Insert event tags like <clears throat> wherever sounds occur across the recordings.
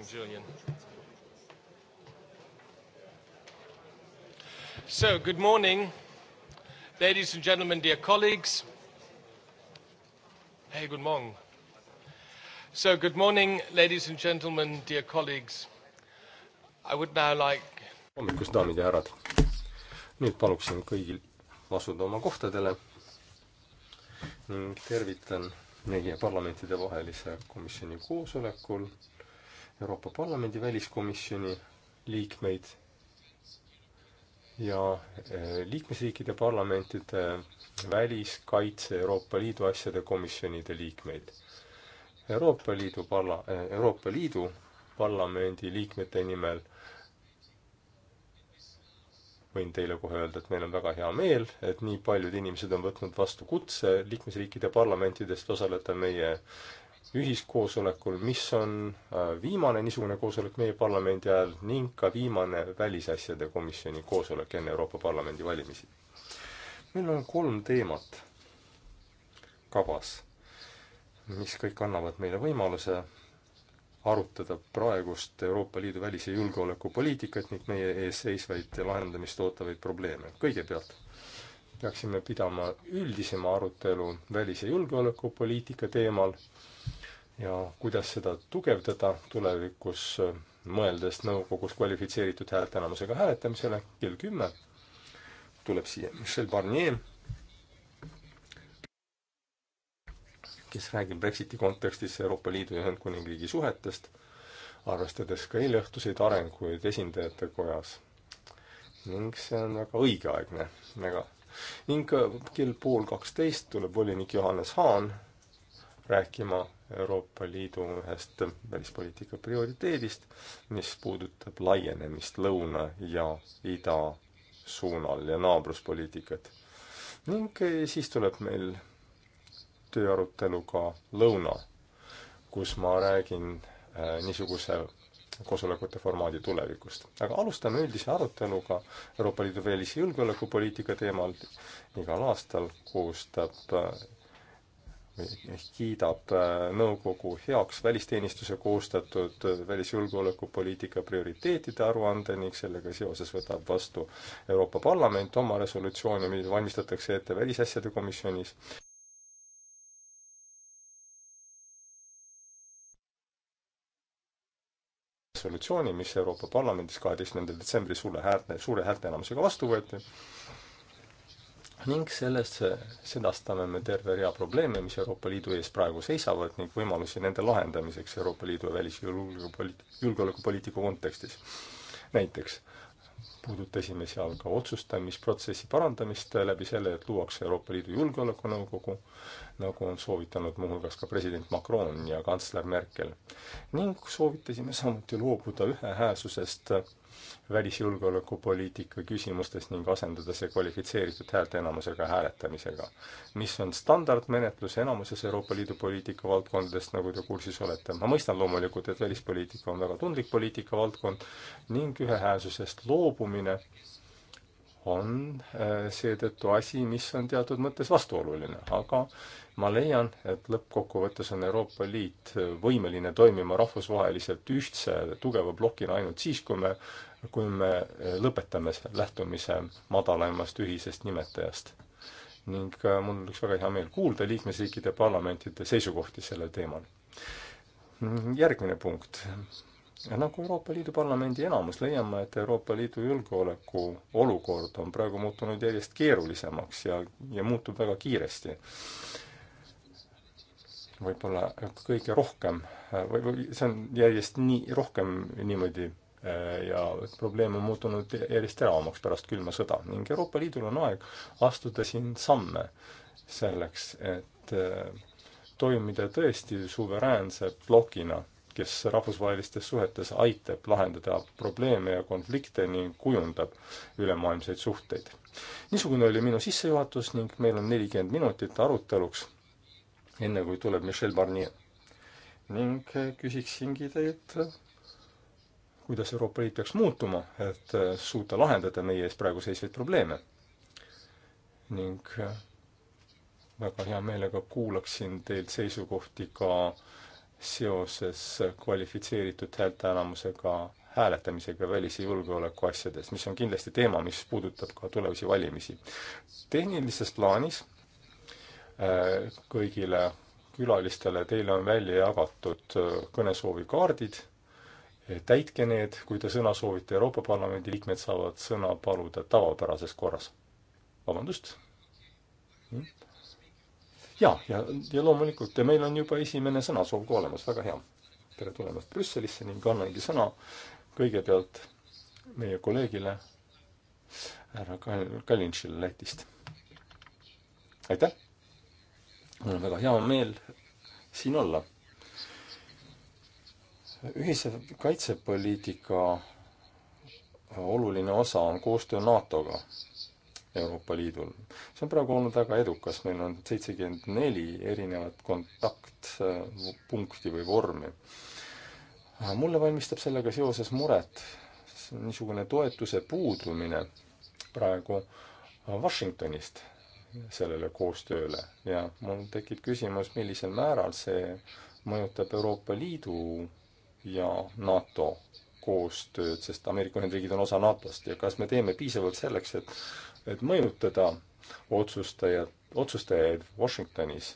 morning, Julian. So, good morning, ladies and gentlemen, dear colleagues. Hey, good morning. So, good morning, ladies and gentlemen, dear colleagues. I would now like hommikust, daamid ja härrad. nüüd paluksin kõigil asuda oma kohtadele ning tervitan meie parlamentidevahelise komisjoni koosolekul Euroopa Parlamendi väliskomisjoni liikmeid ja eh, liikmesriikide parlamentide väliskaitse Euroopa Liidu asjade komisjonide liikmeid. Euroopa Liidu parla-, eh, Euroopa Liidu parlamendi liikmete nimel võin teile kohe öelda, et meil on väga hea meel, et nii paljud inimesed on võtnud vastu kutse liikmesriikide parlamentidest osaleda meie ühiskoosolekul, mis on äh, viimane niisugune koosolek meie parlamendi ajal ning ka viimane Välisasjade Komisjoni koosolek enne Euroopa Parlamendi valimisi. meil on kolm teemat kavas, mis kõik annavad meile võimaluse arutada praegust Euroopa Liidu välis- ja julgeolekupoliitikat ning meie ees seisvaid lahendamist ootavaid probleeme. kõigepealt peaksime pidama üldisema arutelu välis- ja julgeolekupoliitika teemal ja kuidas seda tugevdada tulevikus, mõeldes nõukogus kvalifitseeritud häälteenamusega hääletamisele kell kümme, tuleb siia Michel Barnier, kes räägib Brexiti kontekstis Euroopa Liidu ja Ühendkuningriigi suhetest, arvestades ka eileõhtuseid arenguid esindajate kojas. ning see on väga õigeaegne, väga. ning äh, kell pool kaksteist tuleb volinik Johannes Haan rääkima Euroopa Liidu ühest välispoliitika prioriteedist, mis puudutab laienemist lõuna ja ida suunal ja naabruspoliitikat. ning eh, siis tuleb meil tööarutelu ka lõuna, kus ma räägin eh, niisuguse koosolekute formaadi tulevikust. aga alustame üldise aruteluga Euroopa Liidu välis- ja julgeolekupoliitika teemal. igal aastal koostab eh, kiidab äh, nõukogu heaks välisteenistuse koostatud välisjulgeolekupoliitika prioriteetide aruande ning sellega seoses võtab vastu Euroopa Parlament oma resolutsiooni, mida valmistatakse ette Välisasjade komisjonis. resolutsiooni, mis Euroopa Parlamendis kaheteistkümnendal detsembril suure häälte, suure häälteenamusega vastu võeti ning selles sedastame me terve rea probleeme, mis Euroopa Liidu ees praegu seisavad ning võimalusi nende lahendamiseks Euroopa Liidu välisjulgeolekupoliitika kontekstis. näiteks puudutasime seal ka otsustamisprotsessi parandamist läbi selle, et luuakse Euroopa Liidu Julgeolekunõukogu, nagu on soovitanud muuhulgas ka president Macron ja kantsler Merkel. ning soovitasime samuti loobuda ühehäälsusest välisjulgeolekupoliitika küsimustes ning asendada see kvalifitseeritud häälteenamusega hääletamisega, mis on standardmenetlus enamuses Euroopa Liidu poliitika valdkondadest, nagu te kursis olete. ma mõistan loomulikult, et välispoliitika on väga tundlik poliitikavaldkond ning ühehäälsusest loobumine on äh, seetõttu asi, mis on teatud mõttes vastuoluline, aga ma leian, et lõppkokkuvõttes on Euroopa Liit võimeline toimima rahvusvaheliselt ühtse tugeva plokina ainult siis, kui me, kui me lõpetame lähtumise madalaimast ühisest nimetajast. ning äh, mul oleks väga hea meel kuulda liikmesriikide parlamentide seisukohti sellel teemal. Mm, järgmine punkt ja nagu Euroopa Liidu Parlamendi enamus, leian ma, et Euroopa Liidu julgeoleku olukord on praegu muutunud järjest keerulisemaks ja, ja muutub väga kiiresti võib-olla kõige rohkem või, või see on järjest nii, rohkem niimoodi äh, ja probleem on muutunud järjest teravamaks pärast külma sõda ning Euroopa Liidul on aeg astuda siin samme selleks, et äh, toimida tõesti suveräänse plokina, kes rahvusvahelistes suhetes aitab lahendada probleeme ja konflikte ning kujundab ülemaailmseid suhteid. niisugune oli minu sissejuhatus ning meil on nelikümmend minutit aruteluks enne kui tuleb Michel Barnier. ning küsiksingi teilt, kuidas Euroopa Liit peaks muutuma, et äh, suuta lahendada meie ees praegu seisvaid probleeme. ning äh, väga hea meelega kuulaksin teilt seisukohti ka seoses kvalifitseeritud häälteenamusega hääletamisega välis- ja julgeolekuasjades, mis on kindlasti teema, mis puudutab ka tulevasi valimisi. tehnilises plaanis Äh, kõigile külalistele, teile on välja jagatud äh, kõnesoovikaardid, äh, täitke need, kui te sõna soovite, Euroopa Parlamendi liikmed saavad sõna paluda tavapärases korras. vabandust? Hm? ja, ja, ja loomulikult ja meil on juba esimene sõnasoov ka olemas, väga hea. tere tulemast Brüsselisse ning annangi sõna kõigepealt meie kolleegile härra Kal-, Kalinšile Lätist. aitäh! mul on väga hea meel siin olla. ühise kaitsepoliitika oluline osa on koostöö NATO-ga Euroopa Liidul. see on praegu olnud väga edukas, meil on seitsekümmend neli erinevat kontaktpunkti või vormi. mulle valmistab sellega seoses muret niisugune toetuse puudumine praegu Washingtonist sellele koostööle ja mul tekib küsimus, millisel määral see mõjutab Euroopa Liidu ja NATO koostööd, sest Ameerika Ühendriigid on osa NATO-st ja kas me teeme piisavalt selleks, et, et mõjutada otsustajad, otsustajaid Washingtonis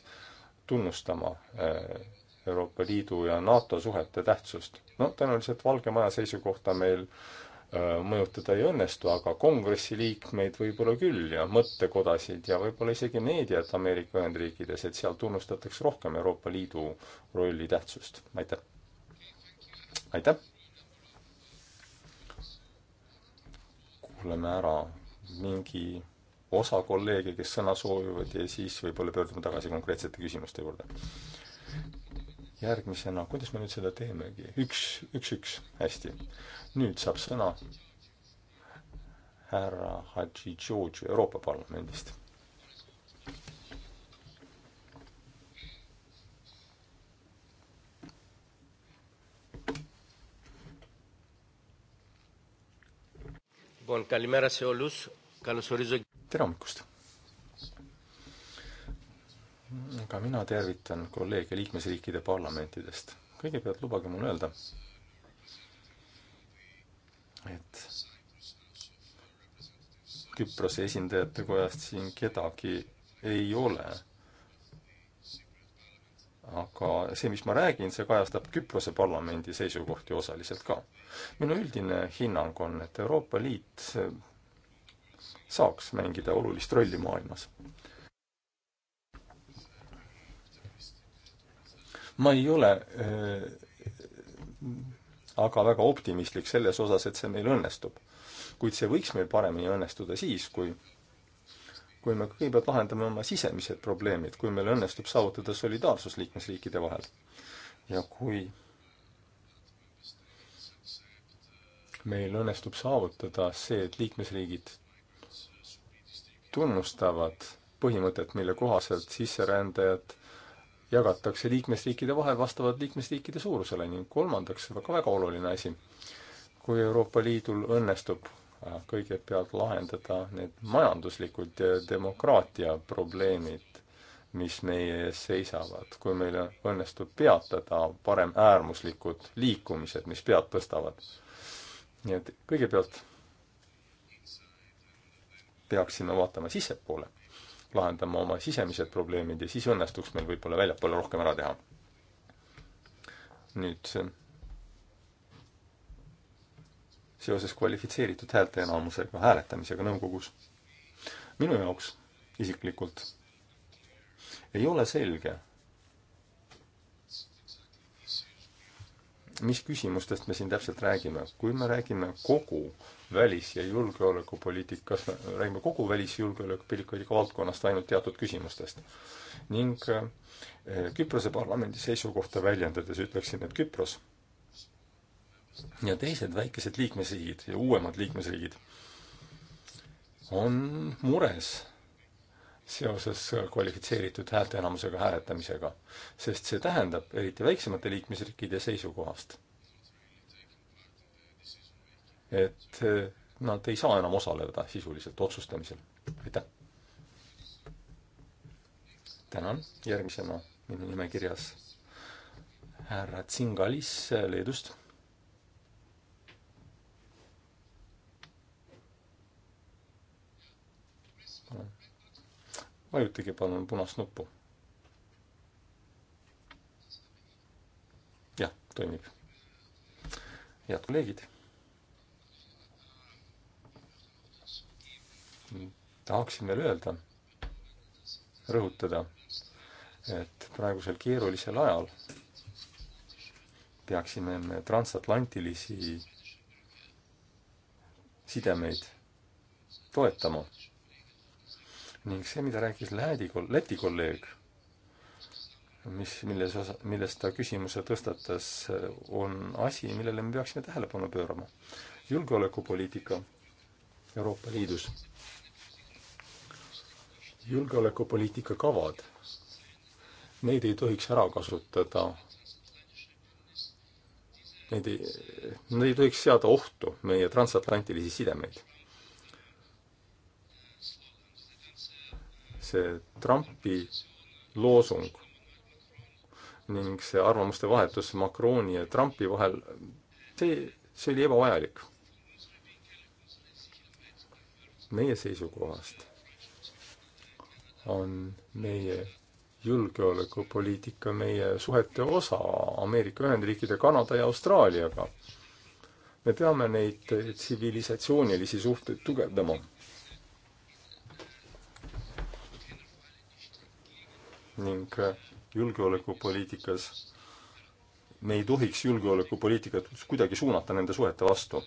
tunnustama eh, Euroopa Liidu ja NATO suhete tähtsust. no tõenäoliselt Valge Maja seisukohta meil äh, Äh, mõjutada ei õnnestu, aga kongressi liikmeid võib-olla küll ja mõttekodasid ja võib-olla isegi meediat Ameerika Ühendriikides, et seal tunnustatakse rohkem Euroopa Liidu rolli tähtsust. aitäh! aitäh! kuulame ära mingi osa kolleege, kes sõna soovivad ja siis võib-olla pöördume tagasi konkreetsete küsimuste juurde järgmisena, kuidas me nüüd seda teemegi, üks, üks, üks, hästi. nüüd saab sõna härra Hadži George Euroopa Parlamendist. tere hommikust! ka mina tervitan kolleege liikmesriikide parlamentidest. kõigepealt lubage mul öelda, et Küprose esindajate kojast siin kedagi ei ole. aga see, mis ma räägin, see kajastab Küprose parlamendi seisukohti osaliselt ka. minu üldine hinnang on, et Euroopa Liit saaks mängida olulist rolli maailmas ma ei ole äh, aga väga optimistlik selles osas, et see meil õnnestub. kuid see võiks meil paremini õnnestuda siis, kui kui me kõigepealt lahendame oma sisemised probleemid, kui meil õnnestub saavutada solidaarsus liikmesriikide vahel ja kui meil õnnestub saavutada see, et liikmesriigid tunnustavad põhimõtet, mille kohaselt sisserändajad jagatakse liikmesriikide vahel vastavalt liikmesriikide suurusele ning kolmandaks, väga-väga oluline asi, kui Euroopa Liidul õnnestub äh, kõigepealt lahendada need majanduslikud ja demokraatia probleemid, mis meie ees seisavad, kui meil õnnestub peatada paremäärmuslikud liikumised, mis pead tõstavad. nii et kõigepealt peaksime vaatama sissepoole lahendama oma sisemised probleemid ja siis õnnestuks meil võib-olla väljapoole rohkem ära teha. nüüd seoses kvalifitseeritud häälteenamusega hääletamisega nõukogus. minu jaoks isiklikult ei ole selge, mis küsimustest me siin täpselt räägime. kui me räägime kogu välis- ja julgeolekupoliitikas, räägime kogu välis- ja julgeolekupoliitika valdkonnast ainult teatud küsimustest. ning eh, Küprose parlamendi seisukohta väljendades ütleksin, et Küpros ja teised väikesed liikmesriigid ja uuemad liikmesriigid on mures seoses kvalifitseeritud häälteenamusega hääletamisega, sest see tähendab eriti väiksemate liikmesriikide seisukohast et e, nad ei saa enam osaleda sisuliselt otsustamisel. aitäh! tänan, järgmisena minu nimekirjas härra Tsingalis Leedust. vajutage palun punast nuppu. jah, toimib. head kolleegid tahaksin veel öelda, rõhutada, et praegusel keerulisel ajal peaksime me transatlantilisi sidemeid toetama. ning see, mida rääkis Läti, Läti kolleeg, mis, milles osa, milles ta küsimuse tõstatas, on asi, millele me peaksime tähelepanu pöörama. julgeolekupoliitika Euroopa Liidus julgeolekupoliitika kavad, neid ei tohiks ära kasutada, neid ei, neid ei tohiks seada ohtu meie transatlantilisi sidemeid. see Trumpi loosung ning see arvamuste vahetus Macroni ja Trumpi vahel, see, see oli ebavajalik. meie seisukohast on meie julgeolekupoliitika meie suhete osa Ameerika Ühendriikide, Kanada ja Austraaliaga. me peame neid tsivilisatsioonilisi suhteid tugevdama. ning julgeolekupoliitikas me ei tohiks julgeolekupoliitikat kuidagi suunata nende suhete vastu.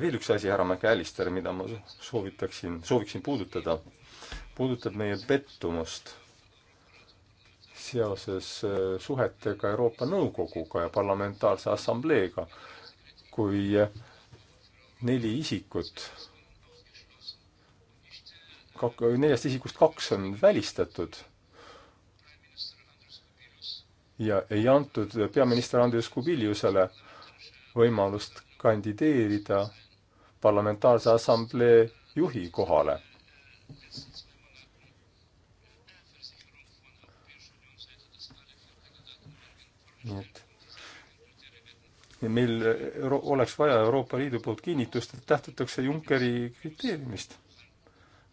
veel üks asi, härra McAllister, mida ma soovitaksin, sooviksin puudutada puudutab meie pettumust seoses äh, suhetega Euroopa Nõukoguga ja Parlamentaarse Assambleega, kui neli isikut, neljast isikust kaks on välistatud ja ei antud peaminister Andrius Kubiliusele võimalust kandideerida parlamentaarse assamblee juhi kohale nii et ja meil eh, euro-, oleks vaja Euroopa Liidu poolt kinnitust, et lähtutakse Junckeri kriteeriumist,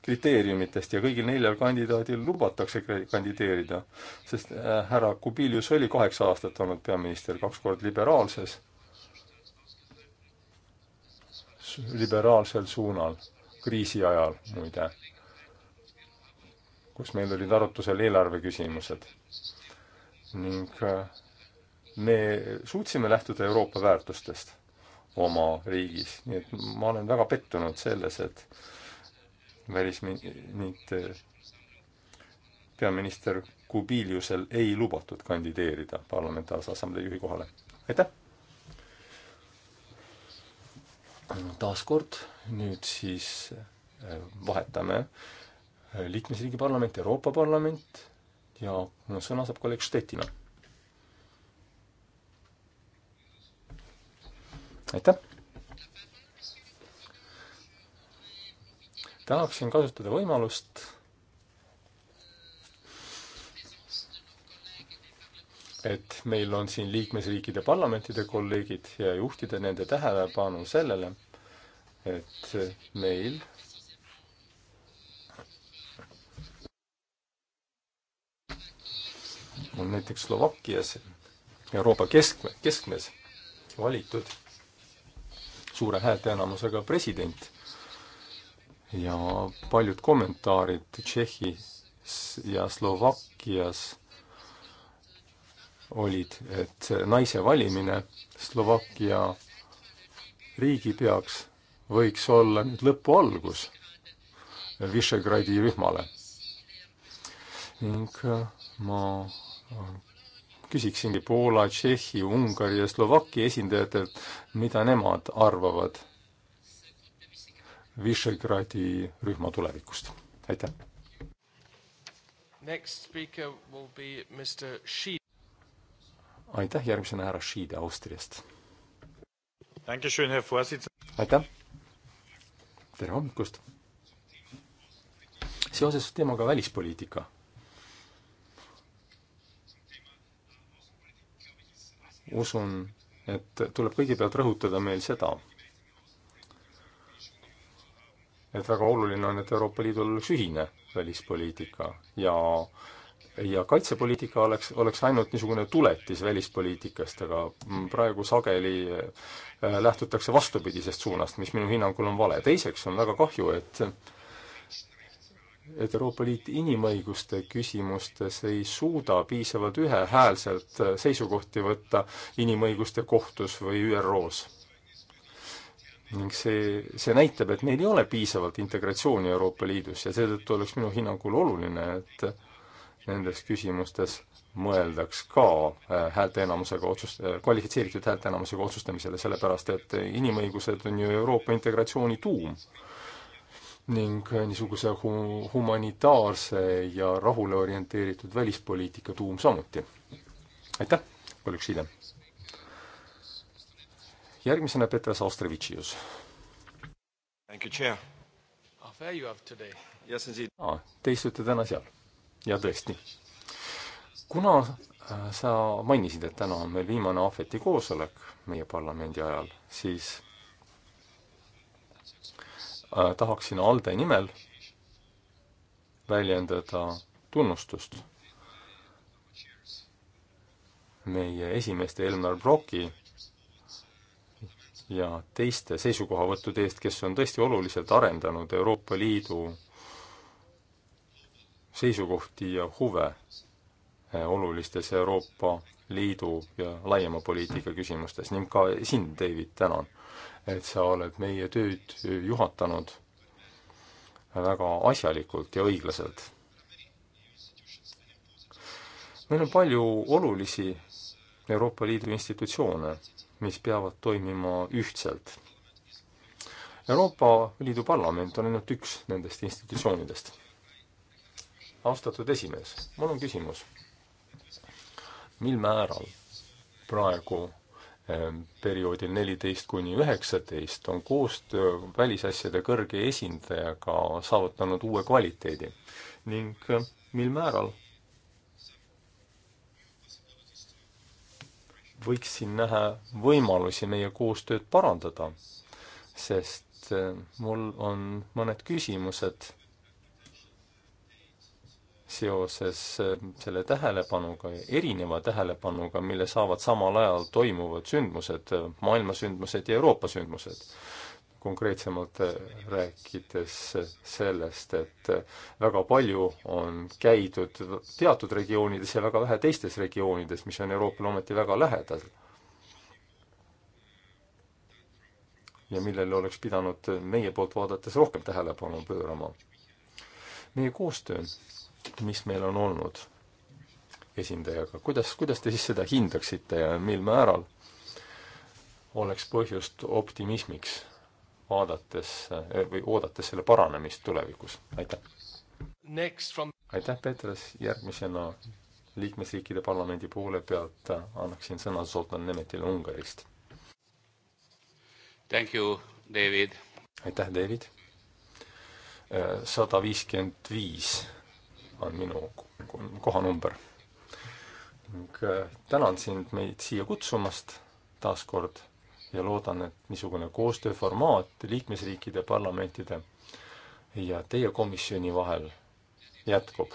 kriteeriumitest ja kõigil neljal kandidaadil lubatakse kandideerida. sest äh, härra Kubilius oli kaheksa aastat olnud peaminister, kaks korda liberaalses, liberaalsel suunal, kriisi ajal muide, kus meil olid arutusel eelarve küsimused ning äh, me suutsime lähtuda Euroopa väärtustest oma riigis, nii et ma olen väga pettunud selles, et välisminister, peaminister Kubiliusel ei lubatud kandideerida parlamentaarse assamblee juhi kohale. aitäh! taaskord nüüd siis äh, vahetame äh, liikmesriigi parlament, Euroopa Parlament ja no sõna saab kolleeg Stettina aitäh! tahaksin kasutada võimalust et meil on siin liikmesriikide parlamentide kolleegid ja juhtida nende tähelepanu sellele, et meil on näiteks Slovakkias Euroopa keskme, keskmes valitud suure häälteenamusega president. ja paljud kommentaarid Tšehhis ja Slovakkias olid, et naise valimine Slovakkia riigipeaks võiks olla nüüd lõpu algus Visegradi rühmale. ning ma küsiksingi Poola, Tšehhi, Ungari ja Slovakkia esindajatelt, mida nemad arvavad Visegradi rühma tulevikust. aitäh! aitäh, järgmisena härra Schiede Austriast. aitäh! tere hommikust! seoses teemaga välispoliitika usun, et tuleb kõigepealt rõhutada meil seda, et väga oluline on, et Euroopa Liidul oleks ühine välispoliitika ja ja kaitsepoliitika oleks, oleks ainult niisugune tuletis välispoliitikast, aga praegu sageli äh, lähtutakse vastupidisest suunast, mis minu hinnangul on vale. teiseks on väga kahju, et et Euroopa Liit inimõiguste küsimustes ei suuda piisavalt ühehäälselt seisukohti võtta inimõiguste kohtus või ÜRO-s. ning see, see näitab, et meil ei ole piisavalt integratsiooni Euroopa Liidus ja seetõttu oleks minu hinnangul oluline, et nendes küsimustes mõeldaks ka äh, häälteenamusega otsust-, äh, kvalifitseeritud häälteenamusega otsustamisele, sellepärast et inimõigused on ju Euroopa integratsiooni tuum ning niisuguse hu-, humanitaarse ja rahule orienteeritud välispoliitika tuum samuti. aitäh, paljuks hiljem. järgmisena Petras Austrevitšius. aa, te istute täna seal? ja tõesti. kuna äh, sa mainisid, et täna on meil viimane ahveti koosolek meie parlamendi ajal, siis Äh, tahaksin ALDE nimel väljendada tunnustust meie esimeeste Elmar Broki ja teiste seisukohavõttude eest, kes on tõesti oluliselt arendanud Euroopa Liidu seisukohti ja huve äh, olulistes Euroopa Liidu ja laiema poliitika küsimustes ning ka sind, David, tänan et sa oled meie tööd juhatanud väga asjalikult ja õiglaselt. meil on palju olulisi Euroopa Liidu institutsioone, mis peavad toimima ühtselt. Euroopa Liidu Parlament on ainult üks nendest institutsioonidest. austatud esimees, mul on küsimus. mil määral praegu Ehm, perioodil neliteist kuni üheksateist on koostöö välisasjade kõrge esindajaga saavutanud uue kvaliteedi ning ehm, mil määral võiks siin näha võimalusi meie koostööd parandada, sest ehm, mul on mõned küsimused seoses äh, selle tähelepanuga, erineva tähelepanuga, mille saavad samal ajal toimuvad sündmused, äh, maailmasündmused ja Euroopa sündmused. konkreetsemalt äh, rääkides sellest, et väga palju on käidud teatud regioonides ja väga vähe teistes regioonides, mis on Euroopale ometi väga lähedal ja millele oleks pidanud meie poolt vaadates rohkem tähelepanu pöörama. meie koostöö mis meil on olnud esindajaga, kuidas, kuidas te siis seda hindaksite ja mil määral oleks põhjust optimismiks, vaadates eh, või oodates selle paranemist tulevikus, aitäh! From... aitäh, Peetris, järgmisena liikmesriikide parlamendi poole pealt annaksin sõna Zoltan Nemetile Ungarist. Thank you, David! aitäh, David! Eh, sada viiskümmend viis on minu kohanumber. ning äh, tänan sind meid siia kutsumast taas kord ja loodan, et niisugune koostööformaat liikmesriikide parlamentide ja teie komisjoni vahel jätkub,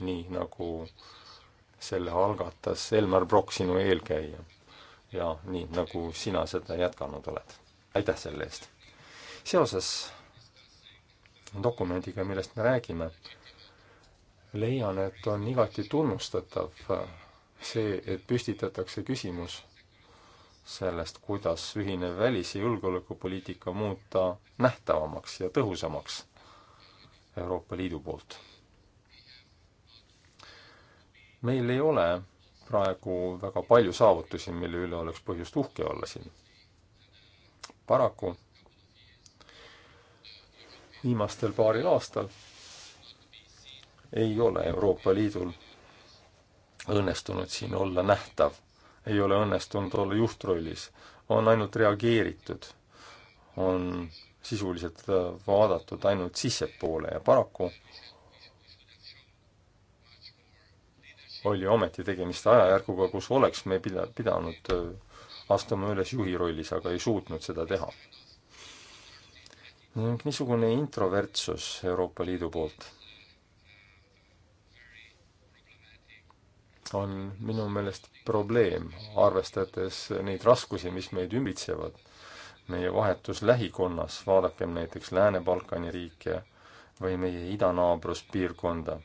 nii nagu selle algatas Elmar Brokk, sinu eelkäija. ja nii, nagu sina seda jätkanud oled. aitäh selle eest! seoses dokumendiga, millest me räägime, leian, et on igati tunnustatav see, et püstitatakse küsimus sellest, kuidas ühine välis- ja julgeolekupoliitika muuta nähtavamaks ja tõhusamaks Euroopa Liidu poolt. meil ei ole praegu väga palju saavutusi, mille üle oleks põhjust uhke olla siin. paraku viimastel paaril aastal ei ole Euroopa Liidul õnnestunud siin olla nähtav, ei ole õnnestunud olla juhtrollis, on ainult reageeritud, on sisuliselt äh, vaadatud ainult sissepoole ja paraku oli ometi tegemist ajajärguga, kus oleks me pida-, pidanud äh, astuma üles juhi rollis, aga ei suutnud seda teha. niisugune introvertsus Euroopa Liidu poolt on minu meelest probleem, arvestades neid raskusi, mis meid ümbritsevad, meie vahetus lähikonnas, vaadakem näiteks Lääne-Balkani riike või meie idanaabruspiirkonda.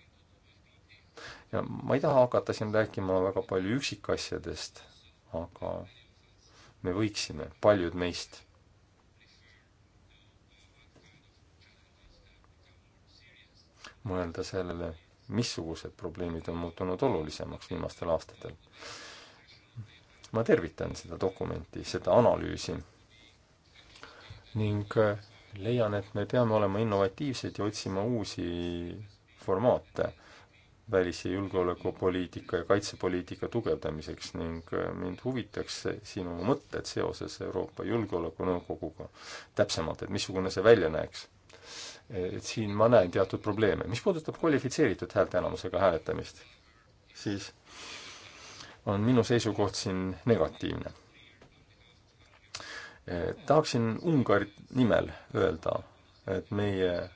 ja ma ei taha hakata siin rääkima väga palju üksikasjadest, aga me võiksime, paljud meist mõelda sellele, missugused probleemid on muutunud olulisemaks viimastel aastatel. ma tervitan seda dokumenti, seda analüüsi ning äh, leian, et me peame olema innovatiivsed ja otsima uusi formaate välis- ja julgeolekupoliitika ja kaitsepoliitika tugevdamiseks ning äh, mind huvitaks sinu mõtted seoses Euroopa Julgeolekunõukoguga täpsemalt, et missugune see välja näeks et siin ma näen teatud probleeme. mis puudutab kvalifitseeritud häälteenamusega hääletamist, siis on minu seisukoht siin negatiivne. Eh, tahaksin Ungari nimel öelda, et meie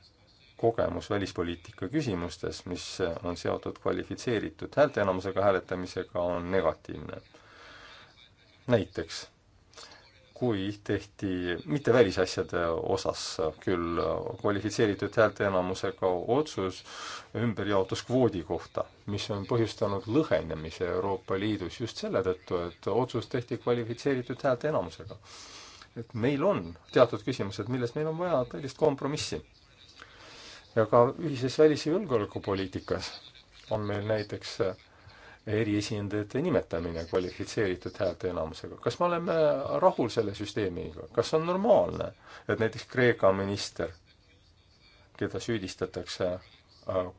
kogemus välispoliitika küsimustes, mis on seotud kvalifitseeritud häälteenamusega hääletamisega, on negatiivne. näiteks kui tehti, mitte välisasjade osas küll, kvalifitseeritud häälteenamusega otsus ümberjaotuskvoodi kohta, mis on põhjustanud lõhenemise Euroopa Liidus just selle tõttu, et otsus tehti kvalifitseeritud häälteenamusega. et meil on teatud küsimused, milles meil on vaja tõelist kompromissi. ja ka ühises välis- ja julgeolekupoliitikas on meil näiteks eriesindajate nimetamine kvalifitseeritud häälteenamusega. kas me oleme rahul selle süsteemiga, kas on normaalne, et näiteks Kreeka minister, keda süüdistatakse äh,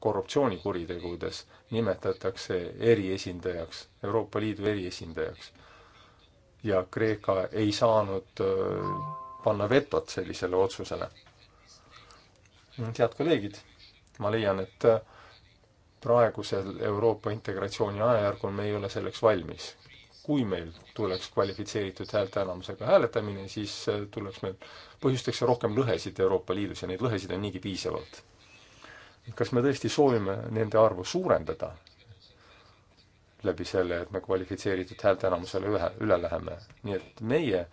korruptsioonikuritegudes, nimetatakse eriesindajaks, Euroopa Liidu eriesindajaks? ja Kreeka ei saanud äh, panna vetot sellisele otsusele. head kolleegid, ma leian, et äh, praegusel Euroopa integratsiooni ajajärgul me ei ole selleks valmis. kui meil tuleks kvalifitseeritud häälteenamusega hääletamine, siis äh, tuleks meil, põhjustaks see rohkem lõhesid Euroopa Liidus ja neid lõhesid on niigi piisavalt. kas me tõesti soovime nende arvu suurendada läbi selle, et me kvalifitseeritud häälteenamusele ühe, üle läheme? nii et meie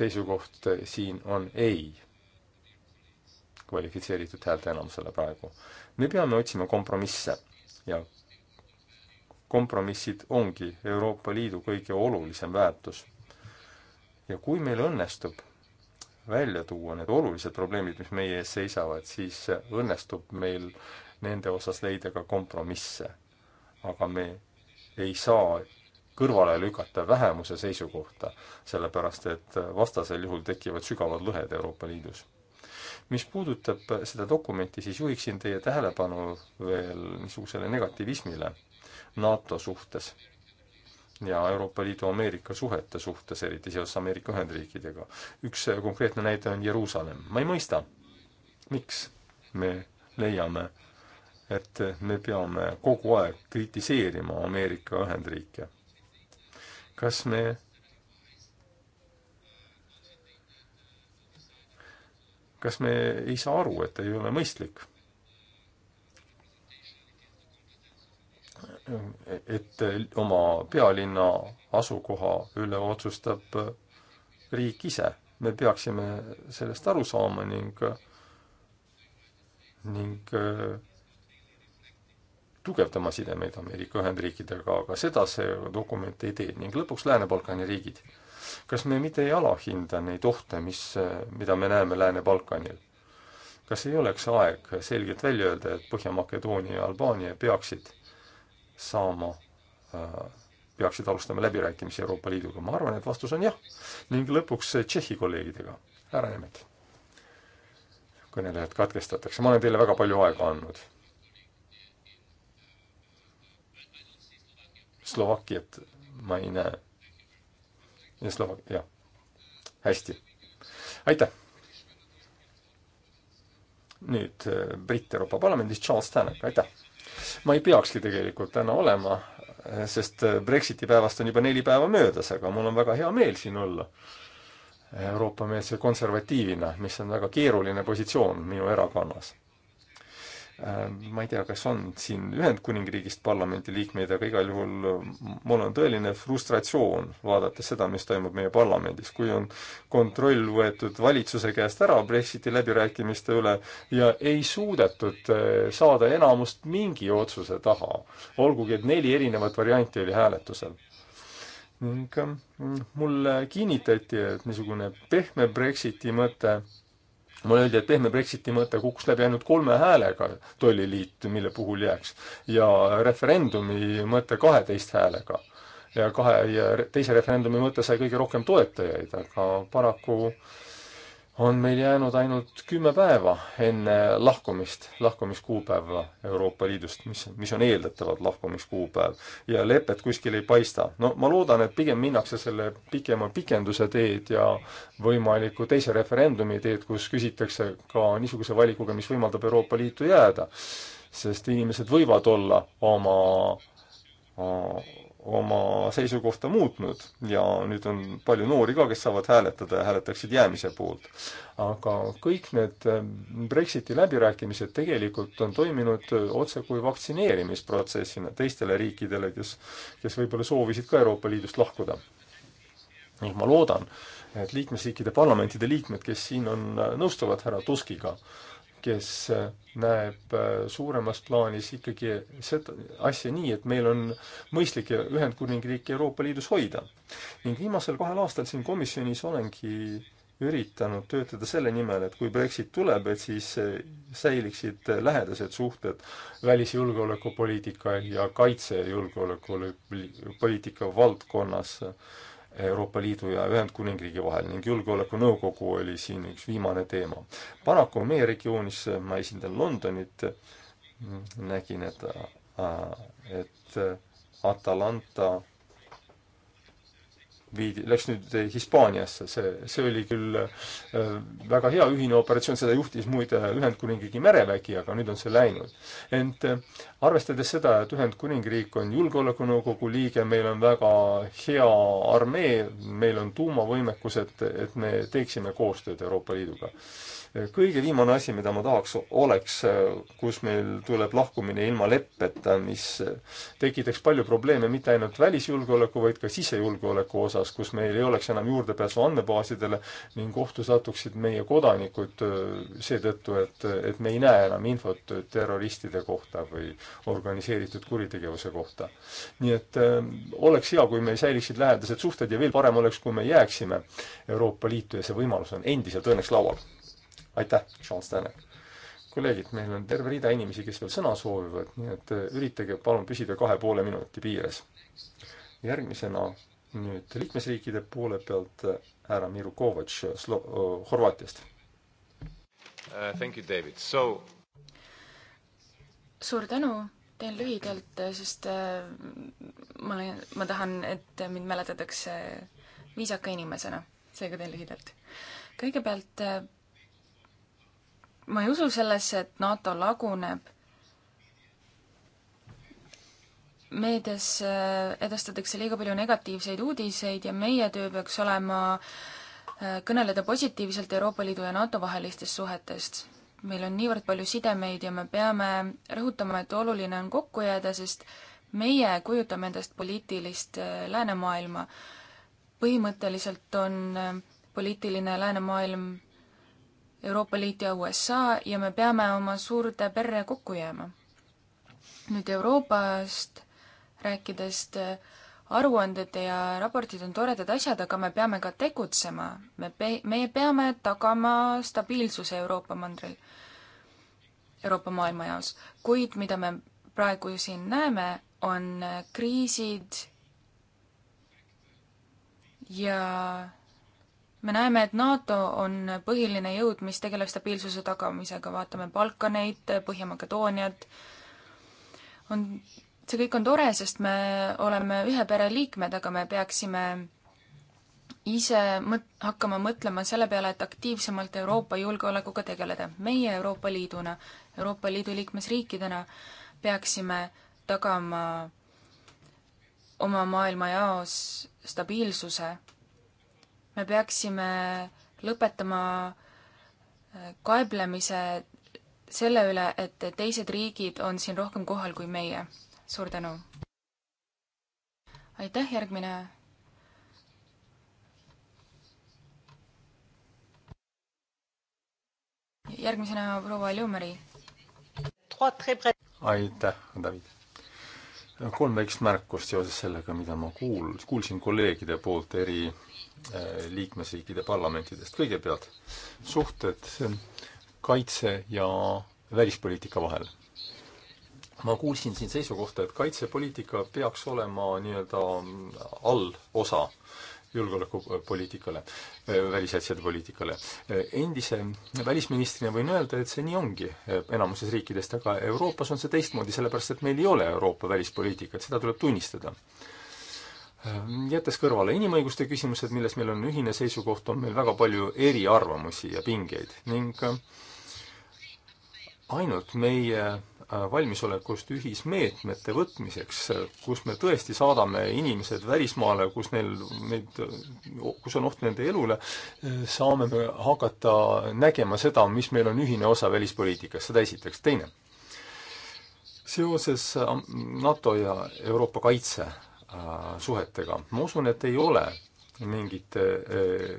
seisukoht äh, siin on ei kvalifitseeritud häälteenamusele praegu. me peame otsima kompromisse ja kompromissid ongi Euroopa Liidu kõige olulisem väärtus. ja kui meil õnnestub välja tuua need olulised probleemid, mis meie ees seisavad, siis õnnestub meil nende osas leida ka kompromisse. aga me ei saa kõrvale lükata vähemuse seisukohta, sellepärast et vastasel juhul tekivad sügavad lõhed Euroopa Liidus mis puudutab seda dokumenti, siis juhiksin teie tähelepanu veel niisugusele negativismile NATO suhtes ja Euroopa Liidu Ameerika suhete suhtes, eriti seoses Ameerika Ühendriikidega. üks konkreetne näide on Jeruusalemm. ma ei mõista, miks me leiame, et me peame kogu aeg kritiseerima Ameerika Ühendriike. kas me kas me ei saa aru, et ei ole mõistlik? et oma pealinna asukoha üle otsustab riik ise. me peaksime sellest aru saama ning, ning tugevdama sidemeid Ameerika Ühendriikidega, aga seda see dokument ei tee ning lõpuks Lääne-Balkani riigid kas me mitte ei alahinda neid ohte, mis, mida me näeme Lääne-Balkanil? kas ei oleks aeg selgelt välja öelda, et Põhja-Makedoonia ja Albaania peaksid saama äh, peaksid alustama läbirääkimisi Euroopa Liiduga? ma arvan, et vastus on jah. ning lõpuks Tšehhi kolleegidega, härra Nemet. kõnelejad katkestatakse, ma olen teile väga palju aega andnud. Slovakkiat ma ei näe Slovak-, jah. hästi. aitäh! nüüd äh, Briti Euroopa Parlamendis Charles Tannock, aitäh! ma ei peakski tegelikult täna olema, äh, sest äh, Brexiti päevast on juba neli päeva möödas, aga mul on väga hea meel siin olla. Euroopa-meelse konservatiivina, mis on väga keeruline positsioon minu erakonnas Äh, ma ei tea, kas on siin Ühendkuningriigist parlamendi liikmeid, aga igal juhul äh, mul on tõeline frustratsioon, vaadates seda, mis toimub meie parlamendis, kui on kontroll võetud valitsuse käest ära Brexiti läbirääkimiste üle ja ei suudetud äh, saada enamust mingi otsuse taha, olgugi et neli erinevat varianti oli hääletusel ning mulle kinnitati, et niisugune pehme Brexiti mõte mulle öeldi, et pehme Brexiti mõte kukkus läbi ainult kolme häälega, tolliliit, mille puhul jääks, ja referendumi mõte kaheteist häälega. ja kahe ja teise referendumi mõte sai kõige rohkem toetajaid, aga paraku äh, on meil jäänud ainult kümme päeva enne lahkumist, lahkumiskuupäeva Euroopa Liidust, mis, mis on eeldatavalt lahkumiskuupäev. ja lepet kuskil ei paista. no ma loodan, et pigem minnakse selle pikema pikenduse teed ja võimaliku teise referendumi teed, kus küsitakse ka niisuguse valikuga, mis võimaldab Euroopa Liitu jääda. sest inimesed võivad olla oma, oma oma seisukohta muutnud ja nüüd on palju noori ka, kes saavad hääletada ja hääletaksid jäämise poolt. aga kõik need äh, Brexiti läbirääkimised tegelikult on toiminud äh, otse kui vaktsineerimisprotsessina teistele riikidele, kes, kes võib-olla soovisid ka Euroopa Liidust lahkuda. ning ma loodan, et liikmesriikide parlamentide liikmed, kes siin on, äh, nõustuvad härra Tuskiga kes äh, näeb äh, suuremas plaanis ikkagi seda asja nii, et meil on mõistlik Ühendkuningriiki Euroopa Liidus hoida. ning viimasel kahel aastal siin komisjonis olengi üritanud töötada selle nimel, et kui Brexit tuleb, et siis äh, säiliksid lähedased suhted välisjulgeolekupoliitika ja kaitsejulgeolekupoliitika valdkonnas äh, Euroopa Liidu ja Ühendkuningriigi vahel ning Julgeolekunõukogu oli siin üks viimane teema. paraku meie regioonis, ma esindan Londonit, nägin, et, äh, et Atalanta viidi, läks nüüd eh, Hispaaniasse, see, see oli küll eh, väga hea ühine operatsioon, seda juhtis muide Ühendkuningriigi merevägi, aga nüüd on see läinud. ent eh, arvestades seda, et Ühendkuningriik on Julgeolekunõukogu liige, meil on väga hea armee, meil on tuumavõimekus, et, et me teeksime koostööd Euroopa Liiduga kõige viimane asi, mida ma tahaks, oleks, äh, kus meil tuleb lahkumine ilma leppeta, mis äh, tekitaks palju probleeme mitte ainult välisjulgeoleku, vaid ka sisejulgeoleku osas, kus meil ei oleks enam juurdepääsu andmebaasidele ning ohtu satuksid meie kodanikud äh, seetõttu, et, et me ei näe enam infot terroristide kohta või organiseeritud kuritegevuse kohta. nii et äh, oleks hea, kui meil säiliksid lähedased suhted ja veel parem oleks, kui me jääksime Euroopa Liitu ja see võimalus on endiselt õnneks laual aitäh, Charles Tänak! kolleegid, meil on terve rida inimesi, kes veel sõna soovivad, nii et äh, üritage palun püsida kahe poole minuti piires. järgmisena nüüd liikmesriikide poole pealt äh, härra Miru Kovatš äh, Slo-, Horvaatiast uh,. Thank you, David, so suur tänu, teen lühidalt, sest ma olen, ma tahan, et mind mäletatakse viisaka inimesena, seega teen lühidalt. kõigepealt ma ei usu sellesse, et NATO laguneb. meedias äh, edastatakse liiga palju negatiivseid uudiseid ja meie töö peaks olema äh, kõneleda positiivselt Euroopa Liidu ja NATO vahelistest suhetest. meil on niivõrd palju sidemeid ja me peame rõhutama, et oluline on kokku jääda, sest meie kujutame endast poliitilist äh, läänemaailma. põhimõtteliselt on poliitiline läänemaailm Euroopa Liit ja USA ja me peame oma suurde perre kokku jääma. nüüd Euroopast rääkides äh, aruanded ja raportid on toredad asjad, aga me peame ka tegutsema. me pe-, meie peame tagama stabiilsuse Euroopa mandril, Euroopa maailma jaos. kuid mida me praegu siin näeme, on kriisid ja me näeme, et NATO on põhiline jõud, mis tegeleb stabiilsuse tagamisega, vaatame Balkaneid, Põhja-Makedooniat, on, see kõik on tore, sest me oleme ühe pere liikmed, aga me peaksime ise mõt-, hakkama mõtlema selle peale, et aktiivsemalt Euroopa julgeolekuga tegeleda. meie Euroopa Liiduna, Euroopa Liidu liikmesriikidena peaksime tagama oma maailmajaos stabiilsuse me peaksime lõpetama äh, kaeblemise selle üle, et teised riigid on siin rohkem kohal kui meie. suur tänu! aitäh, järgmine järgmisena proua Ljumeri. aitäh, David. kolm väikest märkust seoses sellega, mida ma kuul-, kuulsin kolleegide poolt eri Äh, liikmesriikide parlamentidest. kõigepealt suhted kaitse ja välispoliitika vahel. ma kuulsin siin seisukohta, et kaitsepoliitika peaks olema nii-öelda allosa julgeolekupoliitikale, äh, välisasjade poliitikale. Äh, endise välisministrina võin öelda, et see nii ongi enamuses riikidest, aga Euroopas on see teistmoodi, sellepärast et meil ei ole Euroopa välispoliitikat, seda tuleb tunnistada jättes kõrvale inimõiguste küsimused, milles meil on ühine seisukoht, on meil väga palju eriarvamusi ja pingeid ning äh, ainult meie äh, valmisolekust ühismeetmete võtmiseks, kus me tõesti saadame inimesed välismaale, kus neil neid, kus on oht nende elule, äh, saame me hakata nägema seda, mis meil on ühine osa välispoliitikas, seda esiteks. teine, seoses NATO ja Euroopa kaitse Äh, suhetega. ma usun, et ei ole mingit äh,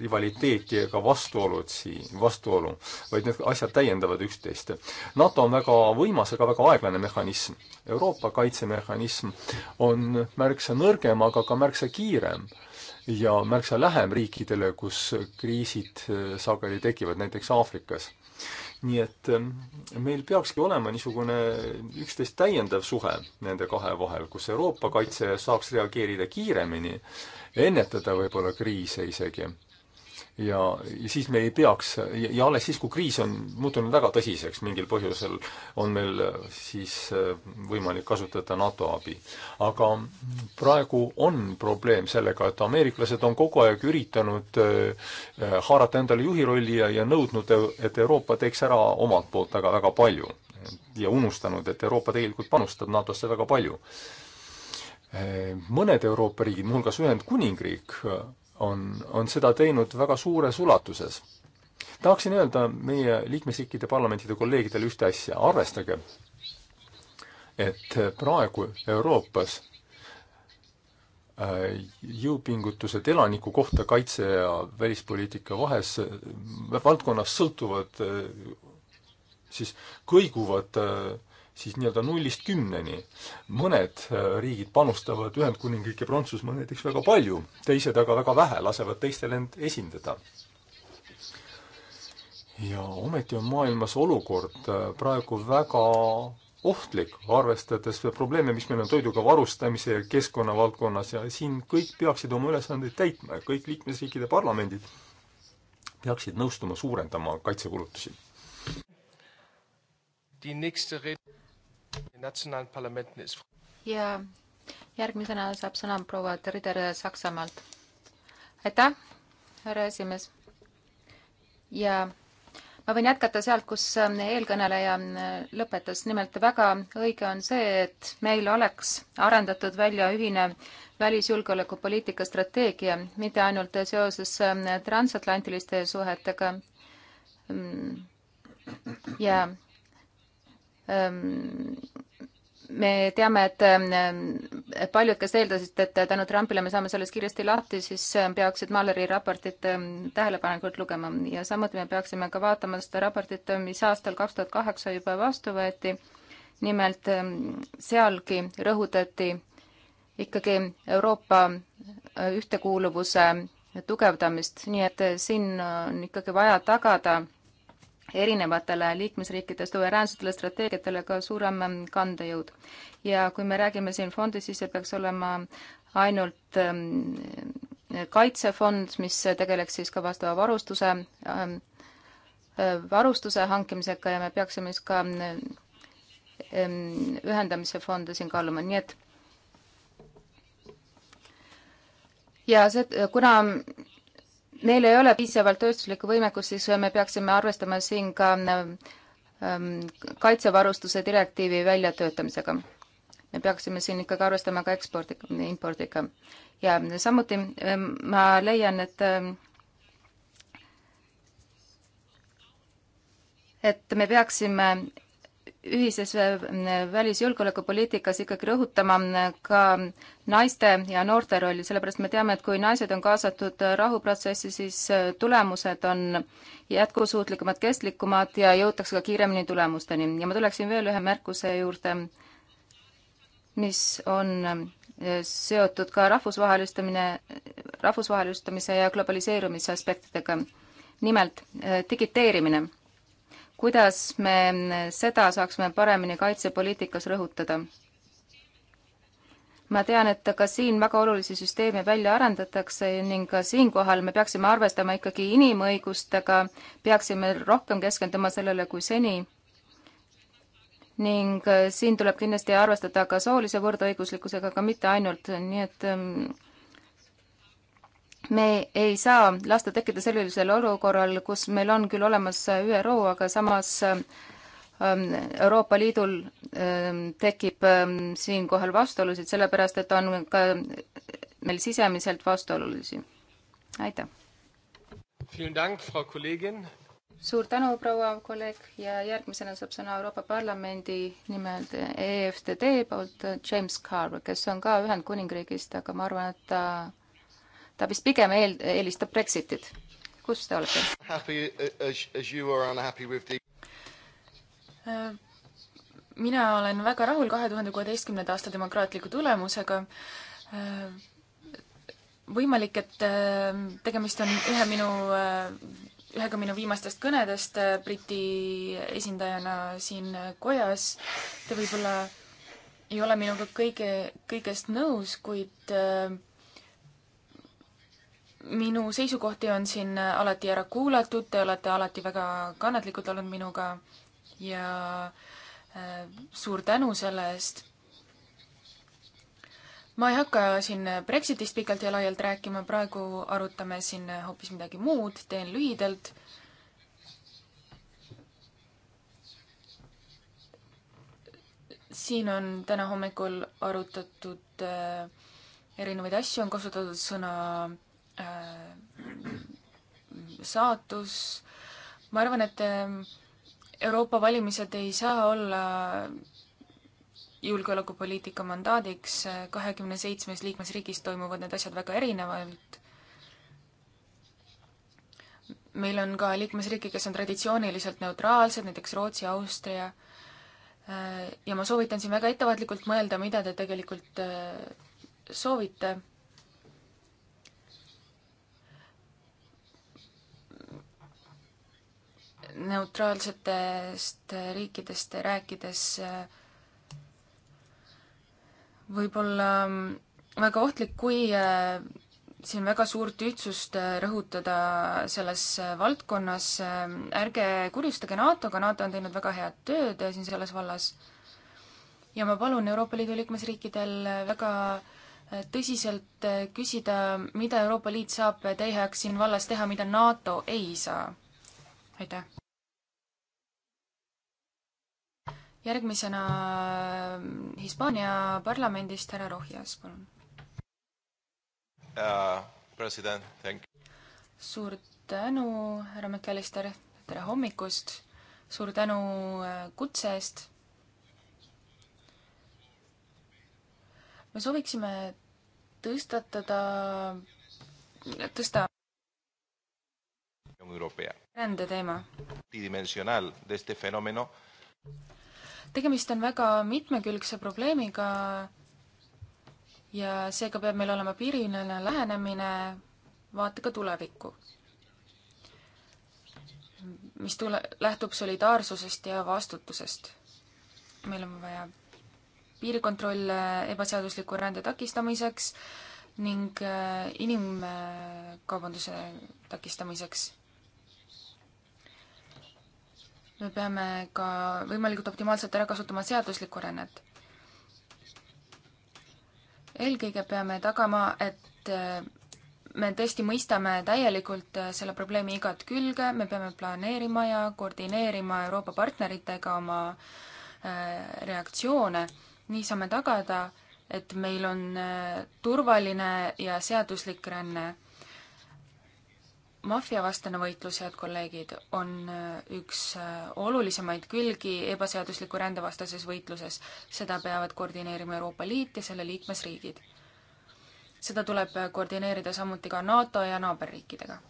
rivaliteeti ega vastuolud siin, vastuolu, vaid need asjad täiendavad üksteist. NATO on väga võimas, aga väga aeglane mehhanism. Euroopa kaitsemehhanism on märksa nõrgem, aga ka märksa kiirem ja märksa lähem riikidele, kus kriisid äh, sageli tekivad, näiteks Aafrikas nii et ähm, meil peakski olema niisugune üksteist täiendav suhe nende kahe vahel, kus Euroopa kaitse saaks reageerida kiiremini, ennetada võib-olla kriise isegi ja, ja siis me ei peaks, ja alles siis, kui kriis on muutunud väga tõsiseks mingil põhjusel, on meil äh, siis äh, võimalik kasutada NATO abi. aga praegu on probleem sellega, et ameeriklased on kogu aeg üritanud äh, haarata endale juhi rolli ja, ja nõudnud, et Euroopa teeks ära omalt poolt väga, väga palju. ja unustanud, et Euroopa tegelikult panustab NATO-sse väga palju mõned Euroopa riigid, muuhulgas Ühendkuningriik, on, on seda teinud väga suures ulatuses. tahaksin öelda meie liikmesriikide parlamentide kolleegidele ühte asja, arvestage, et praegu Euroopas äh, jõupingutused elaniku kohta kaitse ja välispoliitika vahes, äh, valdkonnas sõltuvad äh, siis kõiguvad siis nii-öelda nullist kümneni. mõned äh, riigid panustavad, Ühendkuningriik ja Prantsusmaa näiteks väga palju, teised aga väga vähe, lasevad teistel end esindada. ja ometi on maailmas olukord äh, praegu väga ohtlik, arvestades probleeme, mis meil on toiduga varustamise ja keskkonna valdkonnas ja siin kõik peaksid oma ülesandeid täitma ja kõik liikmesriikide parlamendid peaksid nõustuma suurendama kaitsekulutusi ja järgmisena saab sõna proua Trider Saksamaalt. aitäh, härra esimees. ja ma võin jätkata sealt, kus ähm, eelkõneleja äh, lõpetas. nimelt väga õige on see, et meil oleks arendatud välja ühine välisjulgeolekupoliitika strateegia, mitte ainult seoses ähm, transatlantiliste suhetega mm. ja Ehm, me teame, et ehm, paljud, kes eeldasid, et tänu Trumpile me saame sellest kiiresti lahti, siis ehm, peaksid Malleri raportit tähelepanelikult lugema ja samuti me peaksime ka vaatama seda raportit, mis aastal kaks tuhat kaheksa juba vastu võeti. nimelt sealgi rõhutati ikkagi Euroopa ühtekuuluvuse tugevdamist, nii et siin on ikkagi vaja tagada erinevatele liikmesriikide suveräänsetele strateegiatele ka suurem kandejõud. ja kui me räägime siin fondist, siis see peaks olema ainult ähm, kaitsefond, mis tegeleks siis ka vastava varustuse, ähm, äh, varustuse hankimisega ja me peaksime siis ka ähm, ühendamise fonde siin kaaluma, nii et ja see, kuna neil ei ole piisavalt tööstuslikku võimekust, siis me peaksime arvestama siin ka ähm, kaitsevarustuse direktiivi väljatöötamisega. me peaksime siin ikkagi arvestama ka ekspordiga, impordiga. ja samuti ähm, ma leian, et ähm, et me peaksime ühises äh, välisjulgeolekupoliitikas ikkagi rõhutama äh, ka naiste ja noorte rolli, sellepärast me teame, et kui naised on kaasatud äh, rahuprotsessi, siis tulemused on jätkusuutlikumad, kestlikumad ja jõutakse ka kiiremini tulemusteni. ja ma tuleksin veel ühe märkuse juurde, mis on seotud ka rahvusvahelistamine, rahvusvahelistumise ja globaliseerumise aspektidega. nimelt digiteerimine kuidas me seda saaksime paremini kaitsepoliitikas rõhutada? ma tean, et ka siin väga olulisi süsteeme välja arendatakse ning ka siinkohal me peaksime arvestama ikkagi inimõigustega, peaksime rohkem keskenduma sellele kui seni. ning äh, siin tuleb kindlasti arvestada ka soolise võrdõiguslikkusega, aga mitte ainult, nii et ähm, me ei saa lasta tekkida sellisel olukorral, kus meil on küll olemas ÜRO, aga samas ähm, Euroopa Liidul ähm, tekib ähm, siinkohal vastuolusid, sellepärast et on ka meil sisemiselt vastuolulisi. aitäh! suur tänu, proua kolleeg ja järgmisena saab sõna Euroopa Parlamendi nimel EFTD poolt James Carver, kes on ka Ühendkuningriigist, aga ma arvan, et ta ta vist pigem eel, eelistab Brexitit. kus te olete? Uh, äh, mina olen väga rahul kahe tuhande kuueteistkümnenda aasta demokraatliku tulemusega. Äh, võimalik, et äh, tegemist on ühe minu, ühega minu viimastest kõnedest Briti esindajana siin kojas. Te võib-olla ei ole minuga kõige, kõigest nõus, kuid minu seisukohti on siin alati ära kuulatud, te olete alati väga kannatlikud olnud minuga ja äh, suur tänu selle eest. ma ei hakka siin Brexitist pikalt ja laialt rääkima, praegu arutame siin hoopis midagi muud, teen lühidalt. siin on täna hommikul arutatud äh, erinevaid asju, on kasutatud sõna Äh, saatus. ma arvan, et äh, Euroopa valimised ei saa olla julgeolekupoliitika mandaadiks, kahekümne seitsmes liikmesriigis toimuvad need asjad väga erinevalt. meil on ka liikmesriike, kes on traditsiooniliselt neutraalsed, näiteks Rootsi, Austria, äh, ja ma soovitan siin väga ettevaatlikult mõelda, mida te tegelikult soovite neutraalsetest riikidest rääkides võib-olla mm, väga ohtlik, kui mm, siin väga suurt ühtsust mm, rõhutada selles valdkonnas, ärge kurjustage NATO-ga, NATO on teinud väga head tööd äh, siin selles vallas. ja ma palun Euroopa Liidu liikmesriikidel äh, väga äh, tõsiselt küsida, mida Euroopa Liit saab teie heaks siin vallas teha, mida NATO ei saa aitäh! järgmisena ähm, Hispaania parlamendist härra Rohjas, palun uh,. president, thank you. suur tänu, härra McAllister, tere hommikust, suur tänu äh, kutse eest. me sooviksime tõstatada, tõsta Europea. rände teema. tegemist on väga mitmekülgse probleemiga ja seega peab meil olema piiriline lähenemine vaatega tulevikku, mis tule-, lähtub solidaarsusest ja vastutusest. meil on vaja piirikontrolle ebaseadusliku rände takistamiseks ning äh, inimkaubanduse takistamiseks me peame ka võimalikult optimaalselt ära kasutama seaduslikku rännet. eelkõige peame tagama, et äh, me tõesti mõistame täielikult äh, selle probleemi igat külge, me peame planeerima ja koordineerima Euroopa partneritega oma äh, reaktsioone. nii saame tagada, et meil on turvaline ja seaduslik ränne maffiavastane võitlus, head kolleegid, on äh, üks äh, olulisemaid külgi ebaseadusliku rändevastases võitluses. seda peavad koordineerima Euroopa Liit ja selle liikmesriigid. seda tuleb äh, koordineerida samuti ka NATO ja naaberriikidega.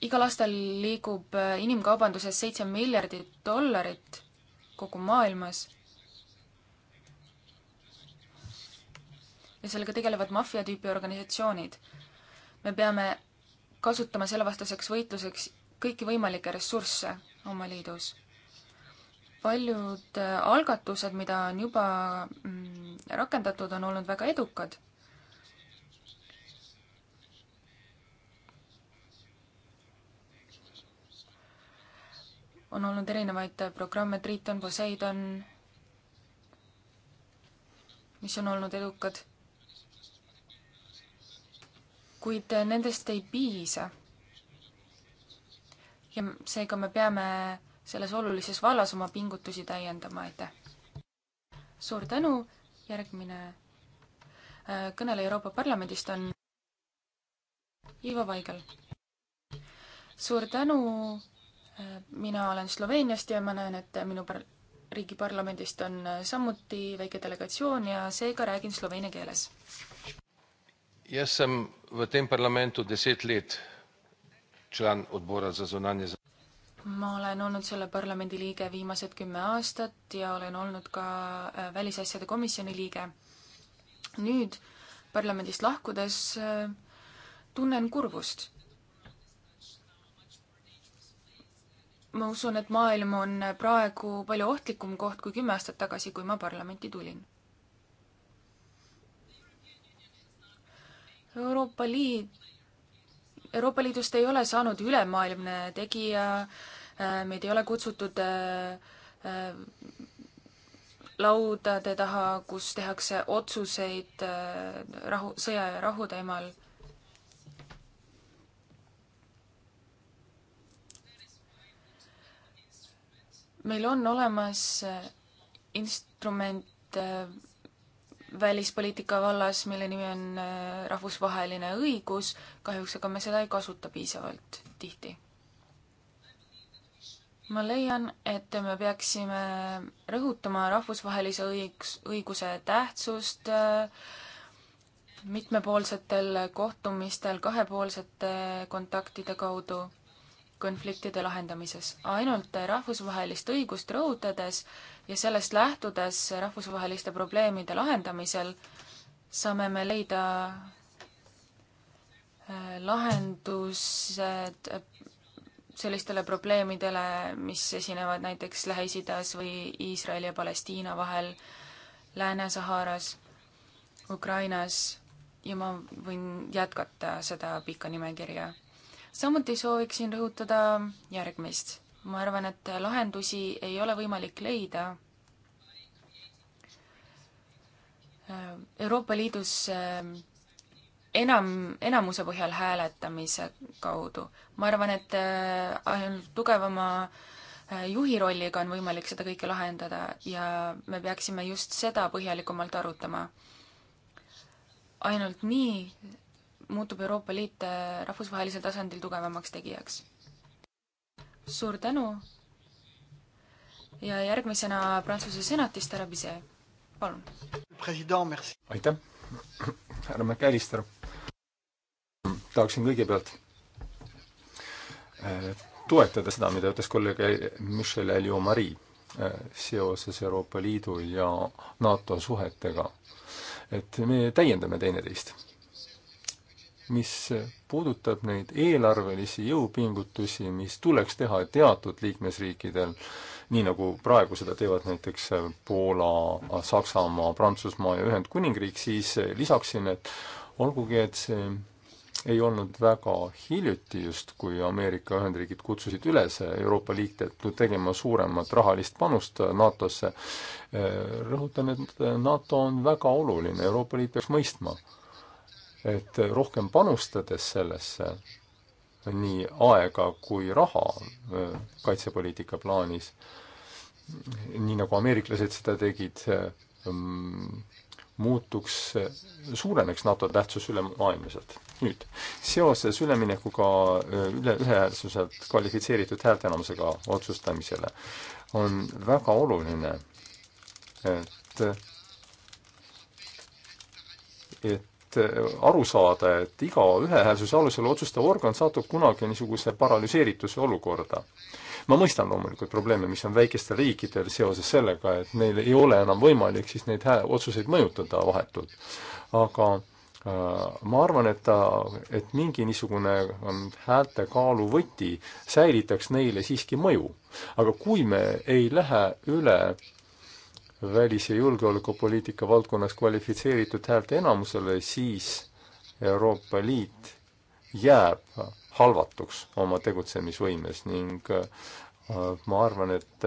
igal aastal liigub inimkaubanduses seitse miljardit dollarit kogu maailmas ja sellega tegelevad maffia tüüpi organisatsioonid. me peame kasutama sellevastaseks võitluseks kõiki võimalikke ressursse oma liidus. paljud äh, algatused, mida on juba mm, rakendatud, on olnud väga edukad. on olnud erinevaid äh, programme, Triton, Poseidon, mis on olnud edukad kuid nendest ei piisa. ja seega me peame selles olulises vallas oma pingutusi täiendama, aitäh! suur tänu, järgmine äh, kõneleja Euroopa Parlamendist on Ivo Vaigel. suur tänu, äh, mina olen Sloveeniast ja ma näen, et minu par-, riigi parlamendist on äh, samuti väike delegatsioon ja seega räägin sloveenia keeles. Jaz sem v tem parlamentu deset let član odbora za zunanje zadeve. ma olen olnud selle parlamendi liige viimased kümme aastat ja olen olnud ka äh, välisasjade komisjoni liige. nüüd parlamendist lahkudes äh, tunnen kurvust. ma usun, et maailm on praegu palju ohtlikum koht kui kümme aastat tagasi, kui ma parlamenti tulin Euroopa Liit, Euroopa Liidust ei ole saanud ülemaailmne tegija, äh, meid ei ole kutsutud äh, äh, laudade taha, kus tehakse otsuseid rahu, sõja ja rahu teemal. meil on olemas instrument välispoliitika vallas, mille nimi on äh, rahvusvaheline õigus, kahjuks aga me seda ei kasuta piisavalt tihti. ma leian, et me peaksime rõhutama rahvusvahelise õigus, õiguse tähtsust äh, mitmepoolsetel kohtumistel kahepoolsete kontaktide kaudu konfliktide lahendamises. ainult rahvusvahelist õigust rõhutades ja sellest lähtudes rahvusvaheliste probleemide lahendamisel saame me leida äh, lahendused äh, sellistele probleemidele, mis esinevad näiteks Lähis-Idas või Iisraeli ja Palestiina vahel, Lääne-Saharas, Ukrainas ja ma võin jätkata seda pikka nimekirja. samuti sooviksin rõhutada järgmist ma arvan, et lahendusi ei ole võimalik leida. Euroopa Liidus eh, enam, enamuse põhjal hääletamise kaudu. ma arvan, et eh, ainult tugevama eh, juhi rolliga on võimalik seda kõike lahendada ja me peaksime just seda põhjalikumalt arutama. ainult nii muutub Euroopa Liit rahvusvahelisel tasandil tugevamaks tegijaks suur tänu ja järgmisena Prantsuse senatist härra Bise, palun. aitäh, härra McAllister. tahaksin kõigepealt eh, toetada seda, mida ütles kolleeg Michel Alliot-Marie eh, seoses Euroopa Liidu ja NATO suhetega. et me täiendame teineteist mis puudutab neid eelarvelisi jõupingutusi, mis tuleks teha teatud liikmesriikidel, nii nagu praegu seda teevad näiteks Poola, Saksamaa, Prantsusmaa ja Ühendkuningriik, siis lisaksin, et olgugi, et see ei olnud väga hiljuti just, kui Ameerika Ühendriigid kutsusid üles Euroopa Liitu tegema suuremat rahalist panust NATO-sse, eh, rõhutan, et NATO on väga oluline, Euroopa Liit peaks mõistma et rohkem panustades sellesse nii aega kui raha äh, kaitsepoliitika plaanis, nii nagu ameeriklased seda tegid, ähm, muutuks, suureneks NATO tähtsus ülemaailmselt. nüüd, seoses üleminekuga äh, üle, ühehäälsuselt kvalifitseeritud häälteenamusega otsustamisele on väga oluline, et, et et äh, aru saada, et iga ühehäälsuse alusel otsustav organ satub kunagi niisuguse paralüseerituse olukorda. ma mõistan loomulikult probleeme, mis on väikestel riikidel seoses sellega, et neil ei ole enam võimalik siis neid hää-, otsuseid mõjutada vahetult. aga äh, ma arvan, et ta, et mingi niisugune ähm, häälte kaaluvõti säilitaks neile siiski mõju. aga kui me ei lähe üle välis- ja julgeolekupoliitika valdkonnas kvalifitseeritud häälteenamusele, siis Euroopa Liit jääb halvatuks oma tegutsemisvõimes ning äh, ma arvan, et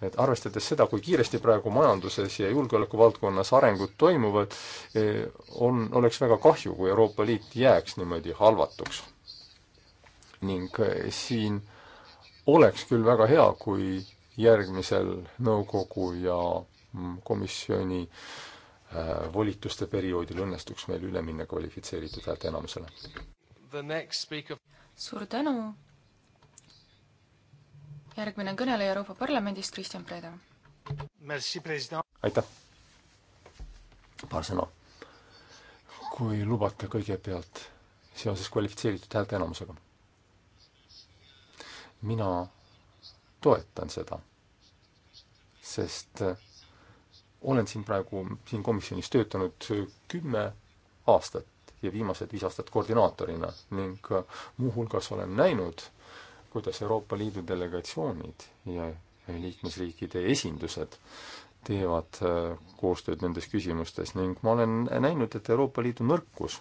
et arvestades seda, kui kiiresti praegu majanduses ja julgeolekuvaldkonnas arengud toimuvad, äh, on, oleks väga kahju, kui Euroopa Liit jääks niimoodi halvatuks. ning äh, siin oleks küll väga hea, kui järgmisel nõukogu ja komisjoni äh, volituste perioodil õnnestuks meil üle minna kvalifitseeritud häälteenamusele. suur tänu! järgmine kõneleja Euroopa Parlamendist, Kristjan Preda. aitäh! paar sõna. kui lubate kõigepealt seoses kvalifitseeritud häälteenamusega. mina toetan seda, sest äh, olen siin praegu siin komisjonis töötanud äh, kümme aastat ja viimased viis aastat koordinaatorina ning äh, muuhulgas olen näinud, kuidas Euroopa Liidu delegatsioonid ja liikmesriikide esindused teevad koostööd nendes küsimustes ning ma olen näinud, et Euroopa Liidu nõrkus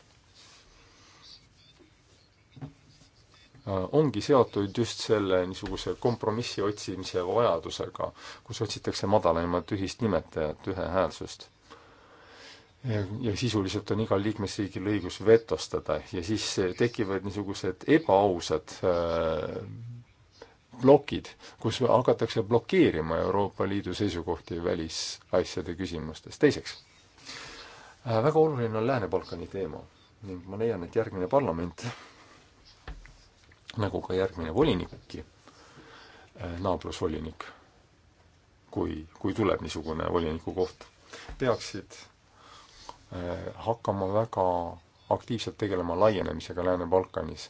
Äh, ongi seotud just selle niisuguse kompromissi otsimise vajadusega, kus otsitakse madalaimat ühist nimetajat, ühehäälsust. ja sisuliselt on igal liikmesriigil õigus vetostada ja siis äh, tekivad niisugused ebaausad äh, plokid, kus hakatakse blokeerima Euroopa Liidu seisukohti välisasjade küsimustes. teiseks, väga oluline on Lääne-Balkani teema ning ma leian, et järgmine parlament nagu ka järgmine volinikki, eh, naabrusvolinik, kui, kui tuleb niisugune voliniku koht, peaksid eh, hakkama väga aktiivselt tegelema laienemisega Lääne-Balkanis.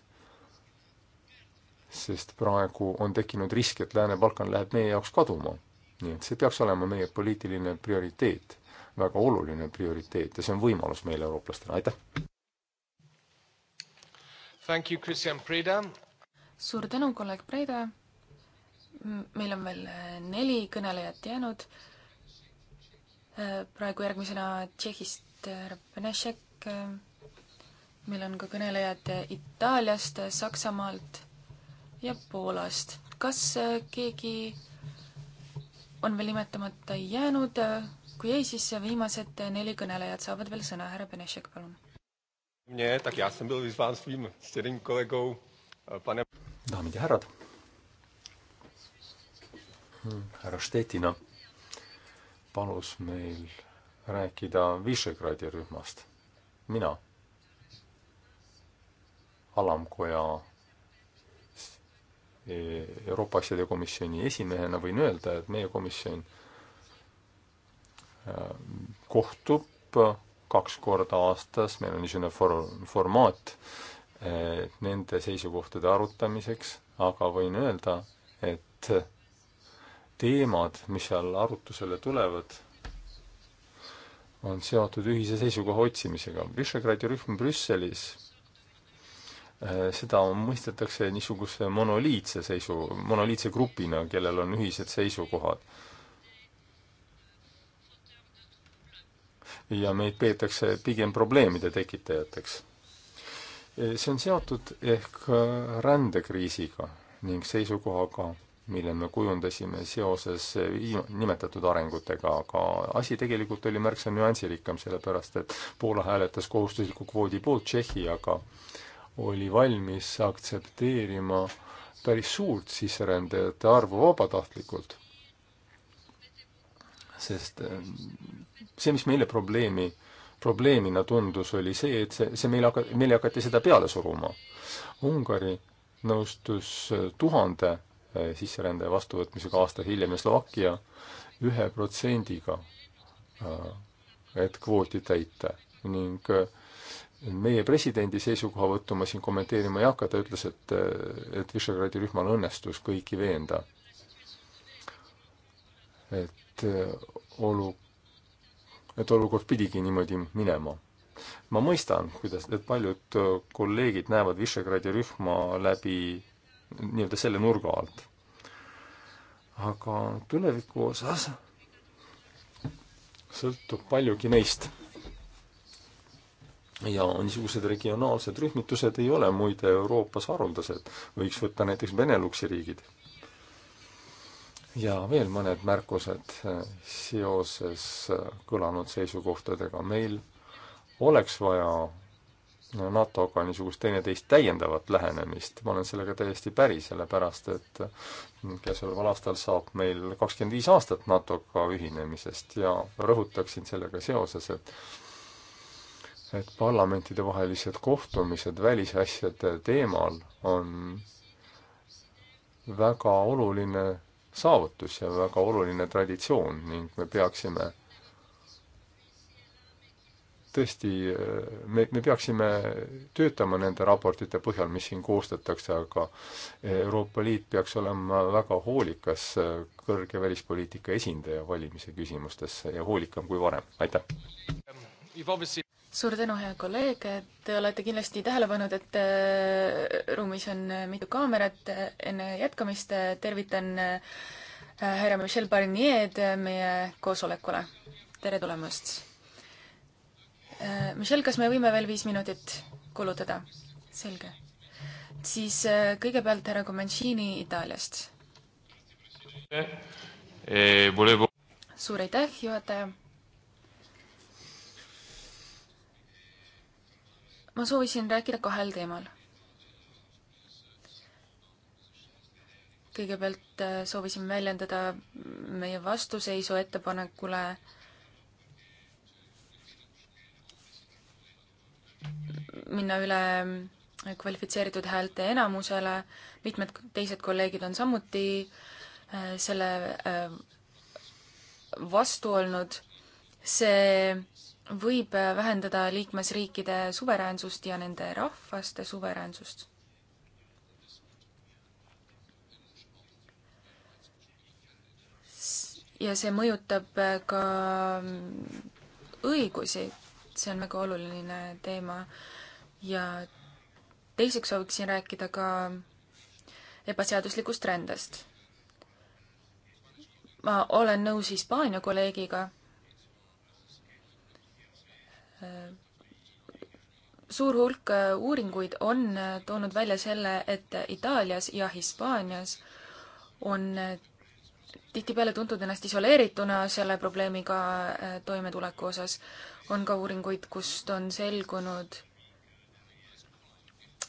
sest praegu on tekkinud risk, et Lääne-Balkan läheb meie jaoks kaduma. nii et see peaks olema meie poliitiline prioriteet, väga oluline prioriteet ja see on võimalus meile, eurooplastele, aitäh! Thank you, Christian Preda suur tänu, kolleeg Preida. meil on veel äh, neli kõnelejat jäänud. Äh, praegu järgmisena Tšehhist äh, härra Benešek. meil on ka kõnelejad Itaaliast, Saksamaalt ja Poolast. kas keegi on veel nimetamata jäänud? kui ei, siis viimased neli kõnelejat saavad veel sõna. härra Benešek, palun. Nie, tak já jsem byl vyzván svým stěným kolegou, pane daamid ja härrad. Hmm, härra Štetina palus meil rääkida Visegradi rühmast. mina, alamkoja e-, Euroopa Asjade Komisjoni esimehena võin öelda, et meie komisjon e, kohtub kaks korda aastas, meil on niisugune for-, formaat äh, Eh, nende seisukohtade arutamiseks, aga võin öelda, et teemad, mis seal arutusele tulevad, on seotud ühise seisukoha otsimisega. Visegradi rühm Brüsselis, eh, seda mõistetakse niisuguse monoliitse seisu, monoliitse grupina, kellel on ühised seisukohad ja meid peetakse pigem probleemide tekitajateks. Eh, see on seotud ehk eh, rändekriisiga ning seisukohaga, mille me kujundasime seoses eh, nimetatud arengutega, aga asi tegelikult oli märksa nüansirikkam, sellepärast et Poola hääletas kohustusliku kvoodi poolt, Tšehhi aga oli valmis aktsepteerima päris suurt sisserändajate arvu vabatahtlikult. sest see, mis meile probleemi äh, probleemina tundus, oli see, et see, see meile hak-, meile hakati seda peale suruma. Ungari nõustus tuhande eh, sisserändaja vastuvõtmisega aasta hiljem ja Slovakkia ühe protsendiga, eh, et kvooti täita ning eh, meie presidendi seisukohavõttu ma siin kommenteerima ei hakka, ta ütles, et, et Visegradi rühmal õnnestus kõiki veenda. et olu-, et olukord pidigi niimoodi minema. ma mõistan, kuidas need paljud äh, kolleegid näevad Visegradi rühma läbi nii-öelda selle nurga alt. aga tuleviku osas sõltub paljugi neist. ja niisugused regionaalsed rühmitused ei ole muide Euroopas haruldased, võiks võtta näiteks Beneluxi riigid ja veel mõned märkused äh, seoses äh, kõlanud seisukohtadega. meil oleks vaja NATO-ga niisugust teineteist täiendavat lähenemist, ma olen sellega täiesti päri, sellepärast et äh, käesoleval aastal saab meil kakskümmend viis aastat NATO-ga ühinemisest ja rõhutaksin sellega seoses, et et parlamentidevahelised kohtumised välisasjade teemal on väga oluline saavutus ja väga oluline traditsioon ning me peaksime tõesti, me, me peaksime töötama nende raportite põhjal, mis siin koostatakse, aga Euroopa Liit peaks olema väga hoolikas kõrge välispoliitika esindaja valimise küsimustes ja hoolikam kui varem, aitäh! suur tänu, hea kolleeg, te olete kindlasti tähele pannud, et äh, ruumis on äh, mitu kaamerat. enne jätkamist äh, tervitan härra Michel Barnier'd meie koosolekule. tere tulemast. Michel, kas me võime veel viis minutit kulutada? selge. siis kõigepealt härra Comencini Itaaliast. Eh, eh, suur aitäh, juhataja ma soovisin rääkida kahel teemal. kõigepealt äh, soovisin väljendada meie vastuseisu ettepanekule minna üle äh, kvalifitseeritud häälte enamusele, mitmed teised kolleegid on samuti äh, selle vastu olnud. see võib äh, vähendada liikmesriikide suveräänsust ja nende rahvaste suveräänsust. ja see mõjutab äh, ka mm, õigusi, see on väga oluline teema ja teiseks sooviksin rääkida ka ebaseaduslikust rändest. ma olen nõus Hispaania kolleegiga suur hulk äh, uuringuid on äh, toonud välja selle, et Itaalias ja Hispaanias on äh, tihtipeale tuntud ennast isoleerituna selle probleemiga toimetuleku osas. on ka uuringuid, kust on selgunud,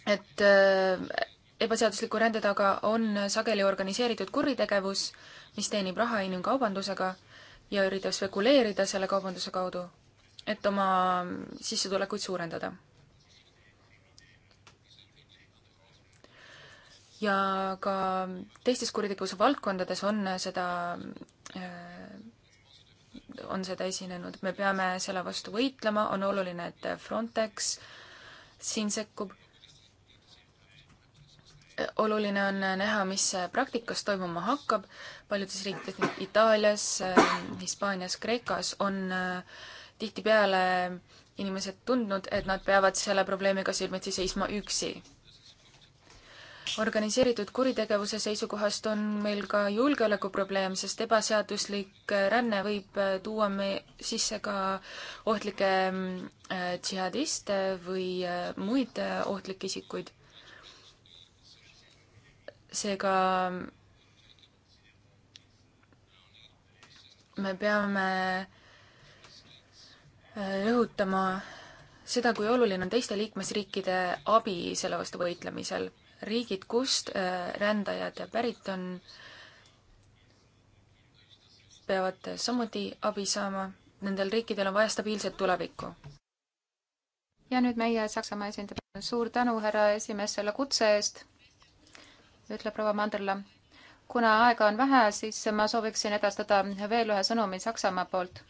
et ebaseadusliku rände taga on sageli organiseeritud kuritegevus, mis teenib raha inimkaubandusega ja üritab spekuleerida selle kaubanduse kaudu et oma sissetulekuid suurendada. ja ka teistes kuritegevuse valdkondades on seda, äh, on seda esinenud. me peame selle vastu võitlema, on oluline, et Frontex siin sekkub oluline on näha, mis praktikas toimuma hakkab. paljudes riikides, Itaalias, äh, Hispaanias, Kreekas on äh, tihtipeale inimesed tundnud, et nad peavad selle probleemiga silmitsi seisma üksi. organiseeritud kuritegevuse seisukohast on meil ka julgeolekuprobleem, sest ebaseaduslik ränne võib tuua me sisse ka ohtlikke äh, džihadiste või äh, muid äh, ohtlikke isikuid. seega me peame Äh, rõhutama seda, kui oluline on teiste liikmesriikide abi selle vastu võitlemisel. riigid, kust äh, rändajad pärit on, peavad samuti abi saama. Nendel riikidel on vaja stabiilset tulevikku. ja nüüd meie Saksamaa esindaja. suur tänu, härra esimees, selle kutse eest, ütleb proua Manderla. kuna aega on vähe, siis ma sooviksin edastada veel ühe sõnumi Saksamaa poolt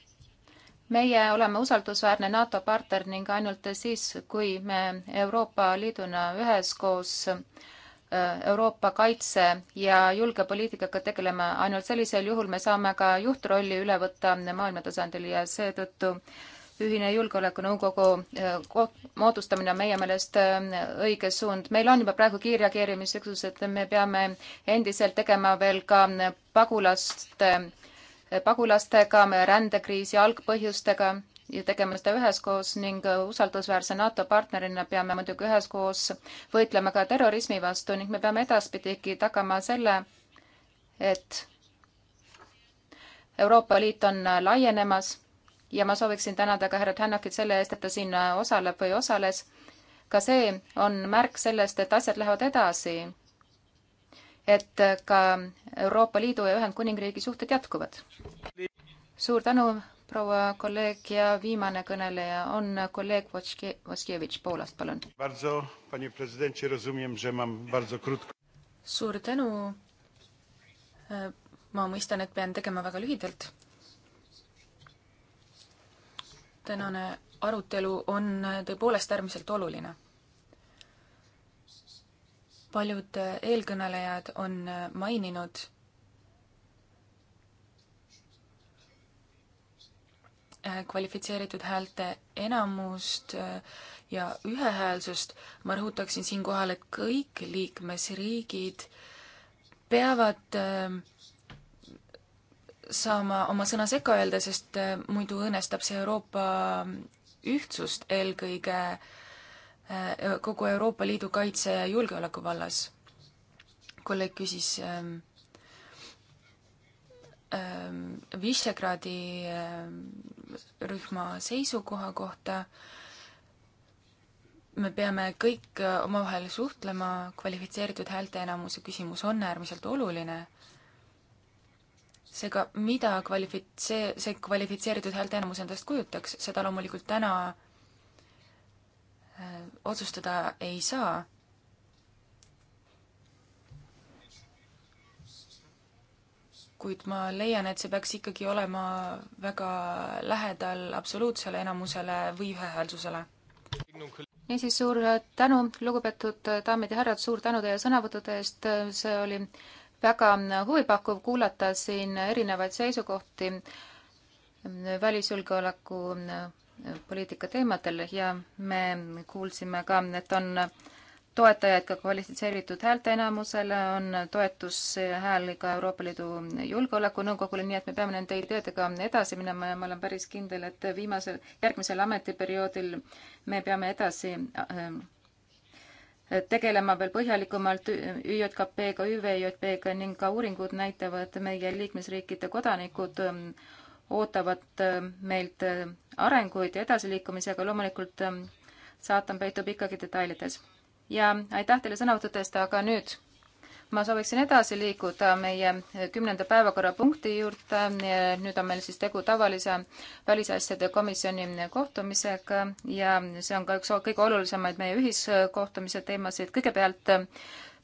meie oleme usaldusväärne NATO partner ning ainult siis, kui me Euroopa Liiduna üheskoos äh, Euroopa kaitse- ja julgepoliitikaga tegeleme, ainult sellisel juhul me saame ka juhtrolli üle võtta maailma tasandil ja seetõttu ühine julgeolekunõukogu äh, moodustamine on meie meelest äh, õige suund. meil on juba praegu kiirreageerimisüksused, me peame endiselt tegema veel ka pagulaste pagulastega, meie rändekriisi algpõhjustega ja tegema seda üheskoos ning usaldusväärse NATO partnerina peame muidugi üheskoos võitlema ka terrorismi vastu ning me peame edaspidigi tagama selle, et Euroopa Liit on laienemas ja ma sooviksin tänada ka härra Tännakit selle eest, et ta siin osaleb või osales. ka see on märk sellest, et asjad lähevad edasi et äh, ka Euroopa Liidu ja Ühendkuningriigi suhted jätkuvad. suur tänu, proua kolleeg ja viimane kõneleja on kolleeg Voskievitš Poolast, palun. suur tänu. Äh, ma mõistan, et pean tegema väga lühidalt. tänane arutelu on äh, tõepoolest äärmiselt oluline paljud eelkõnelejad on maininud äh, kvalifitseeritud häälte enamust äh, ja ühehäälsust, ma rõhutaksin siinkohal, et kõik liikmesriigid peavad äh, saama oma sõna sekka öelda, sest muidu õõnestab see Euroopa ühtsust eelkõige äh, Äh, kogu Euroopa Liidu kaitse ja julgeoleku vallas. kolleeg küsis ähm, ähm, Visegradi ähm, rühma seisukoha kohta. me peame kõik äh, omavahel suhtlema, kvalifitseeritud häälteenamuse küsimus on äärmiselt oluline seega mida kvalifitse-, see kvalifitseeritud häälteenamus endast kujutaks, seda loomulikult täna Äh, otsustada ei saa. kuid ma leian, et see peaks ikkagi olema väga lähedal absoluutsele enamusele või ühehäälsusele. niisiis, suur tänu, lugupeetud daamid ja härrad, suur tänu teie sõnavõttude eest, see oli väga huvipakkuv kuulata siin erinevaid seisukohti välisjulgeoleku poliitika teemadel ja me kuulsime ka, et on toetajaid ka kvalifitseeritud häälteenamusele, on toetushääli ka Euroopa Liidu Julgeolekunõukogule, nii et me peame nende ideedega edasi minema ja ma olen päris kindel, et viimasel, järgmisel ametiperioodil me peame edasi äh, tegelema veel põhjalikumalt ÜJKP-ga, ÜVJP-ga ning ka uuringud näitavad, meie liikmesriikide kodanikud äh, ootavad äh, meilt äh, arenguid ja edasiliikumisi, aga loomulikult ähm, saatan peitub ikkagi detailides. ja aitäh teile sõnavõttude eest, aga nüüd ma sooviksin edasi liikuda meie äh, kümnenda päevakorrapunkti juurde. nüüd on meil siis tegu tavalise välisasjade komisjoni kohtumisega ja see on ka üks kõige olulisemaid meie ühiskohtumise teemasid. kõigepealt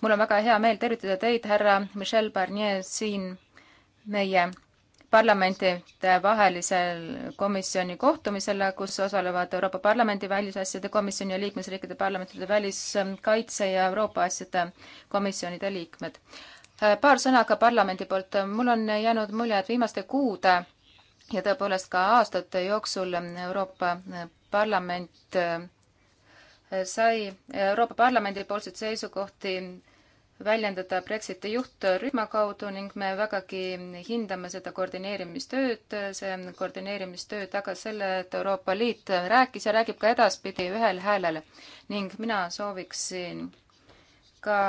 mul on väga hea meel tervitada teid, härra Michel Barnier siin meie parlamentide vahelisel komisjoni kohtumisele, kus osalevad Euroopa Parlamendi välisasjade komisjoni ja liikmesriikide parlamentide väliskaitse ja Euroopa asjade komisjonide liikmed. paar sõna ka parlamendi poolt, mul on jäänud mulje, et viimaste kuude ja tõepoolest ka aastate jooksul Euroopa Parlament sai Euroopa Parlamendi poolseid seisukohti väljendada Brexiti juhtrühma kaudu ning me vägagi hindame seda koordineerimistööd. see koordineerimistöö tagas selle, et Euroopa Liit rääkis ja räägib ka edaspidi ühel häälel ning mina sooviksin ka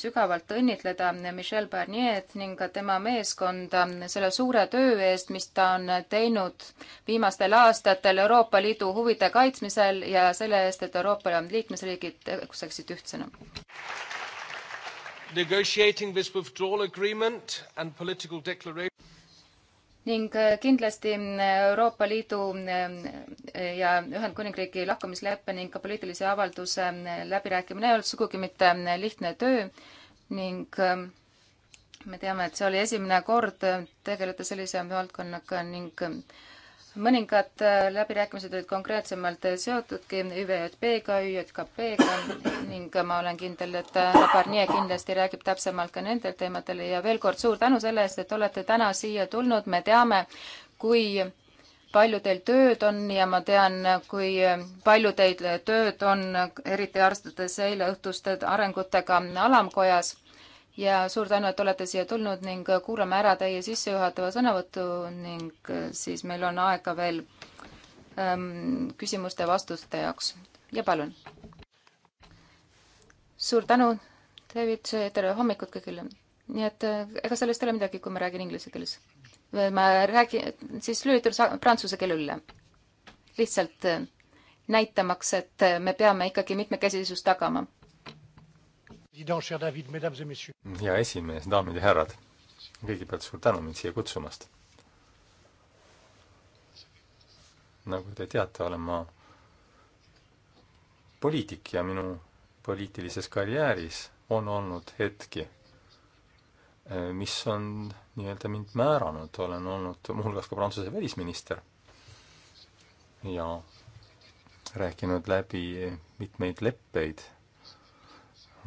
sügavalt õnnitleda Michel Barnier'd ning ka tema meeskonda selle suure töö eest, mis ta on teinud viimastel aastatel Euroopa Liidu huvide kaitsmisel ja selle eest, et Euroopa liikmesriigid tegutseksid ühtsena negotiating this withdrawal agreement and political declaration ning äh, kindlasti äh, Euroopa Liidu äh, ja Ühendkuningriigi lahkumisleppe ning ka poliitilise avalduse läbirääkimine ei olnud sugugi mitte lihtne töö ning me teame, et see oli esimene kord tegeleda sellise valdkonnaga ning mõningad läbirääkimised olid konkreetsemalt seotudki ÜVJP-ga, ÜJKP-ga ning ma olen kindel, et härra Barnier kindlasti räägib täpsemalt ka nendel teemadel ja veel kord suur tänu selle eest, et olete täna siia tulnud, me teame, kui palju teil tööd on ja ma tean, kui palju teil tööd on, eriti arvestades eileõhtuste arengutega alamkojas ja suur tänu, et olete siia tulnud ning kuulame ära teie sissejuhatava sõnavõtu ning äh, siis meil on aega veel ähm, küsimuste-vastuste jaoks ja palun. suur tänu, David, tere hommikut kõigile. nii et äh, ega sellest ei ole midagi, kui ma räägin inglise keeles. ma räägin, siis lülitan prantsuse keele üle. lihtsalt äh, näitamaks, et me peame ikkagi mitmekesisust tagama hea esimees, daamid ja härrad, kõigepealt suur tänu mind siia kutsumast. nagu te teate, olen ma poliitik ja minu poliitilises karjääris on olnud hetki, eh, mis on nii-öelda mind määranud, olen olnud muuhulgas ka Prantsuse välisminister ja rääkinud läbi mitmeid leppeid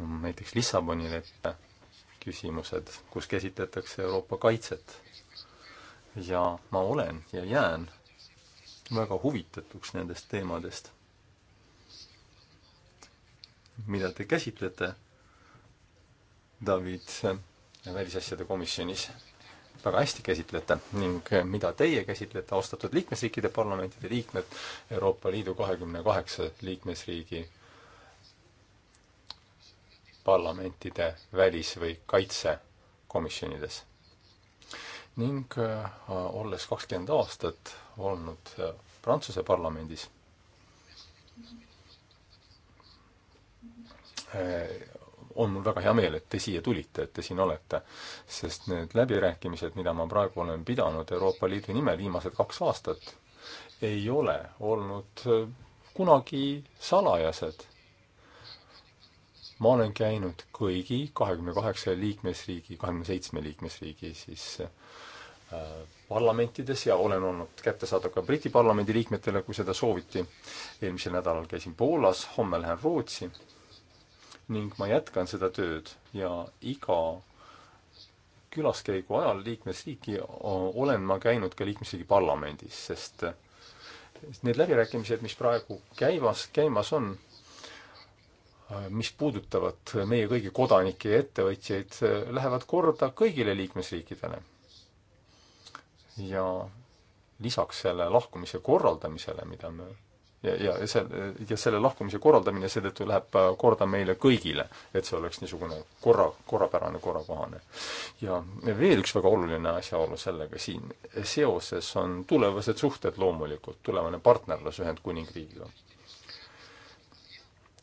näiteks Lissaboni leppe küsimused, kus käsitletakse Euroopa kaitset. ja ma olen ja jään väga huvitatuks nendest teemadest, mida te käsitlete, David, välisasjade komisjonis väga hästi käsitlete ning mida teie käsitlete, austatud liikmesriikide parlamentide liikmed, Euroopa Liidu kahekümne kaheksa liikmesriigi parlamentide välis- või kaitsekomisjonides. ning äh, olles kakskümmend aastat olnud äh, Prantsuse parlamendis, äh, on mul väga hea meel, et te siia tulite, et te siin olete. sest need läbirääkimised, mida ma praegu olen pidanud Euroopa Liidu nimel viimased kaks aastat, ei ole olnud kunagi salajased ma olen käinud kõigi kahekümne kaheksa liikmesriigi, kahekümne seitsme liikmesriigi siis äh, parlamentides ja olen olnud kättesaadav ka Briti parlamendi liikmetele, kui seda sooviti. eelmisel nädalal käisin Poolas, homme lähen Rootsi ning ma jätkan seda tööd ja iga külaskäigu ajal liikmesriiki olen ma käinud ka liikmesriigi parlamendis, sest need läbirääkimised, mis praegu käivas, käimas on, Äh, mis puudutavad meie kõigi kodanikke ja ettevõtjaid, äh, lähevad korda kõigile liikmesriikidele. ja lisaks selle lahkumise korraldamisele, mida me ja, ja see, ja selle lahkumise korraldamine seetõttu läheb äh, korda meile kõigile, et see oleks niisugune korra, korrapärane, korrakohane. ja veel üks väga oluline asjaolu sellega siin seoses on tulevased suhted loomulikult, tulevane partnerlus Ühendkuningriigiga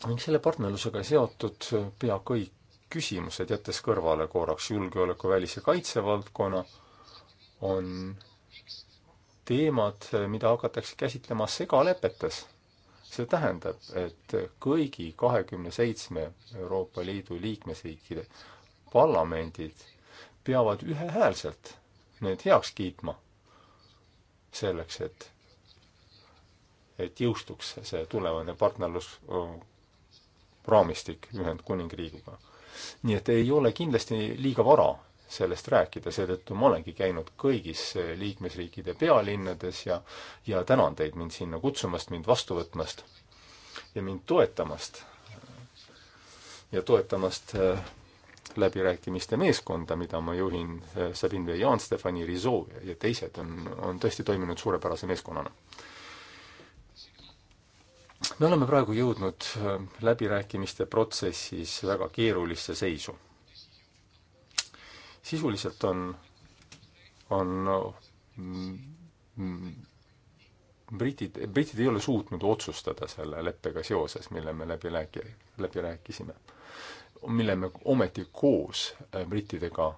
ning selle partnerlusega seotud pea kõik küsimused, jättes kõrvale korraks julgeoleku, välis- ja kaitsevaldkonna, on teemad, mida hakatakse käsitlema segalepetes. see tähendab, et kõigi kahekümne seitsme Euroopa Liidu liikmesriikide parlamendid peavad ühehäälselt need heaks kiitma selleks, et et jõustuks see tulevane partnerlus raamistik Ühendkuningriigiga. nii et ei ole kindlasti liiga vara sellest rääkida, seetõttu ma olengi käinud kõigis eh, liikmesriikide pealinnades ja ja tänan teid mind sinna kutsumast, mind vastu võtmast ja mind toetamast. Eh, ja toetamast eh, läbirääkimiste meeskonda, mida ma juhin, Sabine Vejan, Stefani Rizov ja teised on, on tõesti toiminud suurepärase meeskonnana me oleme praegu jõudnud äh, läbirääkimiste protsessis väga keerulisse seisu. sisuliselt on, on mm, mm, britid, britid ei ole suutnud otsustada selle leppega seoses, mille me läbi rääki-, läbi rääkisime, mille me ometi koos äh, brittidega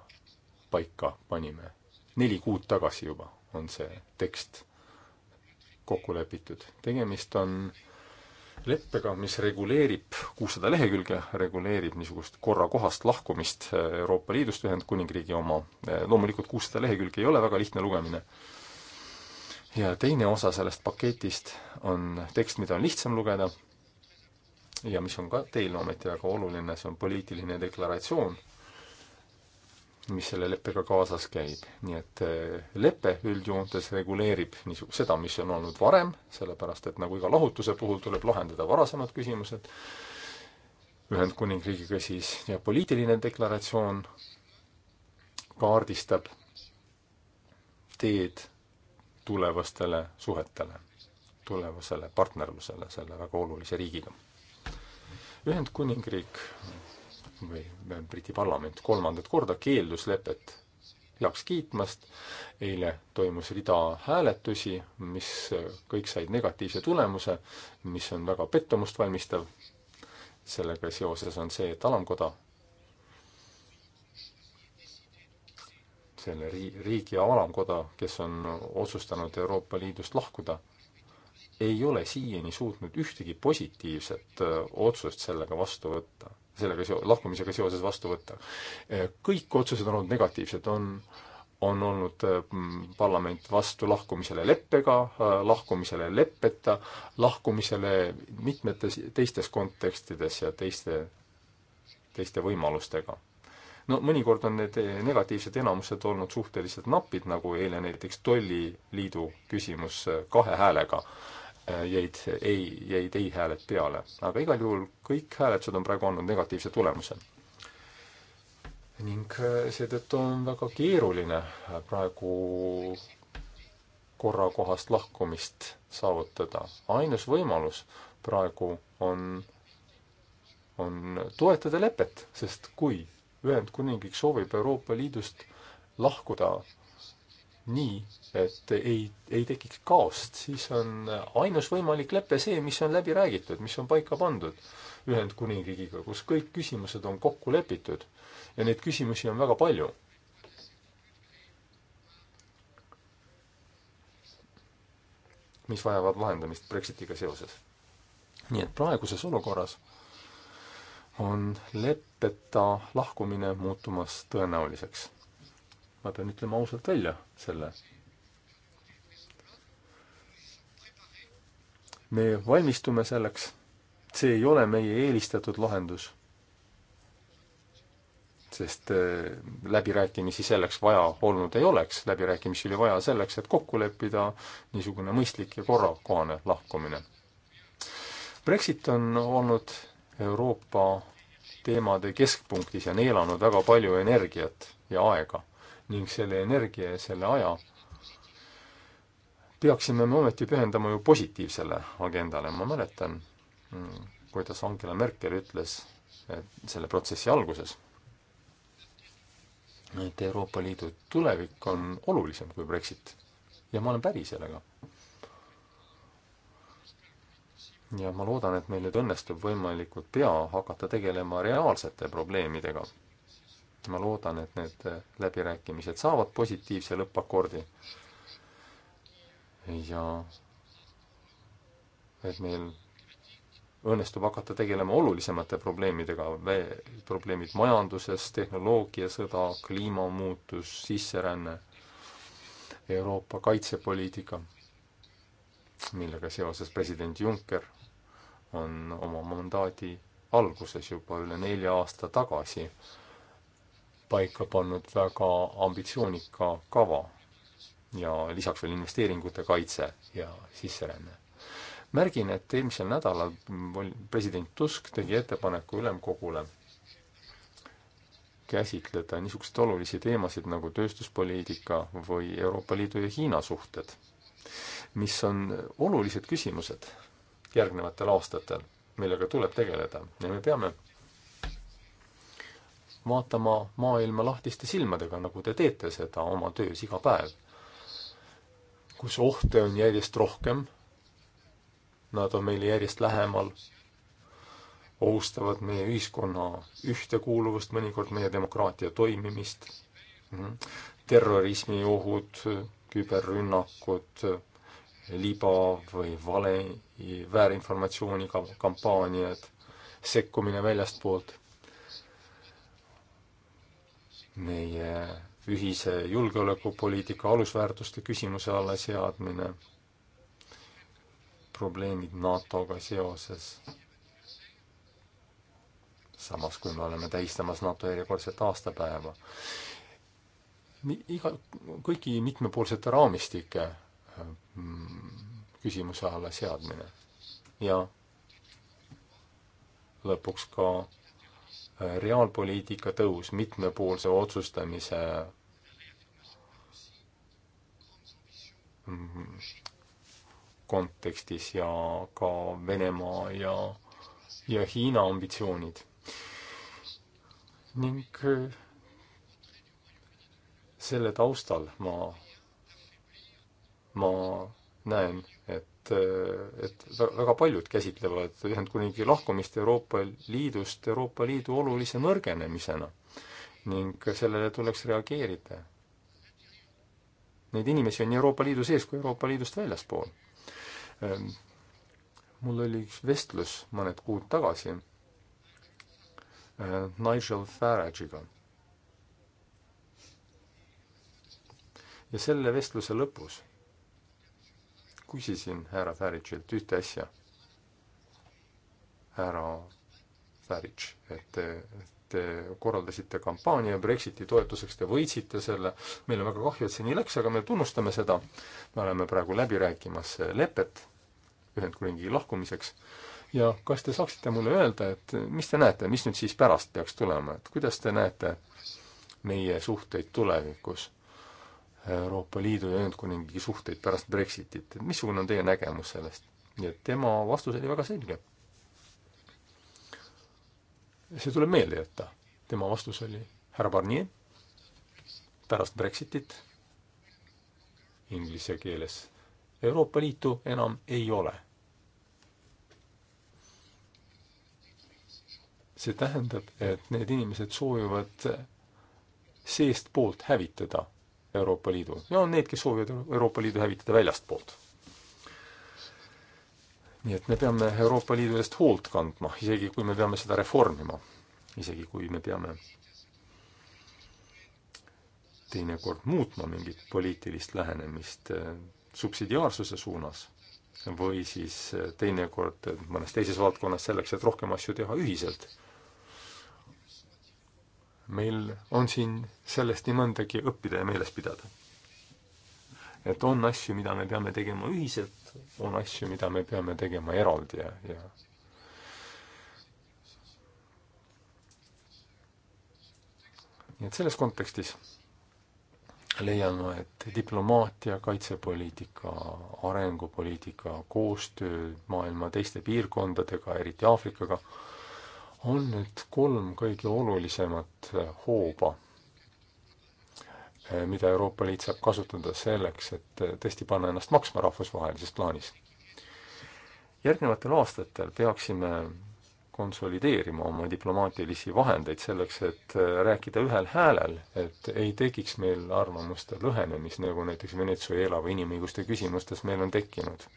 paika panime. neli kuud tagasi juba on see tekst kokku lepitud. tegemist on äh, leppega, mis reguleerib, kuussada lehekülge reguleerib niisugust korrakohast lahkumist Euroopa Liidust, Ühendkuningriigi oma. loomulikult kuussada lehekülge ei ole väga lihtne lugemine. ja teine osa sellest paketist on tekst, mida on lihtsam lugeda ja mis on ka teile ometi väga oluline, see on poliitiline deklaratsioon mis selle leppega kaasas käib. nii et eh, lepe üldjoontes reguleerib niisugust, seda, mis on olnud varem, sellepärast et nagu iga lahutuse puhul tuleb lahendada varasemad küsimused Ühendkuningriigiga siis ja poliitiline deklaratsioon kaardistab teed tulevastele suhetele, tulevasele partnerlusele selle väga olulise riigiga. Ühendkuningriik või Briti parlament kolmandat korda keeldus lepet heaks kiitmast. eile toimus rida hääletusi, mis kõik said negatiivse tulemuse, mis on väga pettumust valmistav. sellega seoses on see, et alamkoda selle ri-, riigi alamkoda, kes on otsustanud Euroopa Liidust lahkuda, ei ole siiani suutnud ühtegi positiivset äh, otsust sellega vastu võtta sellega seo-, lahkumisega seoses vastu võtta. kõik otsused on olnud negatiivsed, on on olnud mm, parlament vastu lahkumisele leppega, lahkumisele leppeta, lahkumisele mitmetes teistes kontekstides ja teiste, teiste võimalustega no mõnikord on need negatiivsed enamused olnud suhteliselt napid, nagu eile näiteks tolliliidu küsimus kahe häälega Äh, jäid ei, jäid ei hääled peale. aga igal juhul kõik hääletused on praegu andnud negatiivse tulemuse. ning äh, seetõttu on väga keeruline äh, praegu korrakohast lahkumist saavutada. ainus võimalus praegu on, on toetada lepet, sest kui Ühendkuningriik soovib Euroopa Liidust lahkuda nii, et ei, ei tekiks kaost, siis on ainus võimalik lepe see, mis on läbi räägitud, mis on paika pandud Ühendkuningriigiga, kus kõik küsimused on kokku lepitud ja neid küsimusi on väga palju. mis vajavad lahendamist Brexitiga seoses. nii et praeguses olukorras on leppeta lahkumine muutumas tõenäoliseks ma pean ütlema ausalt välja selle. me valmistume selleks, see ei ole meie eelistatud lahendus. sest äh, läbirääkimisi selleks vaja olnud ei oleks, läbirääkimisi oli vaja selleks, et kokku leppida niisugune mõistlik ja korrakohane lahkumine. Brexit on olnud Euroopa teemade keskpunktis ja neelanud väga palju energiat ja aega ning selle energia ja selle aja peaksime me ometi pühendama ju positiivsele agendale, ma mäletan, kuidas Angela Merkel ütles selle protsessi alguses, et Euroopa Liidu tulevik on olulisem kui Brexit. ja ma olen päri sellega. ja ma loodan, et meil nüüd õnnestub võimalikult pea hakata tegelema reaalsete probleemidega ma loodan, et need läbirääkimised saavad positiivse lõppakordi ja et meil õnnestub hakata tegelema olulisemate probleemidega, probleemid majanduses, tehnoloogiasõda, kliimamuutus, sisseränne, Euroopa kaitsepoliitika, millega seoses president Juncker on oma mandaadi alguses juba üle nelja aasta tagasi äh, paika pannud väga ambitsioonika kava ja lisaks veel investeeringute kaitse ja sisseränne. märgin, et eelmisel nädalal president Tusk tegi ettepaneku ülemkogule käsitleda niisuguseid olulisi teemasid nagu tööstuspoliitika või Euroopa Liidu ja Hiina suhted, mis on olulised küsimused järgnevatel aastatel, millega tuleb tegeleda ja me peame vaatama maailma lahtiste silmadega, nagu te teete seda oma töös iga päev, kus ohte on järjest rohkem, nad on meile järjest lähemal, ohustavad meie ühiskonna ühtekuuluvust, mõnikord meie demokraatia toimimist, mhm, terrorismiohud, küberrünnakud, liba või vale, väärinformatsiooni kampaaniad, sekkumine väljastpoolt meie ühise julgeolekupoliitika alusväärtuste küsimuse alla seadmine, probleemid NATO-ga seoses, samas kui me oleme tähistamas NATO järjekordset aastapäeva. iga, kõigi mitmepoolsete raamistike mm, küsimuse alla seadmine ja lõpuks ka Äh, reaalpoliitika tõus, mitmepoolse otsustamise mm, kontekstis ja ka Venemaa ja, ja Hiina ambitsioonid. ning äh, selle taustal ma, ma näen et, et väga paljud käsitlevad Ühendkuningriigi lahkumist Euroopa Liidust Euroopa Liidu olulise nõrgenemisena ning sellele tuleks reageerida. Neid inimesi on nii Euroopa Liidu sees kui Euroopa Liidust väljaspool. Ähm, mul oli üks vestlus mõned kuud tagasi äh, Nigel Farage'iga. ja selle vestluse lõpus küsisin härra Färitšilt ühte asja. härra Färitš, et te, te korraldasite kampaania Brexiti toetuseks, te võitsite selle, meil on väga kahju, et see nii läks, aga me tunnustame seda, me oleme praegu läbi rääkimas lepet Ühendkuningriigi lahkumiseks ja kas te saaksite mulle öelda, et mis te näete, mis nüüd siis pärast peaks tulema, et kuidas te näete meie suhteid tulevikus? Euroopa Liidu ja Ühendkuningriigi suhteid pärast Brexitit, et missugune on teie nägemus sellest? ja tema vastus oli väga selge. see tuleb meelde jätta. tema vastus oli, härra Barnier, pärast Brexitit inglise keeles Euroopa Liitu enam ei ole. see tähendab, et need inimesed soovivad seestpoolt hävitada Euroopa Liidu ja on need, kes soovivad Euroopa Liidu hävitada väljastpoolt. nii et me peame Euroopa Liidu eest hoolt kandma, isegi kui me peame seda reformima, isegi kui me peame teinekord muutma mingit poliitilist lähenemist eh, subsidiaarsuse suunas või siis eh, teinekord eh, mõnes teises valdkonnas selleks, et rohkem asju teha ühiselt meil on siin sellest nii mõndagi õppida ja meeles pidada. et on asju, mida me peame tegema ühiselt, on asju, mida me peame tegema eraldi ja, ja nii et selles kontekstis leian ma, et diplomaatia, kaitsepoliitika, arengupoliitika, koostöö maailma teiste piirkondadega, eriti Aafrikaga, on need kolm kõige olulisemat eh, hooba, eh, mida Euroopa Liit saab kasutada selleks, et eh, tõesti panna ennast maksma rahvusvahelises plaanis. järgnevatel aastatel peaksime konsolideerima oma diplomaatilisi vahendeid selleks, et rääkida ühel häälel, et ei tekiks meil arvamuste lõhenemist, nagu näiteks Venezuela või inimõiguste küsimustes meil on tekkinud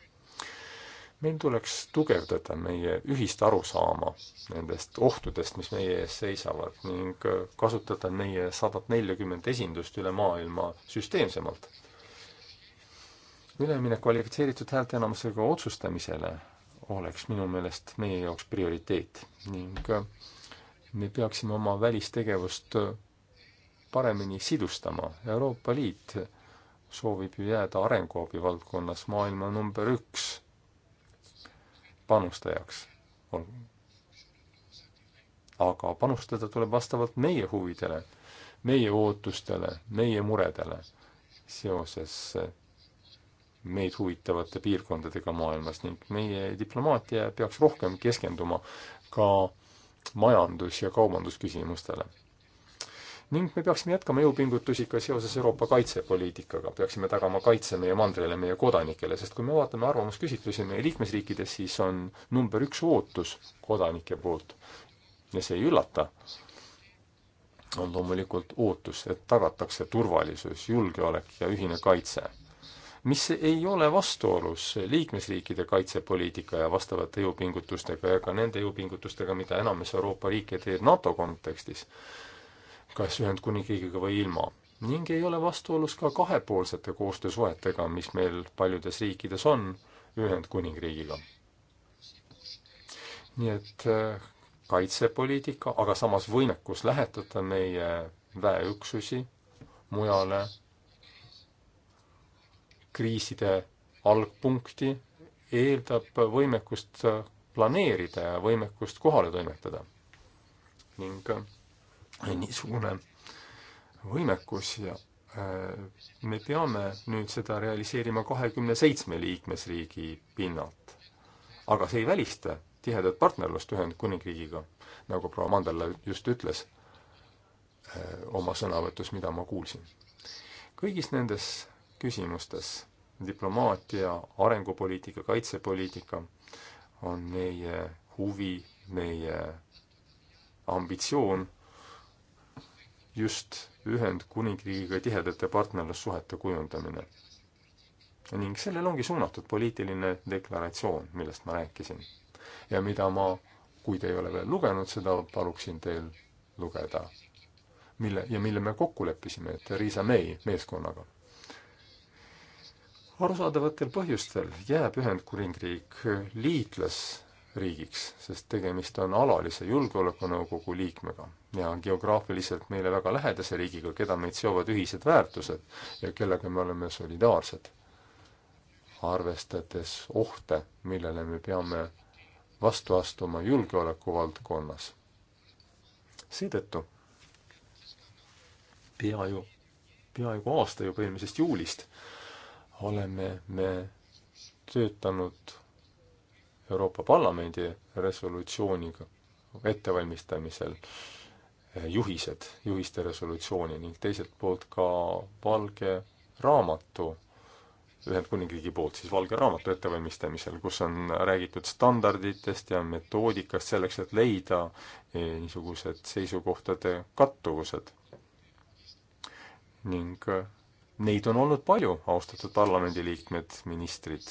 meil tuleks tugevdada meie ühist arusaama nendest ohtudest, mis meie ees seisavad ning äh, kasutada meie sadat neljakümmet esindust üle maailma süsteemsemalt. üleminek kvalifitseeritud häälteenamusega otsustamisele oleks minu meelest meie jaoks prioriteet ning äh, me peaksime oma välistegevust äh, paremini sidustama. Euroopa Liit soovib ju jääda arenguabi valdkonnas maailma number üks panustajaks. aga panustada tuleb vastavalt meie huvidele, meie ootustele, meie muredele seoses meid huvitavate piirkondadega maailmas ning meie diplomaatia peaks rohkem keskenduma ka majandus- ja kaubandusküsimustele ning me peaksime jätkama jõupingutusi ka seoses Euroopa kaitsepoliitikaga, peaksime tagama kaitse meie mandrile, meie kodanikele, sest kui me vaatame arvamusküsitlusi meie liikmesriikides, siis on number üks ootus kodanike poolt ja see ei üllata, on loomulikult ootus, et tagatakse turvalisus, julgeolek ja ühine kaitse. mis ei ole vastuolus liikmesriikide kaitsepoliitika ja vastavate jõupingutustega ja ka nende jõupingutustega, mida enamus Euroopa riike teeb NATO kontekstis kas Ühendkuningriigiga või ilma. ning ei ole vastuolus ka kahepoolsete koostöösuhetega, mis meil paljudes riikides on Ühendkuningriigiga. nii et äh, kaitsepoliitika, aga samas võimekus lähetada meie väeüksusi mujale kriiside algpunkti, eeldab võimekust planeerida ja võimekust kohale toimetada. ning äh, niisugune võimekus ja äh, me peame nüüd seda realiseerima kahekümne seitsme liikmesriigi pinnalt. aga see ei välista tihedat partnerlust Ühendkuningriigiga, nagu proua Mandela just ütles äh, oma sõnavõtus, mida ma kuulsin. kõigis nendes küsimustes, diplomaatia, arengupoliitika, kaitsepoliitika, on meie huvi, meie ambitsioon just Ühendkuningriigiga tihedate partnerlussuhete kujundamine. ning sellele ongi suunatud poliitiline deklaratsioon, millest ma rääkisin. ja mida ma, kui te ei ole veel lugenud seda, paluksin teil lugeda. mille, ja mille me kokku leppisime Theresa May meeskonnaga. arusaadavatel põhjustel jääb Ühendkuningriik liitlasriigiks, sest tegemist on alalise julgeolekunõukogu liikmega ja geograafiliselt meile väga lähedase riigiga, keda meid seovad ühised väärtused ja kellega me oleme solidaarsed, arvestades ohte, millele me peame vastu astuma julgeoleku valdkonnas. seetõttu peaaegu, peaaegu aasta juba eelmisest juulist oleme me töötanud Euroopa Parlamendi resolutsiooniga ettevalmistamisel äh, juhised, juhiste resolutsiooni ning teiselt poolt ka valge raamatu Ühendkuningriigi poolt siis valge raamatu ettevalmistamisel, kus on räägitud standarditest ja metoodikast selleks, et leida eh, niisugused seisukohtade kattuvused. ning eh, neid on olnud palju, austatud parlamendiliikmed, ministrid.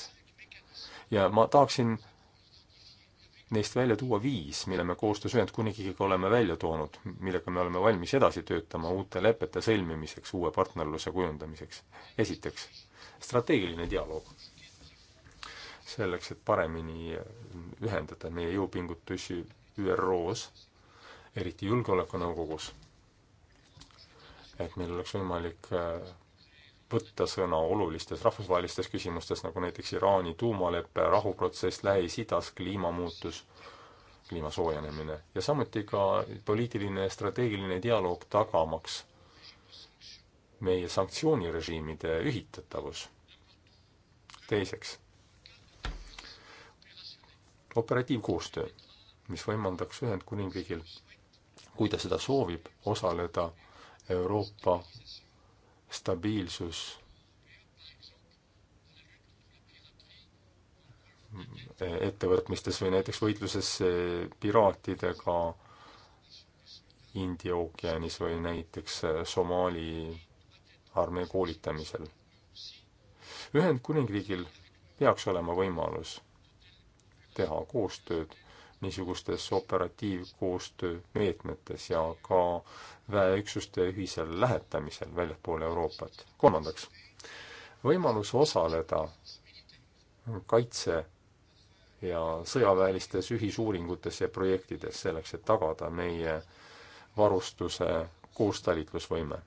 ja ma tahaksin neist välja tuua viis, mille me koostöös Ühendkuningriigiga oleme välja toonud, millega me oleme valmis edasi töötama uute lepete sõlmimiseks, uue partnerluse kujundamiseks. esiteks, strateegiline dialoog. selleks, et paremini ühendada meie jõupingutusi ÜRO-s, eriti Julgeolekunõukogus, et meil oleks võimalik äh, võtta sõna olulistes rahvusvahelistes küsimustes, nagu näiteks Iraani tuumalepe, rahuprotsess Lähis-Idas, kliimamuutus, kliima soojenemine ja samuti ka poliitiline ja strateegiline dialoog tagamaks meie sanktsioonirežiimide ühitatavus. teiseks, operatiivkoostöö, mis võimaldaks Ühendkuningriigil, kui ta seda soovib, osaleda Euroopa stabiilsus ettevõtmistes või näiteks võitluses eh, piraatidega India ookeanis või näiteks eh, Somaali armee koolitamisel. Ühendkuningriigil peaks olema võimalus teha koostööd niisugustes operatiivkoostöö meetmetes ja ka väeüksuste ühisel lähetamisel väljapoole Euroopat. kolmandaks, võimalus osaleda kaitse- ja sõjaväelistes ühisuuringutes ja projektides selleks, et tagada meie varustuse koostalitlusvõime.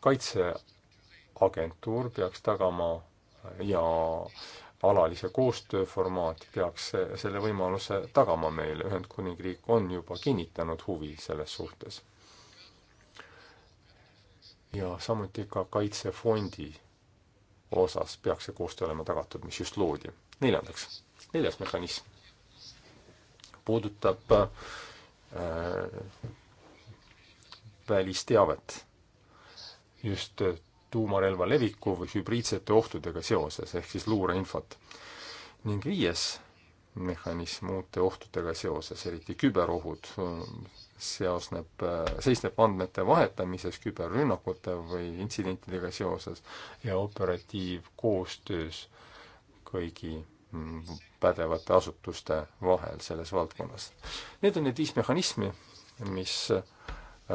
kaitseagentuur peaks tagama ja alalise koostöö formaat peaks selle võimaluse tagama meile, Ühendkuningriik on juba kinnitanud huvi selles suhtes. ja samuti ka Kaitsefondi osas peaks see koostöö olema tagatud, mis just loodi. neljandaks, neljas mehhanism puudutab äh, välisteavet just tuumarelva leviku või hübriidsete ohtudega seoses, ehk siis luureinfot. ning viies mehhanism uute ohtudega seoses, eriti küberohud, seosneb, seisneb andmete vahetamises küberrünnakute või intsidentidega seoses ja operatiivkoostöös kõigi pädevate asutuste vahel selles valdkonnas. Need on need viis mehhanismi, mis,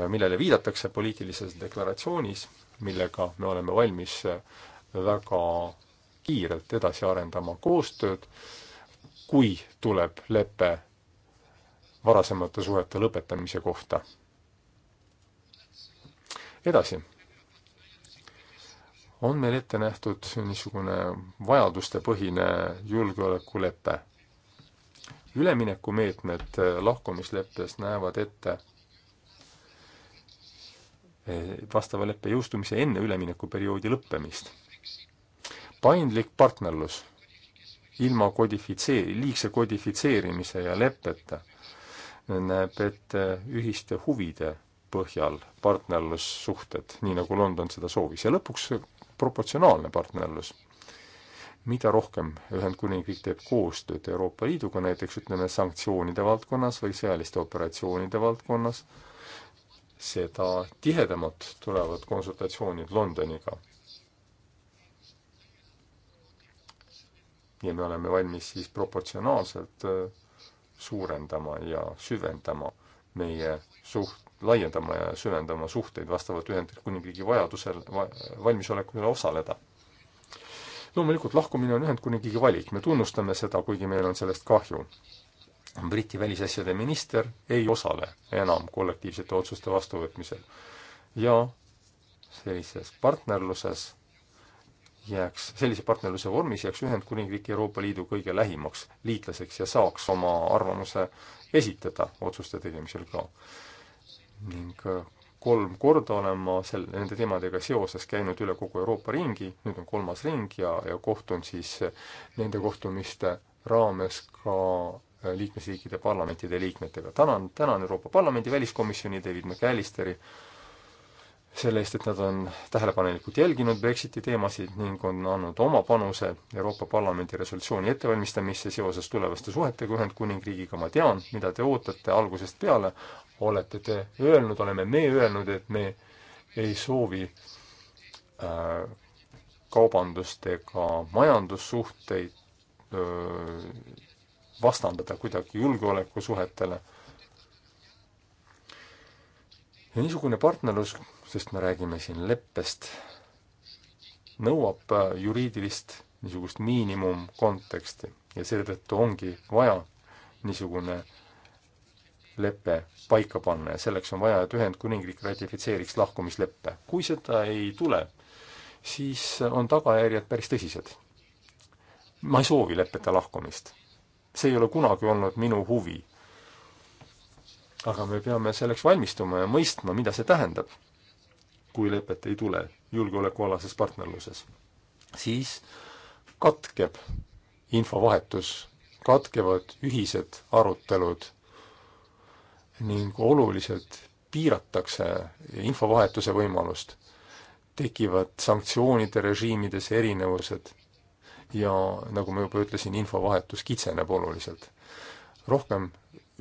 millele viidatakse poliitilises deklaratsioonis millega me oleme valmis väga kiirelt edasi arendama koostööd, kui tuleb lepe varasemate suhete lõpetamise kohta. edasi on meil ette nähtud niisugune vajadustepõhine julgeolekulepe. üleminekumeetmed lahkumisleppes näevad ette Eh, vastava leppe jõustumise enne üleminekuperioodi lõppemist. paindlik partnerlus ilma kodifitsee-, liigse kodifitseerimise ja leppeta näeb ette ühiste huvide põhjal partnerlussuhted, nii nagu London seda soovis, ja lõpuks proportsionaalne partnerlus. mida rohkem Ühendkuningriik teeb koostööd Euroopa Liiduga, näiteks ütleme, sanktsioonide valdkonnas või sõjaliste operatsioonide valdkonnas, seda tihedamad tulevad konsultatsioonid Londoniga. ja me oleme valmis siis proportsionaalselt äh, suurendama ja süvendama meie suht-, laiendama ja süvendama suhteid vastavalt Ühendkuningriigi vajadusel va,, valmisolekule osaleda. loomulikult lahkumine on Ühendkuningriigi valik, me tunnustame seda, kuigi meil on sellest kahju. Briti välisasjade minister ei osale enam kollektiivsete otsuste vastuvõtmisel ja sellises partnerluses jääks, sellise partnerluse vormis jääks Ühendkuningriik Euroopa Liidu kõige lähimaks liitlaseks ja saaks oma arvamuse esitada otsuste tegemisel ka. ning äh, kolm korda olen ma sel, nende teemadega seoses käinud üle kogu Euroopa ringi, nüüd on kolmas ring ja, ja kohtun siis äh, nende kohtumiste raames ka liikmesriikide parlamentide liikmetega. tänan, tänan Euroopa Parlamendi väliskomisjoni David McAllisteri selle eest, et nad on tähelepanelikult jälginud Brexiti teemasid ning on andnud oma panuse Euroopa Parlamendi resolutsiooni ettevalmistamisse seoses tulevaste suhetega Ühendkuningriigiga. ma tean, mida te ootate algusest peale, olete te öelnud, oleme me öelnud, et me ei soovi äh, kaubandust ega majandussuhteid äh, vastandada kuidagi julgeolekusuhetele. ja niisugune partnerlus, sest me räägime siin leppest, nõuab äh, juriidilist niisugust miinimumkonteksti ja seetõttu ongi vaja niisugune lepe paika panna ja selleks on vaja, et Ühendkuningriik ratifitseeriks lahkumisleppe. kui seda ei tule, siis on tagajärjed päris tõsised. ma ei soovi leppeta lahkumist see ei ole kunagi olnud minu huvi. aga me peame selleks valmistuma ja mõistma, mida see tähendab, kui lepet ei tule julgeolekualases partnerluses. siis katkeb infovahetus, katkevad ühised arutelud ning oluliselt piiratakse infovahetuse võimalust. tekivad sanktsioonide režiimides erinevused ja nagu ma juba ütlesin, infovahetus kitseneb oluliselt. rohkem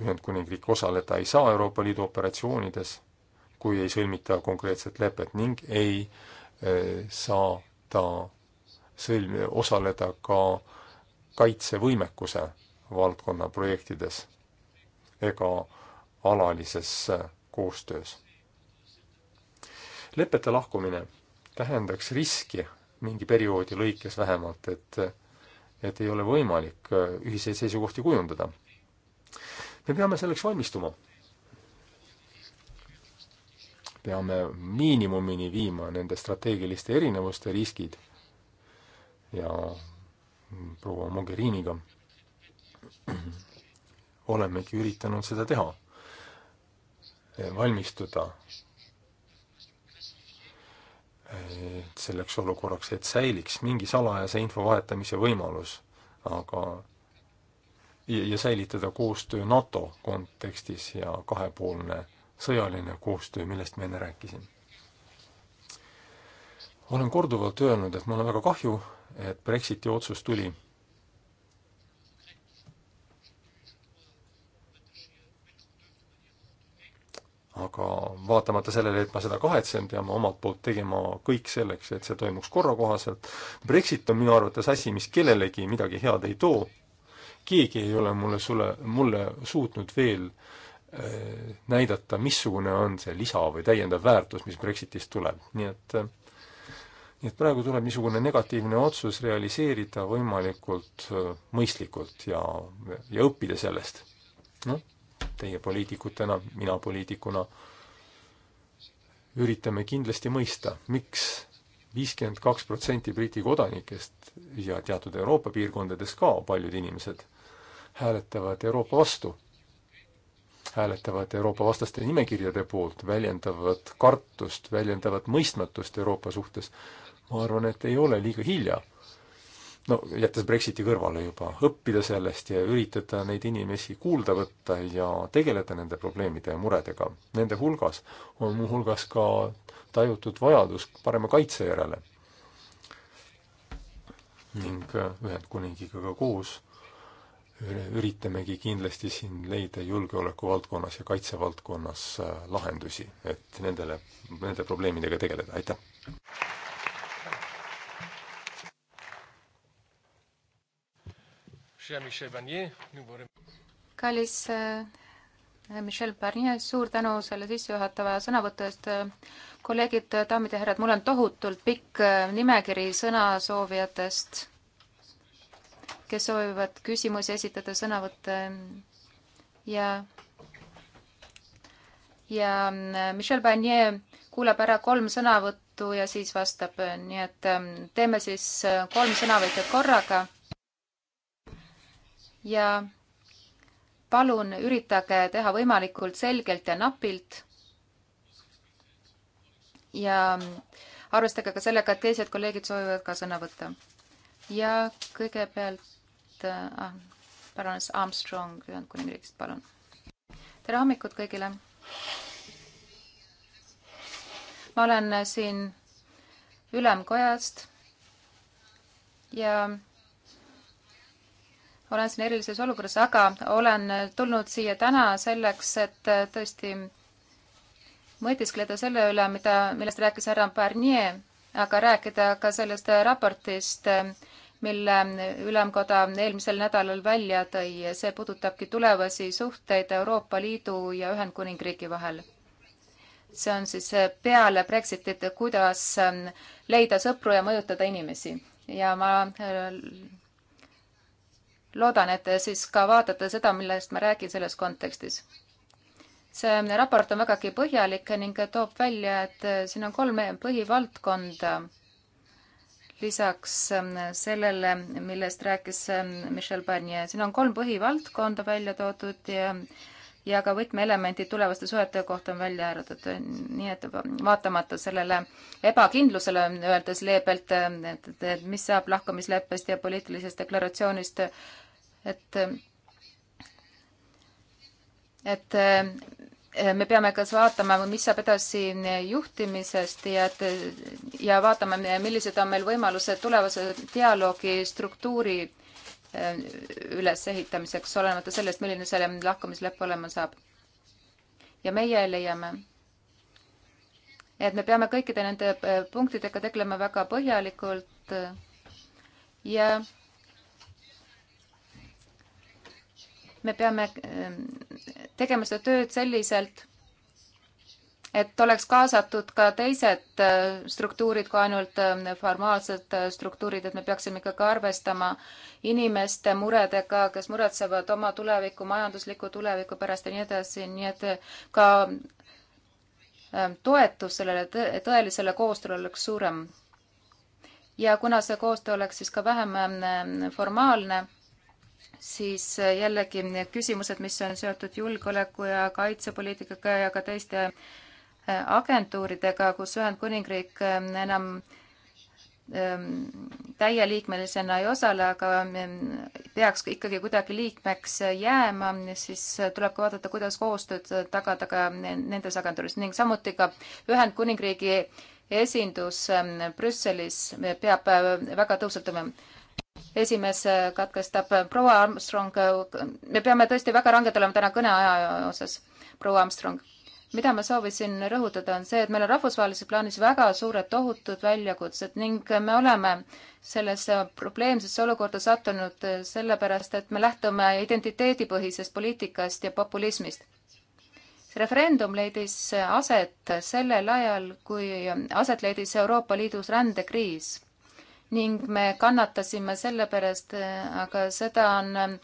Ühendkuningriik osaleda ei saa Euroopa Liidu operatsioonides, kui ei sõlmita konkreetset lepet ning ei eh, saa ta sõlm-, osaleda ka kaitsevõimekuse valdkonna projektides ega alalises eh, koostöös. lepete lahkumine tähendaks riski, mingi perioodi lõikes vähemalt, et et ei ole võimalik äh, ühiseid seisukohti kujundada. me peame selleks valmistuma. peame miinimumini viima nende strateegiliste erinevuste riskid ja proua Mogheriniga olemegi üritanud seda teha, valmistuda selleks olukorraks, et säiliks mingi salajase info vahetamise võimalus, aga ja, ja säilitada koostöö NATO kontekstis ja kahepoolne sõjaline koostöö, millest ma enne rääkisin. olen korduvalt öelnud, et mul on väga kahju, et Brexiti otsus tuli aga vaatamata sellele, et ma seda kahetsen, pean ma omalt poolt tegema kõik selleks, et see toimuks korrakohaselt. Brexit on minu arvates asi, mis kellelegi midagi head ei too. keegi ei ole mulle, sulle, mulle suutnud veel äh, näidata, missugune on see lisa või täiendav väärtus, mis Brexitist tuleb, nii et äh, nii et praegu tuleb niisugune negatiivne otsus realiseerida võimalikult äh, mõistlikult ja, ja õppida sellest. noh teie poliitikutena, mina poliitikuna, üritame kindlasti mõista, miks viiskümmend kaks protsenti Briti kodanikest ja teatud Euroopa piirkondades ka paljud inimesed hääletavad Euroopa vastu, hääletavad Euroopa vastaste nimekirjade poolt, väljendavad kartust, väljendavad mõistmatust Euroopa suhtes, ma arvan, et ei ole liiga hilja no jättes Brexiti kõrvale juba, õppida sellest ja üritada neid inimesi kuulda võtta ja tegeleda nende probleemide ja muredega. Nende hulgas on muuhulgas ka tajutud vajadus parema kaitse järele. ning Ühendkuningiga ka koos üritamegi kindlasti siin leida julgeoleku valdkonnas ja kaitsevaldkonnas lahendusi, et nendele, nende probleemidega tegeleda, aitäh! kallis eh, Michel Barnier, suur tänu selle sissejuhatava sõnavõtu eest. kolleegid, daamid ja härrad, mul on tohutult pikk eh, nimekiri sõnasoovijatest, kes soovivad küsimusi esitada, sõnavõtte ja ja eh, Michel Barnier kuulab ära kolm sõnavõttu ja siis vastab, nii et teeme siis kolm sõnavõtjat korraga ja palun üritage teha võimalikult selgelt ja napilt. ja arvestage ka sellega, et teised kolleegid soovivad ka sõna võtta. ja kõigepealt äh, ah, Baroness Armstrong Ühendkuningriigist, palun. tere hommikut kõigile. ma olen siin ülemkojast ja olen siin erilises olukorras, aga olen tulnud siia täna selleks, et tõesti mõtiskleda selle üle, mida, millest rääkis härra Barnier, aga rääkida ka sellest raportist, mille Ülemkoda eelmisel nädalal välja tõi. see puudutabki tulevasi suhteid Euroopa Liidu ja Ühendkuningriigi vahel. see on siis peale Brexitit, kuidas leida sõpru ja mõjutada inimesi ja ma loodan, et te siis ka vaatate seda, millest ma räägin selles kontekstis. see raport on vägagi põhjalik ning toob välja, et siin on kolm põhivaldkonda lisaks ähm, sellele, millest rääkis ähm, Michel Barnier. siin on kolm põhivaldkonda välja toodud ja ja ka võtmeelemendid tulevaste suhete kohta on välja arvatud. nii et vaatamata sellele ebakindlusele, öeldes leebelt, et, et, et mis saab lahkumisleppest ja poliitilisest deklaratsioonist, et, et eh, me peame kas vaatama, mis saab edasi juhtimisest ja et ja vaatame, millised on meil võimalused tulevase dialoogi struktuuri Äh, ülesehitamiseks, olenemata sellest, milline selle lahkumislepe olema saab. ja meie leiame, et me peame kõikide nende äh, punktidega tegelema väga põhjalikult äh, ja me peame tegema seda tööd selliselt et oleks kaasatud ka teised äh, struktuurid kui ainult äh, formaalsed äh, struktuurid, et me peaksime ikkagi arvestama inimeste muredega, kes muretsevad oma tuleviku, majandusliku tuleviku pärast ja nii edasi, nii et ka toetus sellele tõelisele koostööle oleks suurem. ja kuna see koostöö oleks siis ka vähem formaalne, siis jällegi küsimused, mis on seotud julgeoleku ja kaitsepoliitikaga ja ka teiste agentuuridega, kus Ühendkuningriik ähm, enam ähm, täieliikmelisena ei osale, aga ähm, peaks ikkagi kuidagi liikmeks äh, jääma, siis äh, tuleb ka vaadata, kuidas koostööd äh, tagada ka nendes agentuuris ning samuti ka Ühendkuningriigi esindus Brüsselis peab väga tõusvalt tõmbama esimees katkestab. proua Armstrong, me peame tõesti väga ranged olema täna kõneaja osas, proua Armstrong mida ma soovisin rõhutada, on see, et meil on rahvusvahelises plaanis väga suured tohutud väljakutsed ning me oleme sellesse probleemsesse olukorda sattunud sellepärast, et me lähtume identiteedipõhisest poliitikast ja populismist. referendum leidis aset sellel ajal, kui aset leidis Euroopa Liidus rändekriis ning me kannatasime selle pärast, aga seda on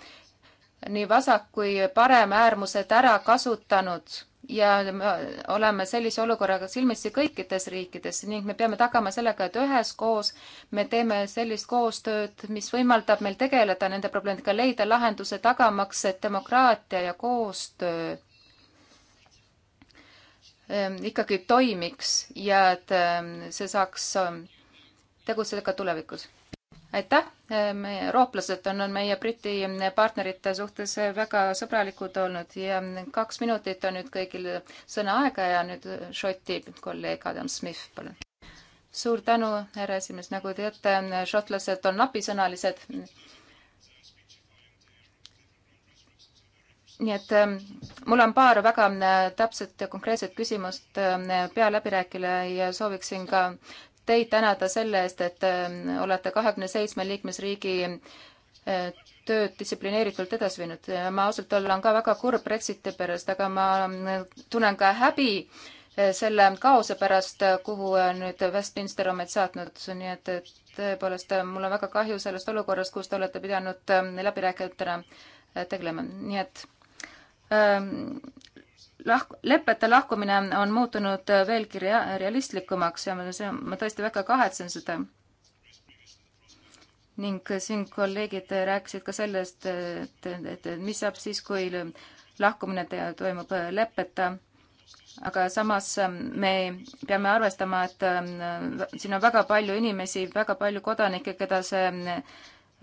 nii vasak kui parem äärmused ära kasutanud ja me oleme sellise olukorraga silmitsi kõikides riikides ning me peame tagama sellega, et üheskoos me teeme sellist koostööd, mis võimaldab meil tegeleda nende probleemidega, leida lahenduse tagamaks, et demokraatia ja koostöö ehm, ikkagi toimiks ja et ehm, see saaks ehm, tegutseda ka tulevikus aitäh, me, eurooplased on, on meie Briti partnerite suhtes väga sõbralikud olnud ja kaks minutit on nüüd kõigil sõna aega ja nüüd Šoti kolleeg Adam Smith, palun. suur tänu, härra esimees, nagu teate, šotlased on napisõnalised. nii et mul on paar väga täpset ja konkreetset küsimust pealäbirääkijale ja sooviksin ka äh, teid tänada selle eest, et ähm, olete kahekümne seitsme liikmesriigi äh, tööd distsiplineeritult edasi viinud. ma ausalt olen ka väga kurb Brexiti pärast, aga ma äh, tunnen ka häbi äh, selle kaose pärast, kuhu nüüd Westminster on meid saatnud, nii et, et tõepoolest mul on väga kahju sellest olukorrast, kus te olete pidanud ähm, läbirääkijatena tegelema, nii et ähm, lahk-, lepete lahkumine on muutunud veelgi rea-, realistlikumaks ja ma, see, ma tõesti väga kahetsen seda. ning siin kolleegid rääkisid ka sellest, et, et, et mis saab siis, kui lahkumine te-, toimub leppeta, aga samas me peame arvestama, et äh, siin on väga palju inimesi, väga palju kodanikke, keda see äh,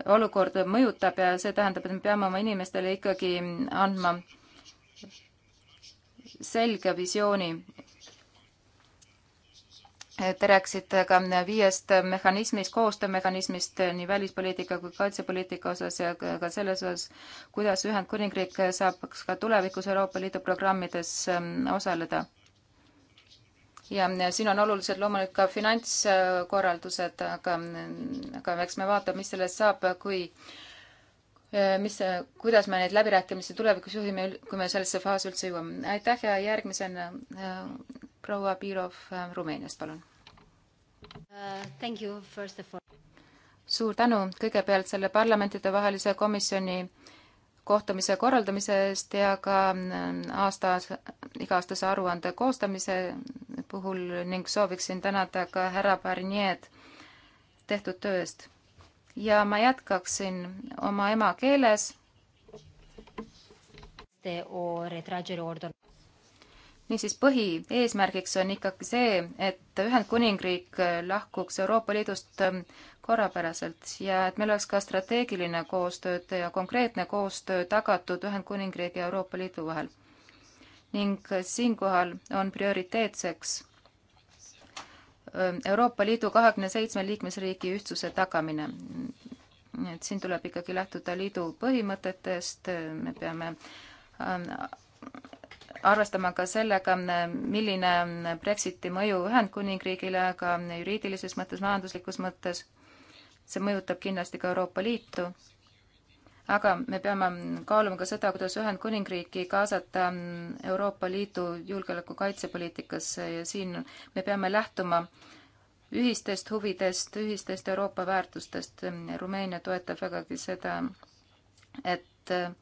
olukord mõjutab ja see tähendab, et me peame oma inimestele ikkagi andma äh, selge visiooni. Te rääkisite ka viiest mehhanismist, koostöömehhanismist nii välispoliitika kui kaitsepoliitika osas ja ka selles osas, kuidas Ühendkuningriik saab ka tulevikus Euroopa Liidu programmides ähm, osaleda ja siin on olulised loomulikult ka finantskorraldused, aga, aga eks me vaatame, mis sellest saab, kui Äh, mis, kuidas me neid läbirääkimisi tulevikus juhime, kui me sellesse faasi üldse jõuame. aitäh ja järgmisena äh, proua Pirov äh, Rumeeniast, palun uh,. suur tänu kõigepealt selle parlamentidevahelise komisjoni kohtumise korraldamise eest ja ka aastas, iga-aastase aruande koostamise puhul ning sooviksin tänada ka härra Barnier'd tehtud töö eest ja ma jätkaksin oma emakeeles. niisiis, põhieesmärgiks on ikkagi see, et Ühendkuningriik lahkuks Euroopa Liidust korrapäraselt ja et meil oleks ka strateegiline koostööd ja konkreetne koostöö tagatud Ühendkuningriigi ja Euroopa Liidu vahel. ning siinkohal on prioriteetseks Euroopa Liidu kahekümne seitsme liikmesriigi ühtsuse tagamine. et siin tuleb ikkagi lähtuda liidu põhimõtetest, me peame ähm, arvestama ka sellega, milline Brexiti mõju Ühendkuningriigile, ka juriidilises mõttes, majanduslikus mõttes, see mõjutab kindlasti ka Euroopa Liitu aga me peame kaaluma ka seda, kuidas Ühendkuningriiki kaasata ähm, Euroopa Liidu julgeoleku kaitsepoliitikasse ja siin me peame lähtuma ühistest huvidest, ühistest Euroopa väärtustest. Ähm, Rumeenia toetab vägagi seda, et äh,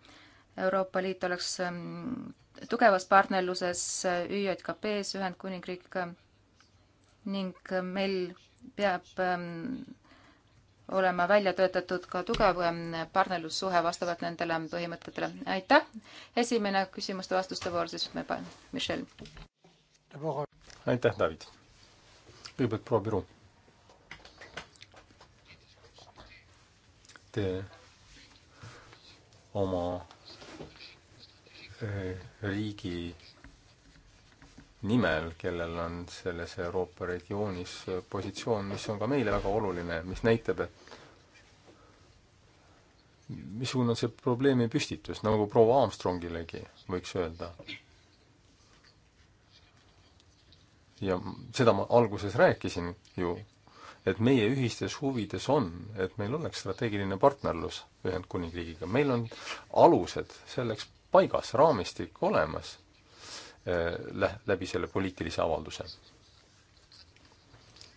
Euroopa Liit oleks ähm, tugevas partnerluses äh, ÜJKP-s Ühendkuningriigiga ning äh, meil peab olema välja töötatud ka tugev ähm, partnerlussuhe vastavalt nendele põhimõtetele. aitäh! esimene küsimuste-vastuste voor siis me paneme, Michelle. aitäh, David! kõigepealt proua Piru. Te oma äh, riigi nimel, kellel on selles Euroopa regioonis positsioon, mis on ka meile väga oluline, mis näitab, et missugune on see probleemi püstitus, nagu proua Armstrongilegi võiks öelda. ja seda ma alguses rääkisin ju, et meie ühistes huvides on, et meil oleks strateegiline partnerlus Ühendkuningriigiga, meil on alused selleks paigas, raamistik olemas Äh, lä-, läbi selle poliitilise avalduse.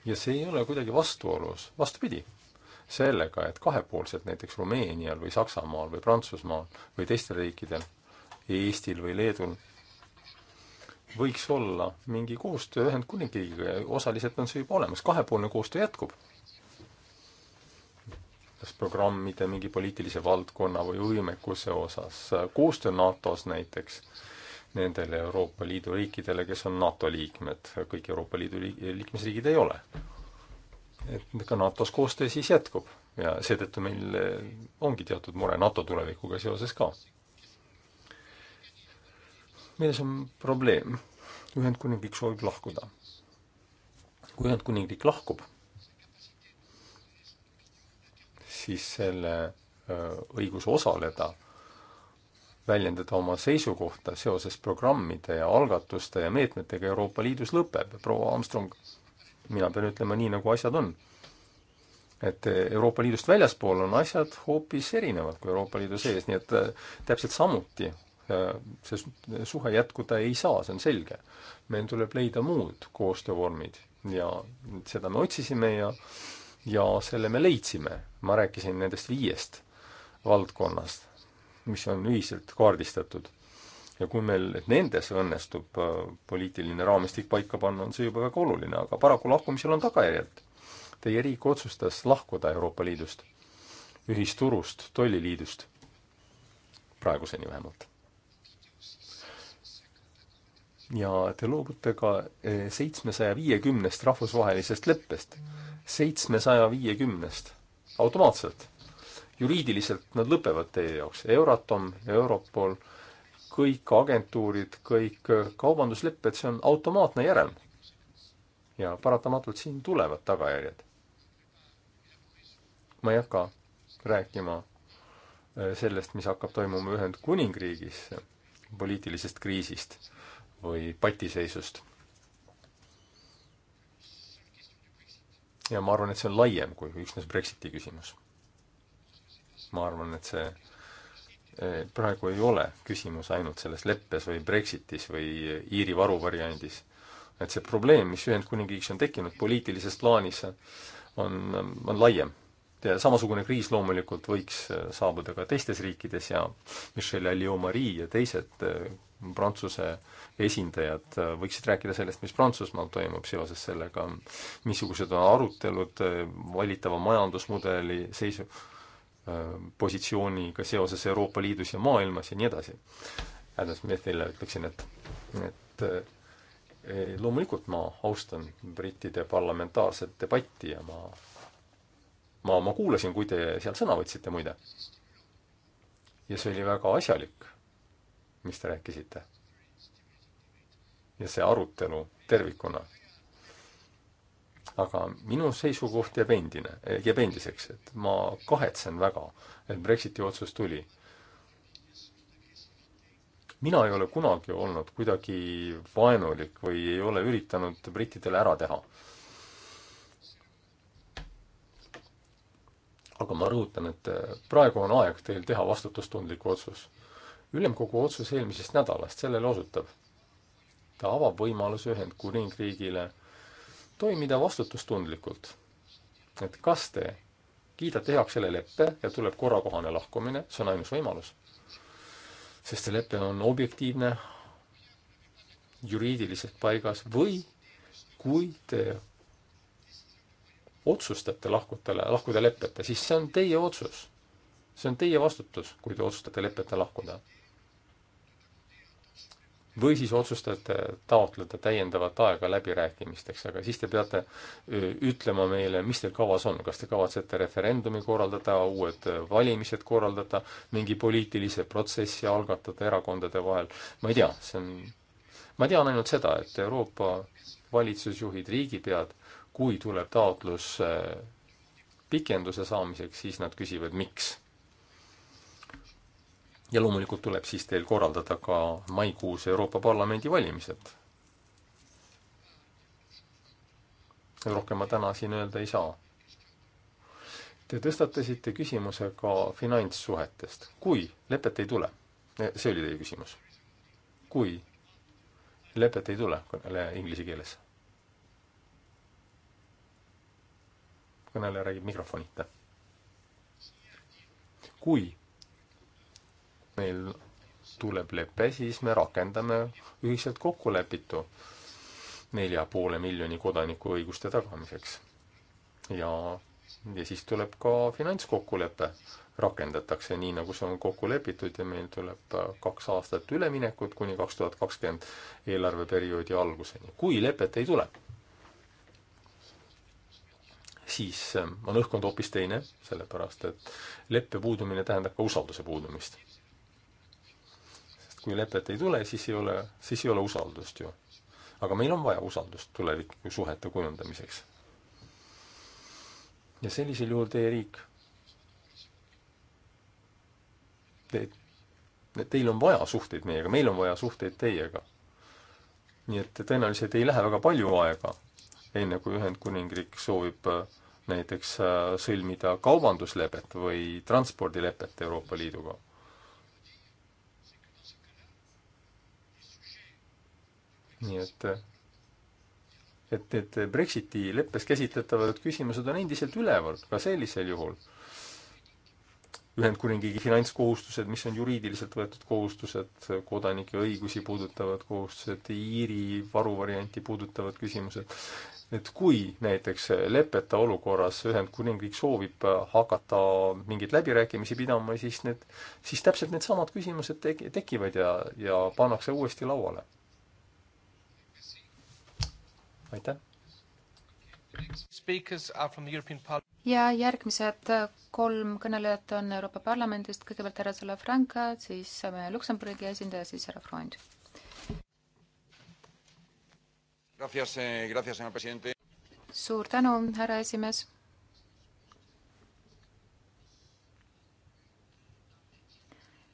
ja see ei ole kuidagi vastuolus, vastupidi, sellega, et kahepoolselt näiteks Rumeenial või Saksamaal või Prantsusmaal või teistel riikidel, Eestil või Leedul, võiks olla mingi koostöö Ühendkuningriigiga ja osaliselt on see juba olemas, kahepoolne koostöö jätkub. kas programmide mingi poliitilise valdkonna või võimekuse osas, koostöö NATO-s näiteks nendele Euroopa Liidu riikidele, kes on NATO liikmed. kõik Euroopa Liidu liik-, liikmesriigid ei ole. et ka NATO-s koostöö siis jätkub ja seetõttu meil ongi teatud mure NATO tulevikuga seoses ka. milles on probleem? Ühendkuningriik soovib lahkuda. kui Ühendkuningriik lahkub, siis selle õigus osaleda väljendada oma seisukohta seoses programmide ja algatuste ja meetmetega Euroopa Liidus lõpeb. proua Armstrong, mina pean ütlema nii, nagu asjad on. et Euroopa Liidust väljaspool on asjad hoopis erinevad kui Euroopa Liidu sees, nii et äh, täpselt samuti äh, see suhe jätkuda ei saa, see on selge. meil tuleb leida muud koostöövormid ja seda me otsisime ja ja selle me leidsime. ma rääkisin nendest viiest valdkonnast mis on ühiselt kaardistatud. ja kui meil nendes õnnestub äh, poliitiline raamistik paika panna, on see juba väga oluline, aga paraku lahkumisel on tagajärjed. Teie riik otsustas lahkuda Euroopa Liidust, ühisturust, tolliliidust, praeguseni vähemalt ja te loobute ka äh, seitsmesaja viiekümnest rahvusvahelisest leppest. seitsmesaja viiekümnest automaatselt juriidiliselt nad lõpevad teie jaoks, Euratom, Europol, kõik agentuurid, kõik kaubanduslepped, see on automaatne järelm. ja paratamatult siin tulevad tagajärjed. ma ei hakka rääkima äh, sellest, mis hakkab toimuma Ühendkuningriigis, poliitilisest kriisist või patiseisust. ja ma arvan, et see on laiem kui üksnes Brexiti küsimus ma arvan, et see e, praegu ei ole küsimus ainult selles leppes või Brexitis või Iiri varuvariandis. et see probleem, mis Ühendkuningriigis on tekkinud poliitilises plaanis, on, on laiem. ja samasugune kriis loomulikult võiks saabuda ka teistes riikides ja Michel Alliot-Marie ja teised e, Prantsuse esindajad e, võiksid rääkida sellest, mis Prantsusmaal toimub seoses sellega, missugused on arutelud valitava majandusmudeli seisu, positsiooniga seoses Euroopa Liidus ja maailmas ja nii edasi. Adam Smithile ütleksin, et, et eh, loomulikult ma austan brittide parlamentaarset debatti ja ma, ma, ma kuulasin, kui te seal sõna võtsite, muide. ja see oli väga asjalik, mis te rääkisite. ja see arutelu tervikuna aga minu seisukoht jääb endine, jääb endiseks, et ma kahetsen väga, et Brexiti otsus tuli. mina ei ole kunagi olnud kuidagi vaenulik või ei ole üritanud brittidele ära teha. aga ma rõhutan, et praegu on aeg teil teha vastutustundlik otsus. ülemkogu otsus eelmisest nädalast sellele osutab. ta avab võimaluse Ühendkuningriigile äh, toimida vastutustundlikult. et kas te kiidate heaks selle leppe ja tuleb korrakohane lahkumine, see on ainus võimalus. sest see lepe on objektiivne, juriidiliselt paigas või kui te otsustate lahkuda, lahkuda leppeta, siis see on teie otsus. see on teie vastutus, kui te otsustate leppeta lahkuda või siis otsustate taotleda täiendavat aega läbirääkimisteks, aga siis te peate ütlema meile, mis teil kavas on, kas te kavatsete referendumi korraldada, uued valimised korraldada, mingi poliitilise protsessi algatada erakondade vahel, ma ei tea, see on, ma tean ainult seda, et Euroopa valitsusjuhid, riigipead, kui tuleb taotlus pikenduse saamiseks, siis nad küsivad, miks ja loomulikult tuleb siis teil korraldada ka maikuus Euroopa Parlamendi valimised. rohkem ma täna siin öelda ei saa. Te tõstatasite küsimuse ka finantssuhetest. kui lepet ei tule, eh, see oli teie küsimus, kui lepet ei tule, kõnele inglise keeles. kõneleja räägib mikrofonita. kui meil tuleb lepe, siis me rakendame ühiselt kokkulepitu nelja poole miljoni kodaniku õiguste tagamiseks. ja, ja siis tuleb ka finantskokkulepe, rakendatakse nii, nagu see on kokku lepitud ja meil tuleb kaks aastat üleminekut kuni kaks tuhat kakskümmend eelarveperioodi alguseni, kui lepet ei tule siis on õhkkond hoopis teine, sellepärast et leppe puudumine tähendab ka usalduse puudumist kui lepet ei tule, siis ei ole, siis ei ole usaldust ju. aga meil on vaja usaldust tulevikusuhete kujundamiseks. ja sellisel juhul teie riik, te, teil on vaja suhteid meiega, meil on vaja suhteid teiega. nii et tõenäoliselt ei lähe väga palju aega, enne kui Ühendkuningriik soovib äh, näiteks äh, sõlmida kaubanduslepet või transpordilepet Euroopa Liiduga nii et et need Brexiti leppes käsitletavad küsimused on endiselt üleval ka sellisel juhul. Ühendkuningriigi finantskohustused, mis on juriidiliselt võetud kohustused, kodanike õigusi puudutavad kohustused, Iiri varuvarianti puudutavad küsimused. et kui näiteks lepeta olukorras Ühendkuningriik soovib hakata mingeid läbirääkimisi pidama, siis need, siis täpselt needsamad küsimused tek-, tekivad ja, ja pannakse uuesti lauale aitäh! ja järgmised kolm kõnelejat on Euroopa Parlamendist, kõigepealt härra Salafranca, siis meie Luksemburgi esindaja, siis härra Freund. Eh, suur tänu, härra esimees.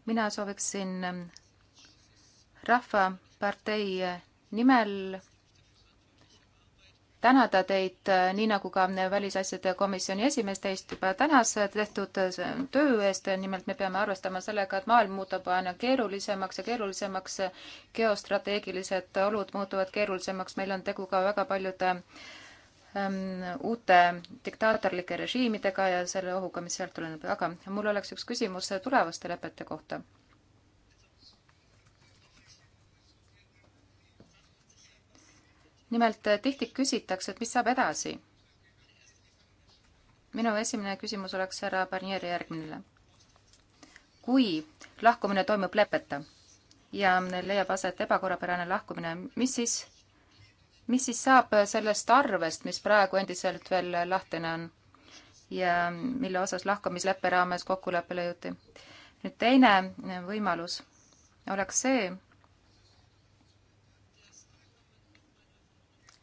mina sooviksin Rahvapartei nimel tänada teid, äh, nii nagu ka välisasjade komisjoni esimees teist juba tänas tehtud äh, töö eest, nimelt me peame arvestama sellega, et maailm muutub aina keerulisemaks ja keerulisemaks, geostrateegilised olud muutuvad keerulisemaks, meil on tegu ka väga paljude ähm, uute diktaatorlike režiimidega ja selle ohuga, mis sealt tuleneb, aga mul oleks üks küsimus äh, tulevaste lepete kohta nimelt eh, tihti küsitakse, et mis saab edasi. minu esimene küsimus oleks härra Barnieri järgmine. kui lahkumine toimub lepeta ja leiab aset ebakorrapärane lahkumine, mis siis, mis siis saab eh, sellest arvest, mis praegu endiselt veel lahtine on ja mille osas lahkumisleppe raames kokkuleppele jõuti? nüüd teine eh, võimalus oleks see,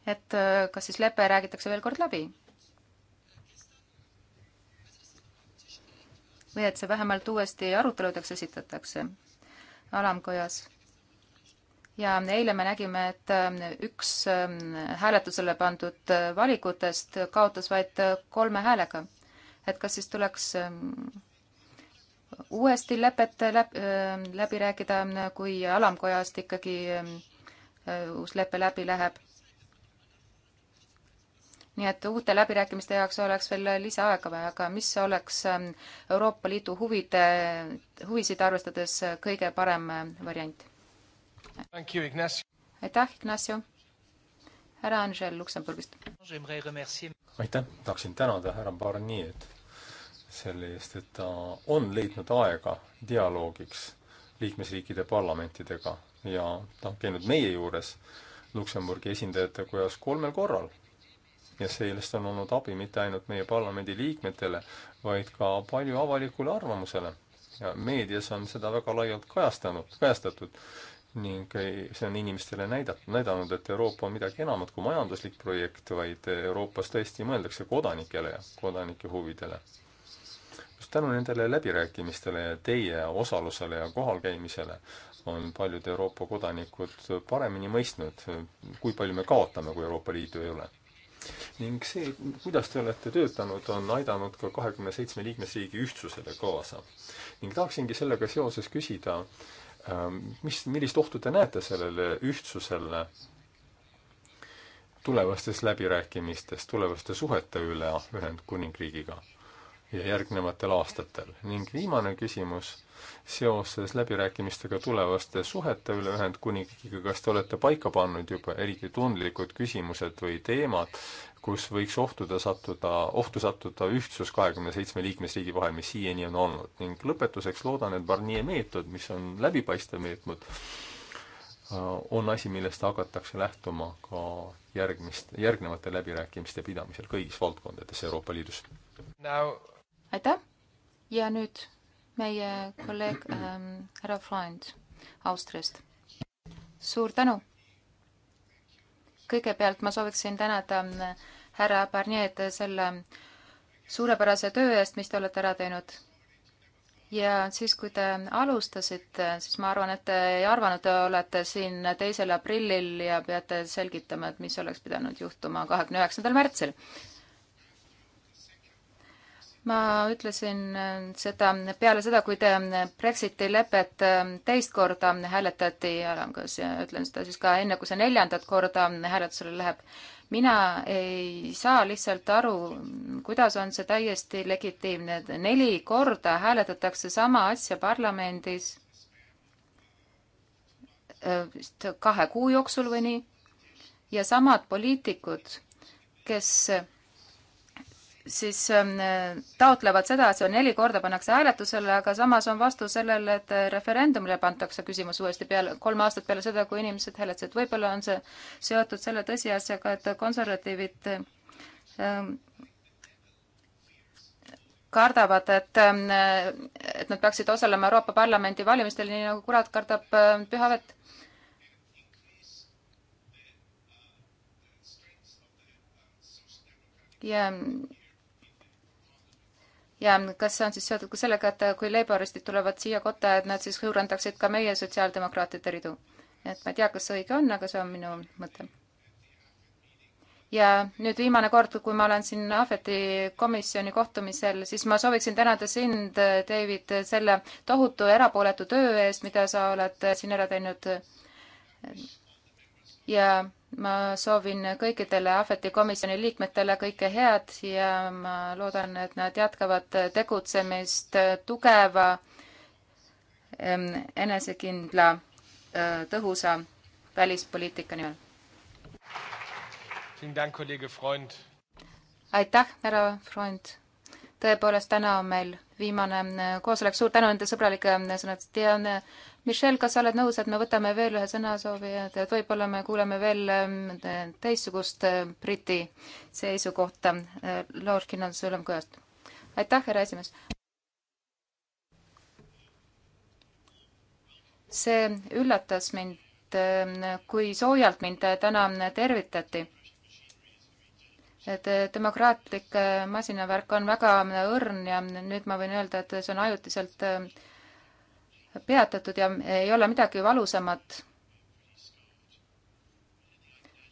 et äh, kas siis lepe räägitakse veel kord läbi? või et see vähemalt uuesti aruteludeks esitatakse alamkojas. ja eile me nägime, et äh, üks ähm, hääletusele pandud äh, valikutest kaotas vaid kolme häälega. et kas siis tuleks ähm, uuesti lepet läbi, läbi rääkida, kui alamkojast ikkagi ähm, uus lepe läbi läheb nii et uute läbirääkimiste jaoks oleks veel lisaaega vaja, aga mis oleks ähm, Euroopa Liidu huvide, huvisid arvestades äh, kõige parem äh, variant? aitäh, Ignacio! härra Angel Luksemburgist. aitäh, tahaksin tänada härra Barnier'd selle eest, et ta on leidnud aega dialoogiks liikmesriikide parlamentidega ja ta on käinud meie juures Luksemburgi esindajate kojas kolmel korral ja sellest on olnud abi mitte ainult meie parlamendi liikmetele, vaid ka palju avalikule arvamusele. ja meedias on seda väga laialt kajastanud, kajastatud ning see on inimestele näidat-, näidanud, et Euroopa on midagi enamat kui majanduslik projekt, vaid Euroopas tõesti mõeldakse kodanikele ja kodanike huvidele. just tänu nendele läbirääkimistele ja teie osalusele ja kohalkäimisele on paljud Euroopa kodanikud paremini mõistnud, kui palju me kaotame, kui Euroopa Liitu ei ole ning see, kuidas te olete töötanud, on aidanud ka kahekümne seitsme liikmesriigi ühtsusele kaasa. ning tahaksingi sellega seoses küsida, ähm, mis, millist ohtu te näete sellele ühtsusele tulevastes läbirääkimistes, tulevaste suhete üle Ühendkuningriigiga? ja järgnevatel aastatel. ning viimane küsimus seoses läbirääkimistega tulevaste suhete üle Ühendkuningriigiga, kas te olete paika pannud juba eriti tundlikud küsimused või teemad, kus võiks ohtuda sattuda, ohtu sattuda ühtsus kahekümne seitsme liikmesriigi vahel, mis siiani on olnud. ning lõpetuseks loodan, et Barnier meetod, mis on läbipaistev meetod, on asi, millest hakatakse lähtuma ka järgmist, järgnevate läbirääkimiste pidamisel kõigis valdkondades Euroopa Liidus. Now aitäh ja nüüd meie kolleeg ähm, härra Freund Austriast. suur tänu! kõigepealt ma sooviksin tänada ähm, härra Barnier'd selle suurepärase töö eest, mis te olete ära teinud. ja siis, kui te alustasite, siis ma arvan, et te ei arvanud, te olete siin teisel aprillil ja peate selgitama, et mis oleks pidanud juhtuma kahekümne üheksandal märtsil ma ütlesin äh, seda peale seda, kui te äh, Brexiti lepet äh, teist korda hääletati alamkas ja ütlen seda siis ka enne, kui see neljandat korda hääletusele läheb. mina ei saa lihtsalt aru, kuidas on see täiesti legitiimne, et neli korda hääletatakse sama asja parlamendis vist kahe kuu jooksul või nii ja samad poliitikud, kes siis ähm, taotlevad seda, et see on neli korda pannakse hääletusele, aga samas on vastu sellele, et referendumile pantakse küsimus uuesti peale, kolm aastat peale seda, kui inimesed hääletasid. võib-olla on see seotud selle tõsiasjaga, et konservatiivid ähm, kardavad, et, ähm, et nad peaksid osalema Euroopa Parlamendi valimistel, nii nagu kurat kardab püha vett ja ja kas see on siis seotud ka sellega, et kui leiboristid tulevad siia kotta, et nad siis hõõrandaksid ka meie sotsiaaldemokraatide ridu? et ma ei tea, kas see õige on, aga see on minu mõte. ja nüüd viimane kord, kui ma olen siin Ahveti komisjoni kohtumisel, siis ma sooviksin tänada sind, David, selle tohutu erapooletu töö eest, mida sa oled siin ära teinud ja ma soovin kõikidele Ahveti komisjoni liikmetele kõike head ja ma loodan, et nad jätkavad tegutsemist tugeva, enesekindla, tõhusa välispoliitika nimel. aitäh, härra Freund! tõepoolest, täna on meil viimane äh, koosolek, suur tänu nende sõbralike äh, sõnadest ja äh, Michelle, kas sa oled nõus, et me võtame veel ühe sõnasoovi, et võib-olla me kuuleme veel ähm, teistsugust Briti seisukohta Lord Kinnanduse ülemkojast? aitäh, härra esimees! see üllatas mind, kui soojalt mind täna tervitati et demokraatlik äh, masinavärk on väga õrn ja nüüd ma võin öelda, et see on ajutiselt äh, peatatud ja ei ole midagi valusamat,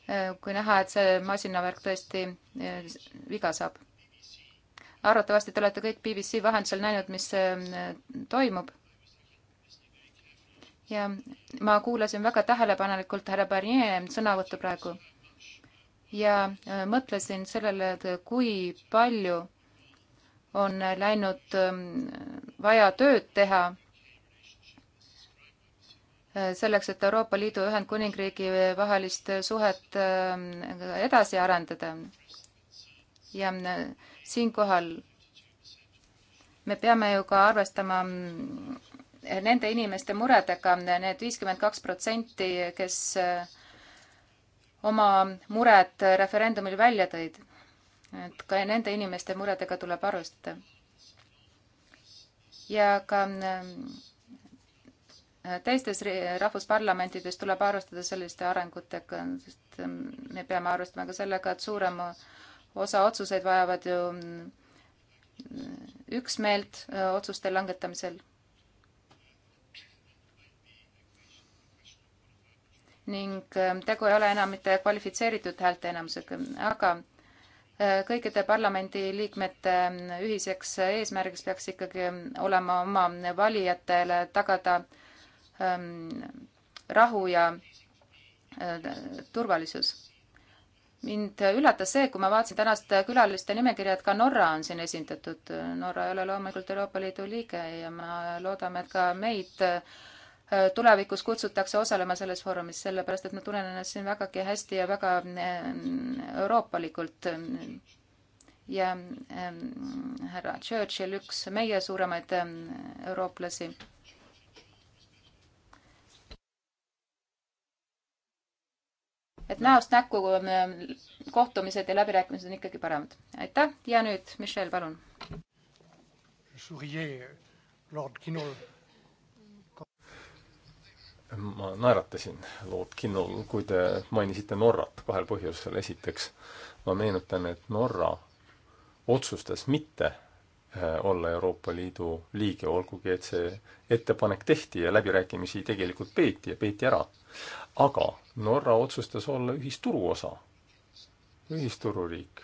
äh, kui näha, et see masinavärk tõesti viga saab. arvatavasti te olete kõik BBC vahendusel näinud, mis toimub. ja ma kuulasin väga tähelepanelikult härra Barnier sõnavõttu praegu ja äh, mõtlesin sellele, et kui palju on läinud ähm, vaja tööd teha äh, selleks, et Euroopa Liidu ja Ühendkuningriigi vahelist suhet ähm, edasi arendada. ja äh, siinkohal me peame ju ka arvestama nende inimeste muredega, need viiskümmend kaks protsenti, kes oma mured referendumil välja tõid. et ka nende inimeste muredega tuleb arvestada. ja ka äh, teistes rahvusparlamentides tuleb arvestada selliste arengutega, sest ähm, me peame arvestama ka sellega, et suurem osa otsuseid vajavad ju äh, üksmeelt äh, otsuste langetamisel ning ähm, tegu ei ole enam mitte kvalifitseeritud häälteenamusega, aga äh, kõikide parlamendiliikmete ähm, ühiseks eesmärgiks peaks ikkagi ähm, olema oma valijatele tagada rahu ja äh, turvalisus. mind üllatas see, kui ma vaatasin tänast külaliste nimekirja, et ka Norra on siin esindatud. Norra ei ole loomulikult Euroopa Liidu liige ja me loodame, et ka meid Äh, tulevikus kutsutakse osalema selles foorumis, sellepärast et ma tunnen ennast siin vägagi hästi ja väga äh, euroopalikult. ja äh, härra Churchill, üks meie suuremaid eurooplasi, et näost näkku kohtumised ja läbirääkimised on ikkagi paremad. aitäh ja nüüd Michelle, palun. Lord Kinol ma naeratasin Lootkinnul, kui te mainisite Norrat kahel põhjusel. esiteks, ma meenutan, et Norra otsustas mitte äh, olla Euroopa Liidu liige, olgugi et see ettepanek tehti ja läbirääkimisi tegelikult peeti ja peeti ära. aga Norra otsustas olla ühisturu osa, ühistururiik.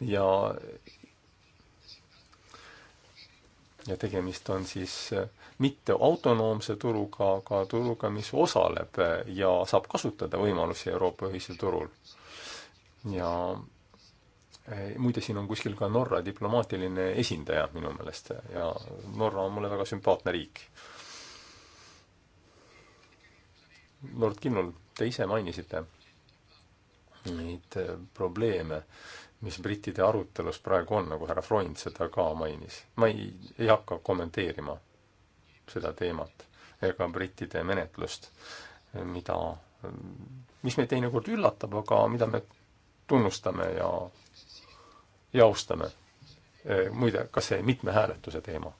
ja ja tegemist on siis äh, mitte autonoomse turuga, aga turuga, mis osaleb ja saab kasutada võimalusi Euroopa ühisel turul. ja eh, muide, siin on kuskil ka Norra diplomaatiline esindaja minu meelest ja Norra on mulle väga sümpaatne riik. Lord Kinnul, te ise mainisite neid eh, probleeme, mis brittide arutelus praegu on, nagu härra Freund seda ka mainis. ma ei, ei hakka kommenteerima seda teemat ega brittide menetlust, mida, mis meid teinekord üllatab, aga mida me tunnustame ja, ja austame. muide, ka see mitme hääletuse teema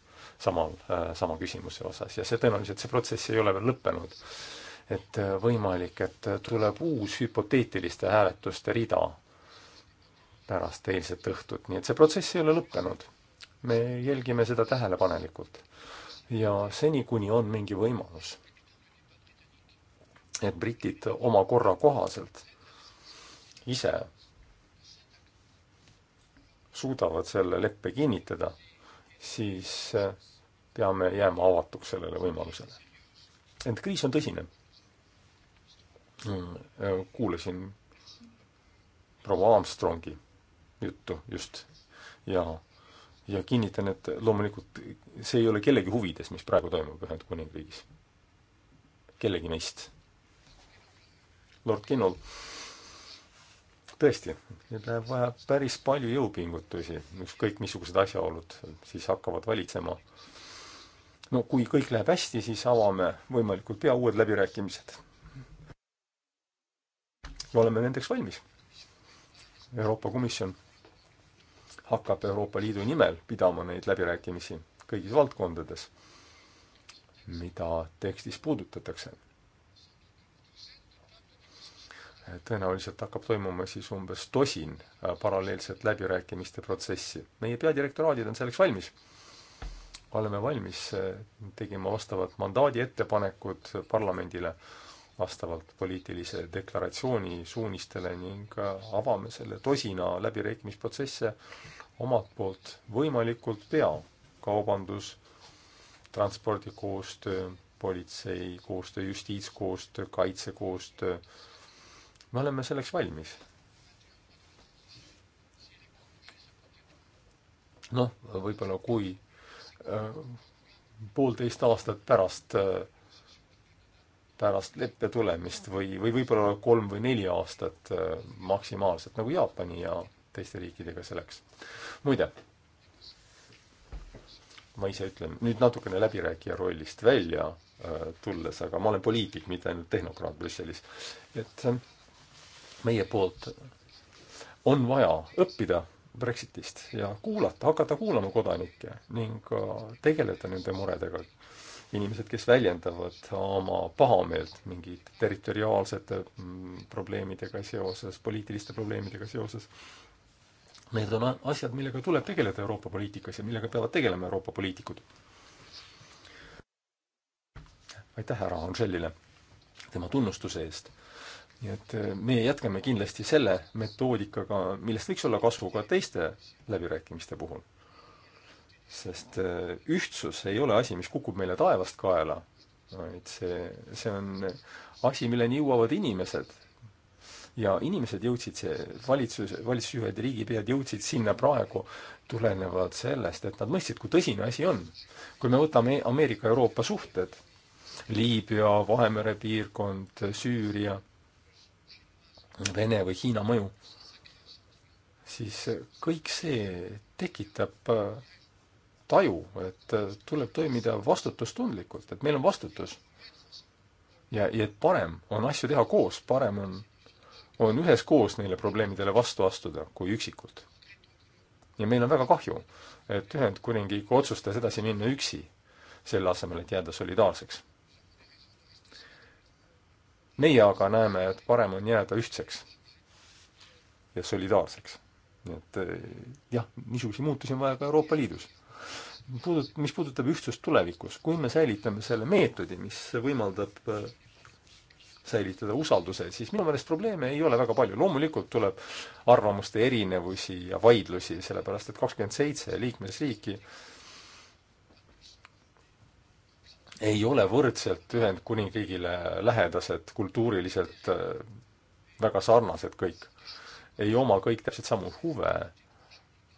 samal, sama küsimuse osas ja see tõenäoliselt, see protsess ei ole veel lõppenud. et võimalik, et tuleb uus hüpoteetiliste hääletuste rida pärast eilset õhtut, nii et see protsess ei ole lõppenud. me jälgime seda tähelepanelikult ja seni, kuni on mingi võimalus, et britid oma korra kohaselt ise suudavad selle leppe kinnitada, siis eh, peame jääma avatuks sellele võimalusele. ent kriis on tõsine. Mm, eh, kuulasin proua Armstrongi juttu just ja ja kinnitan, et loomulikult see ei ole kellegi huvides, mis praegu toimub Ühendkuningriigis. kellegi neist. Lord Kinnol, tõesti, nüüd läheb vaja päris palju jõupingutusi, ükskõik missugused asjaolud siis hakkavad valitsema. no kui kõik läheb hästi, siis avame võimalikult pea uued läbirääkimised. me oleme nendeks valmis. Euroopa Komisjon hakkab Euroopa Liidu nimel pidama neid läbirääkimisi kõigis valdkondades, mida tekstis puudutatakse. tõenäoliselt hakkab toimuma siis umbes tosin äh, paralleelset läbirääkimiste protsessi. meie peadirektoraadid on selleks valmis oleme valmis äh, tegema vastavad mandaadi ettepanekud parlamendile vastavalt poliitilise deklaratsiooni suunistele ning avame selle tosina läbirääkimisprotsesse omalt poolt võimalikult pea. kaubandus, transpordikoostöö, politsei koostöö, justiitskoostöö, kaitsekoostöö, me oleme selleks valmis. noh, võib-olla kui äh, poolteist aastat pärast äh, pärast leppe tulemist või, või võib-olla kolm või neli aastat äh, maksimaalselt, nagu Jaapani ja teiste riikidega see läks. muide, ma ise ütlen nüüd natukene läbirääkija rollist välja äh, tulles, aga ma olen poliitik, mitte ainult tehnokraat Brüsselis, et äh, meie poolt on vaja õppida Brexitist ja kuulata, hakata kuulama kodanikke ning tegeleda nende muredega inimesed, kes väljendavad oma pahameelt mingite territoriaalsete mm, probleemidega seoses, poliitiliste probleemidega seoses. Need on asjad, millega tuleb tegeleda Euroopa poliitikas ja millega peavad tegelema Euroopa poliitikud. aitäh härra Anželile tema tunnustuse eest nii et eh, meie jätkame kindlasti selle metoodikaga, millest võiks olla kasu ka teiste läbirääkimiste puhul sest äh, ühtsus ei ole asi, mis kukub meile taevast kaela, vaid see, see on asi, milleni jõuavad inimesed. ja inimesed jõudsid, see valitsus, valitsusjuhid ja riigipead jõudsid sinna praegu tulenevalt sellest, et nad mõistsid, kui tõsine asi on. kui me võtame Ameerika-Euroopa suhted, Liibüa, Vahemere piirkond, Süüria, Vene või Hiina mõju, siis kõik see tekitab äh, taju, et äh, tuleb toimida vastutustundlikult, et meil on vastutus. ja, ja et parem on asju teha koos, parem on, on üheskoos neile probleemidele vastu astuda kui üksikult. ja meil on väga kahju, et Ühendkuningriik otsustas edasi minna üksi, selle asemel, et jääda solidaarseks. meie aga näeme, et parem on jääda ühtseks ja solidaarseks. nii et äh, jah, niisuguseid muutusi on vaja ka Euroopa Liidus puudut-, mis puudutab ühtsust tulevikus, kui me säilitame selle meetodi, mis võimaldab äh, säilitada usalduse, siis minu meelest probleeme ei ole väga palju. loomulikult tuleb arvamuste erinevusi ja vaidlusi, sellepärast et kakskümmend seitse liikmesriiki ei ole võrdselt Ühendkuningriigile lähedased, kultuuriliselt äh, väga sarnased kõik. ei oma kõik täpselt samu huve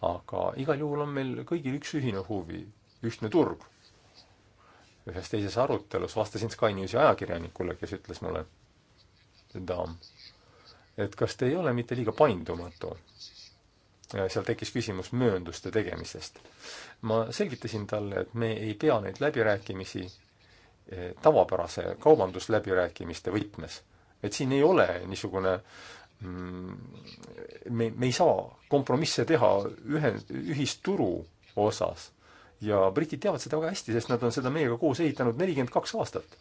aga igal juhul on meil kõigil üks ühine huvi, ühtne turg. ühes teises arutelus vastasin Sky Newsi ajakirjanikule, kes ütles mulle, daam, et kas te ei ole mitte liiga paindumatu? seal tekkis küsimus möönduste tegemisest. ma selgitasin talle, et me ei pea neid läbirääkimisi eh, tavapärase kaubandusläbirääkimiste võtmes. et siin ei ole niisugune äh, Mm, me, me ei saa kompromisse teha ühe, ühisturu osas. ja britid teavad seda väga hästi, sest nad on seda meiega koos ehitanud nelikümmend kaks aastat.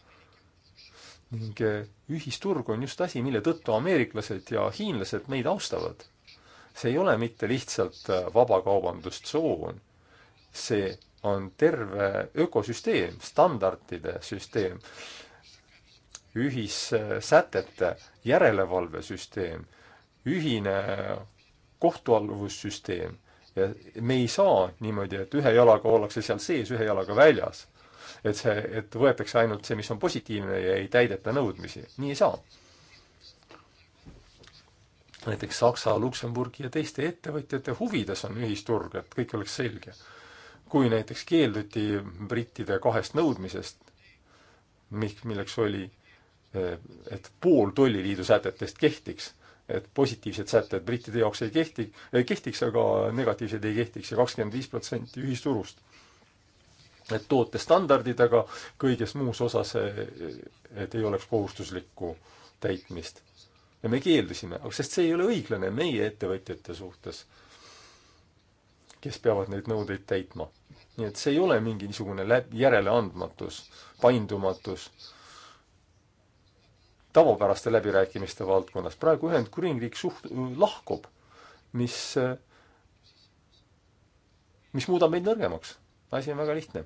ning eh, ühisturg on just asi, mille tõttu ameeriklased ja hiinlased meid austavad. see ei ole mitte lihtsalt eh, vabakaubandustsoon, see on terve ökosüsteem, standardide süsteem ühissätete järelevalvesüsteem, ühine kohtualluvussüsteem ja me ei saa niimoodi, et ühe jalaga ollakse seal sees, ühe jalaga väljas. et see, et võetakse ainult see, mis on positiivne ja ei täideta nõudmisi, nii ei saa. näiteks Saksa, Luksemburgi ja teiste ettevõtjate huvides on ühisturg, et kõik oleks selge. kui näiteks keelduti brittide kahest nõudmisest, mis, milleks oli Eh, et pool tolliliidu sätetest kehtiks. et positiivsed sätted brittide jaoks ei kehti, kehtiks, aga negatiivsed ei kehtiks ja kakskümmend viis protsenti ühisturust. et tootestandardid, aga kõiges muus osas, eh, et ei oleks kohustuslikku täitmist. ja me keeldusime, sest see ei ole õiglane meie ettevõtjate suhtes, kes peavad neid nõudeid täitma. nii et see ei ole mingi niisugune läb-, järeleandmatus, paindumatus tavapäraste läbirääkimiste valdkonnas. praegu Ühendkuningriik suht-, lahkub, mis, mis muudab meid nõrgemaks. asi on väga lihtne.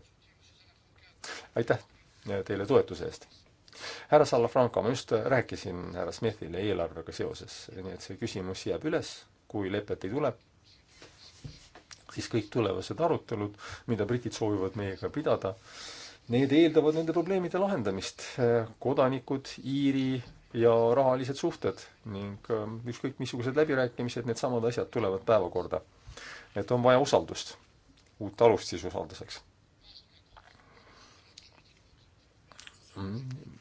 aitäh teile toetuse eest! härra Salafranco, ma just rääkisin härra Smithile eelarvega seoses, nii et see küsimus jääb üles, kui lepet ei tule, siis kõik tulevased arutelud, mida britid soovivad meiega pidada, need eeldavad nende probleemide lahendamist. kodanikud, Iiri ja rahalised suhted ning ähm, ükskõik missugused läbirääkimised, needsamad asjad tulevad päevakorda. et on vaja usaldust, uut alust siis usalduseks.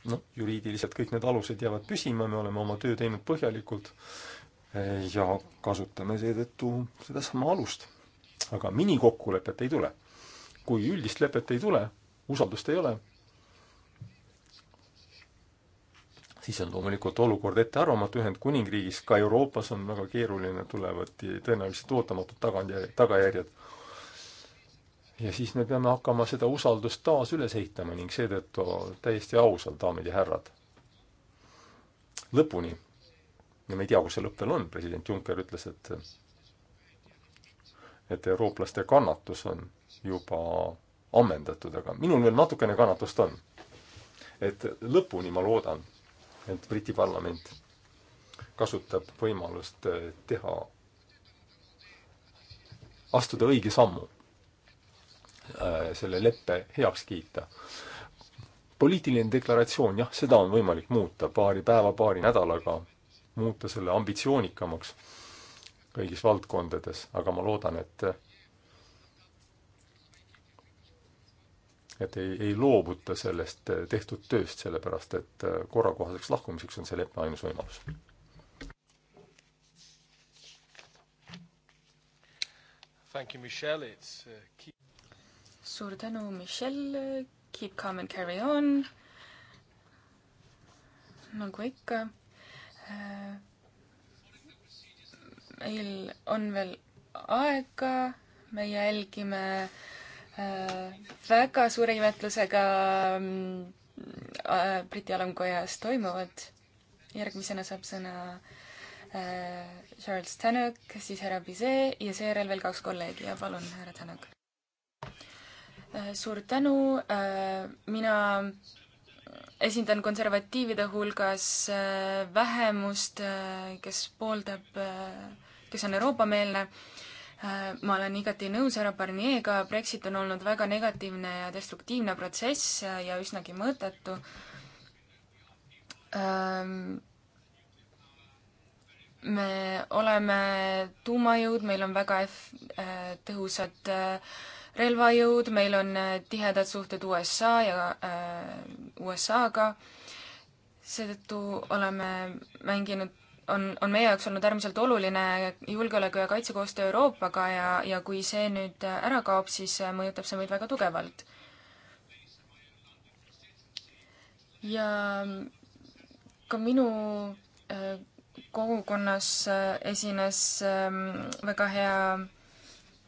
noh, juriidiliselt kõik need alused jäävad püsima, me oleme oma töö teinud põhjalikult äh, ja kasutame seetõttu sedasama alust. aga minikokkulepet ei tule. kui üldist lepet ei tule, usaldust ei ole, siis on loomulikult olukord ettearvamatu Ühendkuningriigis, ka Euroopas on väga keeruline, tulevad tõenäoliselt ootamatud tagantjärjed, tagajärjed. ja siis me peame hakkama seda usaldust taas üles ehitama ning seetõttu täiesti ausalt, daamid ja härrad, lõpuni, ja me ei tea, kus see lõpp veel on, president Juncker ütles, et et eurooplaste kannatus on juba ammendatud, aga minul veel natukene kannatust on. et lõpuni ma loodan, et Briti parlament kasutab võimalust eh, teha, astuda õige sammu, eh, selle leppe heaks kiita. poliitiline deklaratsioon, jah, seda on võimalik muuta paari päeva, paari nädalaga, muuta selle ambitsioonikamaks kõigis valdkondades, aga ma loodan, et et ei, ei loobuta sellest äh, tehtud tööst, sellepärast et äh, korrakohaseks lahkumiseks on see leppe ainus võimalus. Uh, suur tänu, Michelle, keep calm and carry on. nagu ikka äh,. meil on veel aega, me jälgime äh, väga suure imetlusega mm, äh, Briti alamkojas toimuvad. järgmisena saab sõna äh, Charles Tannock, siis härra Bizet ja seejärel veel kaks kolleegi ja palun, härra Tannock. Äh, suur tänu, mina esindan konservatiivide hulgas vähemust, kes pooldab, kes on Euroopa-meelne Äh, ma olen igati nõus härra Barnier'ga, Brexit on olnud väga negatiivne ja destruktiivne protsess ja üsnagi mõttetu. Ähm, me oleme tuumajõud, meil on väga ef-, äh, tõhusad äh, relvajõud, meil on tihedad suhted USA ja äh, USA-ga, seetõttu oleme mänginud on, on meie jaoks olnud äärmiselt oluline julgeoleku- ja kaitsekoostöö Euroopaga ja, ja kui see nüüd ära kaob, siis äh, mõjutab see meid väga tugevalt. ja mm, ka minu äh, kogukonnas äh, esines ähm, väga hea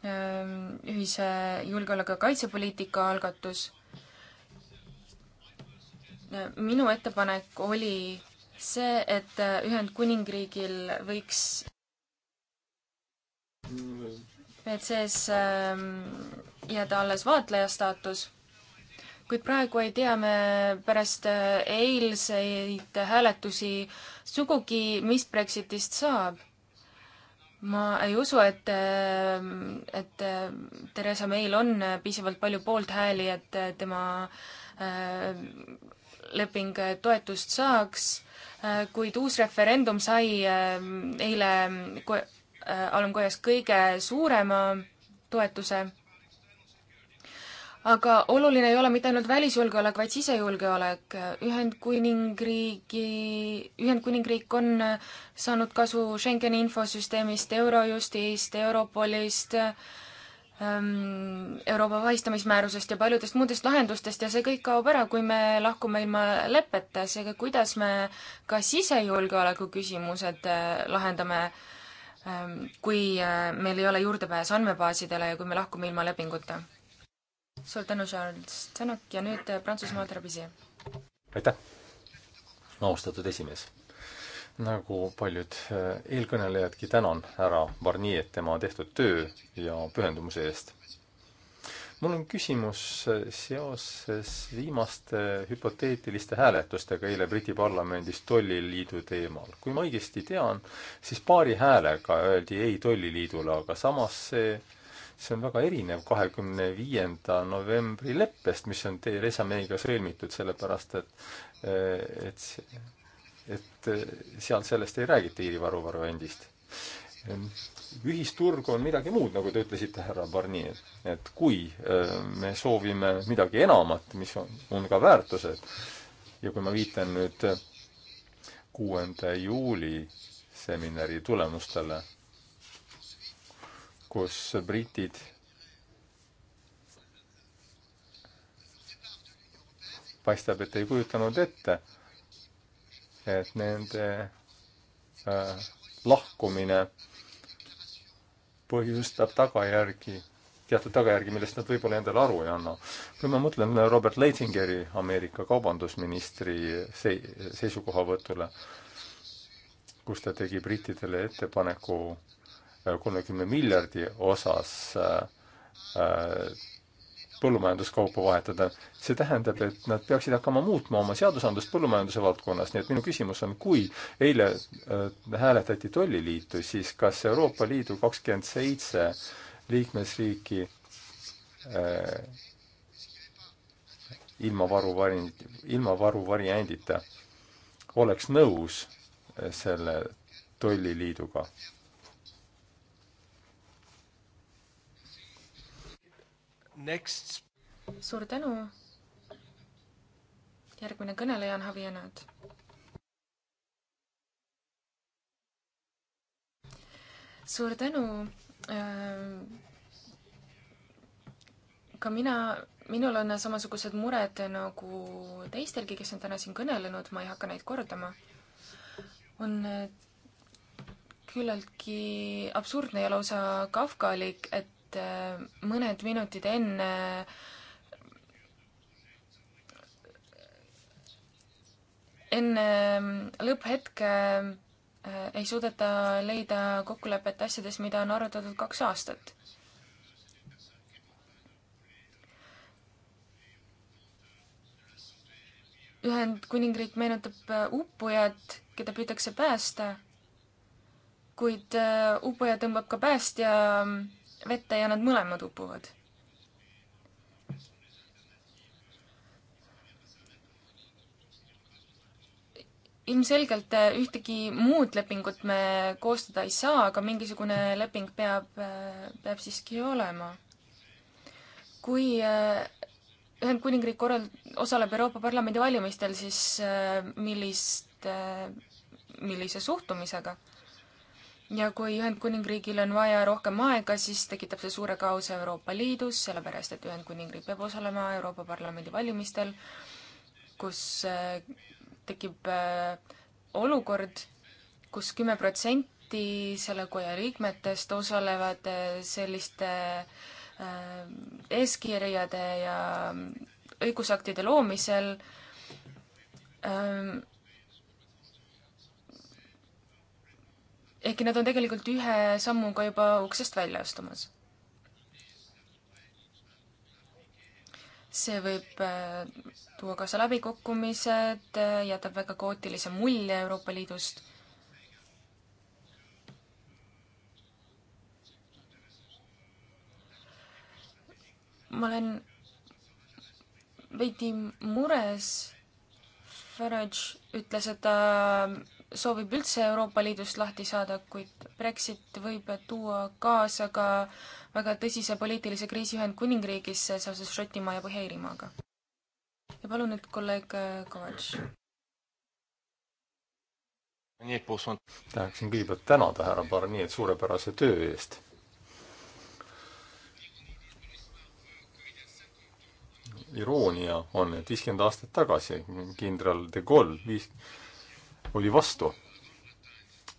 ähm, ühise julgeoleku- ja kaitsepoliitika algatus. minu ettepanek oli see, et äh, Ühendkuningriigil võiks WC-s ähm, jääda alles vaatleja staatus, kuid praegu ei tea me pärast äh, eilseid hääletusi sugugi, mis Brexitist saab. ma ei usu, et, ähm, et äh, Theresa May'l on piisavalt palju poolthääli, et tema leping toetust saaks Äh, kuid uus referendum sai ähm, eile äh, alamkojas kõige suurema toetuse. aga oluline ei ole mitte ainult välisjulgeolek, vaid sisejulgeolek. Ühendkuningriigi, Ühendkuningriik on äh, saanud kasu Schengeni infosüsteemist, Eurojustist, Europolist äh,, Ähm, Euroopa vahistamismäärusest ja paljudest muudest lahendustest ja see kõik kaob ära, kui me lahkume ilma leppeta, seega kuidas me ka sisejulgeoleku küsimused äh, lahendame, ähm, kui äh, meil ei ole juurdepääs andmebaasidele ja kui me lahkume ilma lepinguta. suur tänu, Charles Tänak ja nüüd äh, Prantsusmaa tervise. aitäh, austatud esimees nagu paljud eh, eelkõnelejadki, tänan härra Barniet tema tehtud töö ja pühendumuse eest. mul on küsimus eh, seoses viimaste hüpoteetiliste hääletustega eile Briti parlamendis tolliliidu teemal. kui ma õigesti tean, siis paari häälega öeldi ei tolliliidule, aga samas see see on väga erinev kahekümne viienda novembri leppest, mis on teil Esameiga sõlmitud, sellepärast et eh, et et eh, seal sellest ei räägita Iiri varuvaru endist. ühisturg on midagi muud, nagu te ütlesite, härra Barnier. et kui eh, me soovime midagi enamat, mis on, on ka väärtused, ja kui ma viitan nüüd kuuenda juuli seminari tulemustele, kus britid paistab, et ei kujutanud ette et nende äh, lahkumine põhjustab tagajärgi, teatud tagajärgi, millest nad võib-olla endale aru ei anna. kui ma mõtlen Robert Leitingeri, Ameerika kaubandusministri se-, seisukohavõtule, kus ta tegi brittidele ettepaneku äh, kolmekümne miljardi osas äh, äh põllumajanduskaupu vahetada. see tähendab, et nad peaksid hakkama muutma oma seadusandlust põllumajanduse valdkonnas, nii et minu küsimus on, kui eile äh, hääletati tolliliitu, siis kas Euroopa Liidu kakskümmend seitse liikmesriiki äh, ilma varuvariant, ilma varuvariandita oleks nõus äh, selle tolliliiduga Next. suur tänu. järgmine kõneleja on Javi Enad. suur tänu äh, ka mina, minul on samasugused mured nagu teistelgi, kes on täna siin kõnelenud, ma ei hakka neid kordama. on äh, küllaltki absurdne ja lausa kafkalik, et et äh, mõned minutid enne enne ähm, lõpphetke äh, ei suudeta leida kokkulepet asjades, mida on arutatud kaks aastat. Ühendkuningriik meenutab äh, uppujat, keda püütakse päästa, kuid uppuja tõmbab ka päästja vette ja nad mõlemad upuvad. ilmselgelt eh, ühtegi muud lepingut me koostada ei saa, aga mingisugune leping peab, eh, peab siiski olema. kui eh, Ühendkuningriik korral-, osaleb Euroopa Parlamendi valimistel, siis millist, millise suhtumisega? ja kui Ühendkuningriigil on vaja rohkem aega, siis tekitab see suure kaose Euroopa Liidus, sellepärast et Ühendkuningriik peab osalema Euroopa Parlamendi valimistel, kus äh, tekib äh, olukord kus, kus kümme protsenti selle koja liikmetest osalevad äh, selliste eeskirjade ja ähm, õigusaktide loomisel, ähm, ehkki nad on tegelikult ühe sammuga juba uksest välja astumas. see võib äh, tuua kaasa läbikukkumised, äh, jätab väga kaootilise mulje Euroopa Liidust ma olen veidi mures. Farage ütles, et ta äh, soovib üldse Euroopa Liidust lahti saada, kuid Brexit võib tuua kaasa ka väga tõsise poliitilise kriisi Ühendkuningriigis seoses Šotimaa ja Põhja-Iirimaaga. ja palun nüüd kolleeg äh, Kovatš. tahaksin kõigepealt tänada härra Barnier suurepärase töö eest iroonia on, et viiskümmend aastat tagasi kindral de Gaulle viis, oli vastu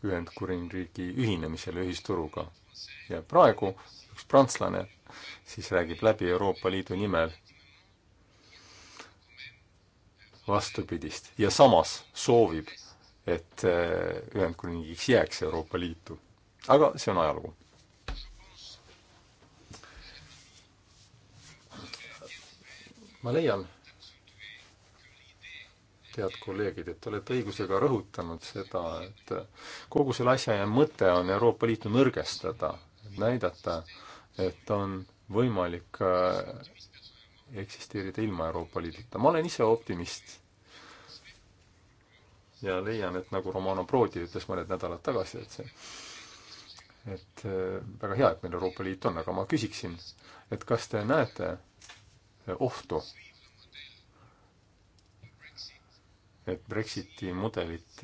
Ühendkuningriigi ühinemisele ühisturuga. ja praegu üks prantslane siis räägib läbi Euroopa Liidu nimel vastupidist ja samas soovib, et äh, Ühendkuningriigiks jääks Euroopa Liitu. aga see on ajalugu. ma leian, head kolleegid, et te olete õigusega rõhutanud seda, et kogu selle asja ja mõte on Euroopa Liitu nõrgestada, näidata, et on võimalik äh, eksisteerida ilma Euroopa Liiduta. ma olen ise optimist ja leian, et nagu Romano Prodi ütles mõned nädalad tagasi, et see et äh, väga hea, et meil Euroopa Liit on, aga ma küsiksin, et kas te näete äh, ohtu et Brexiti mudelit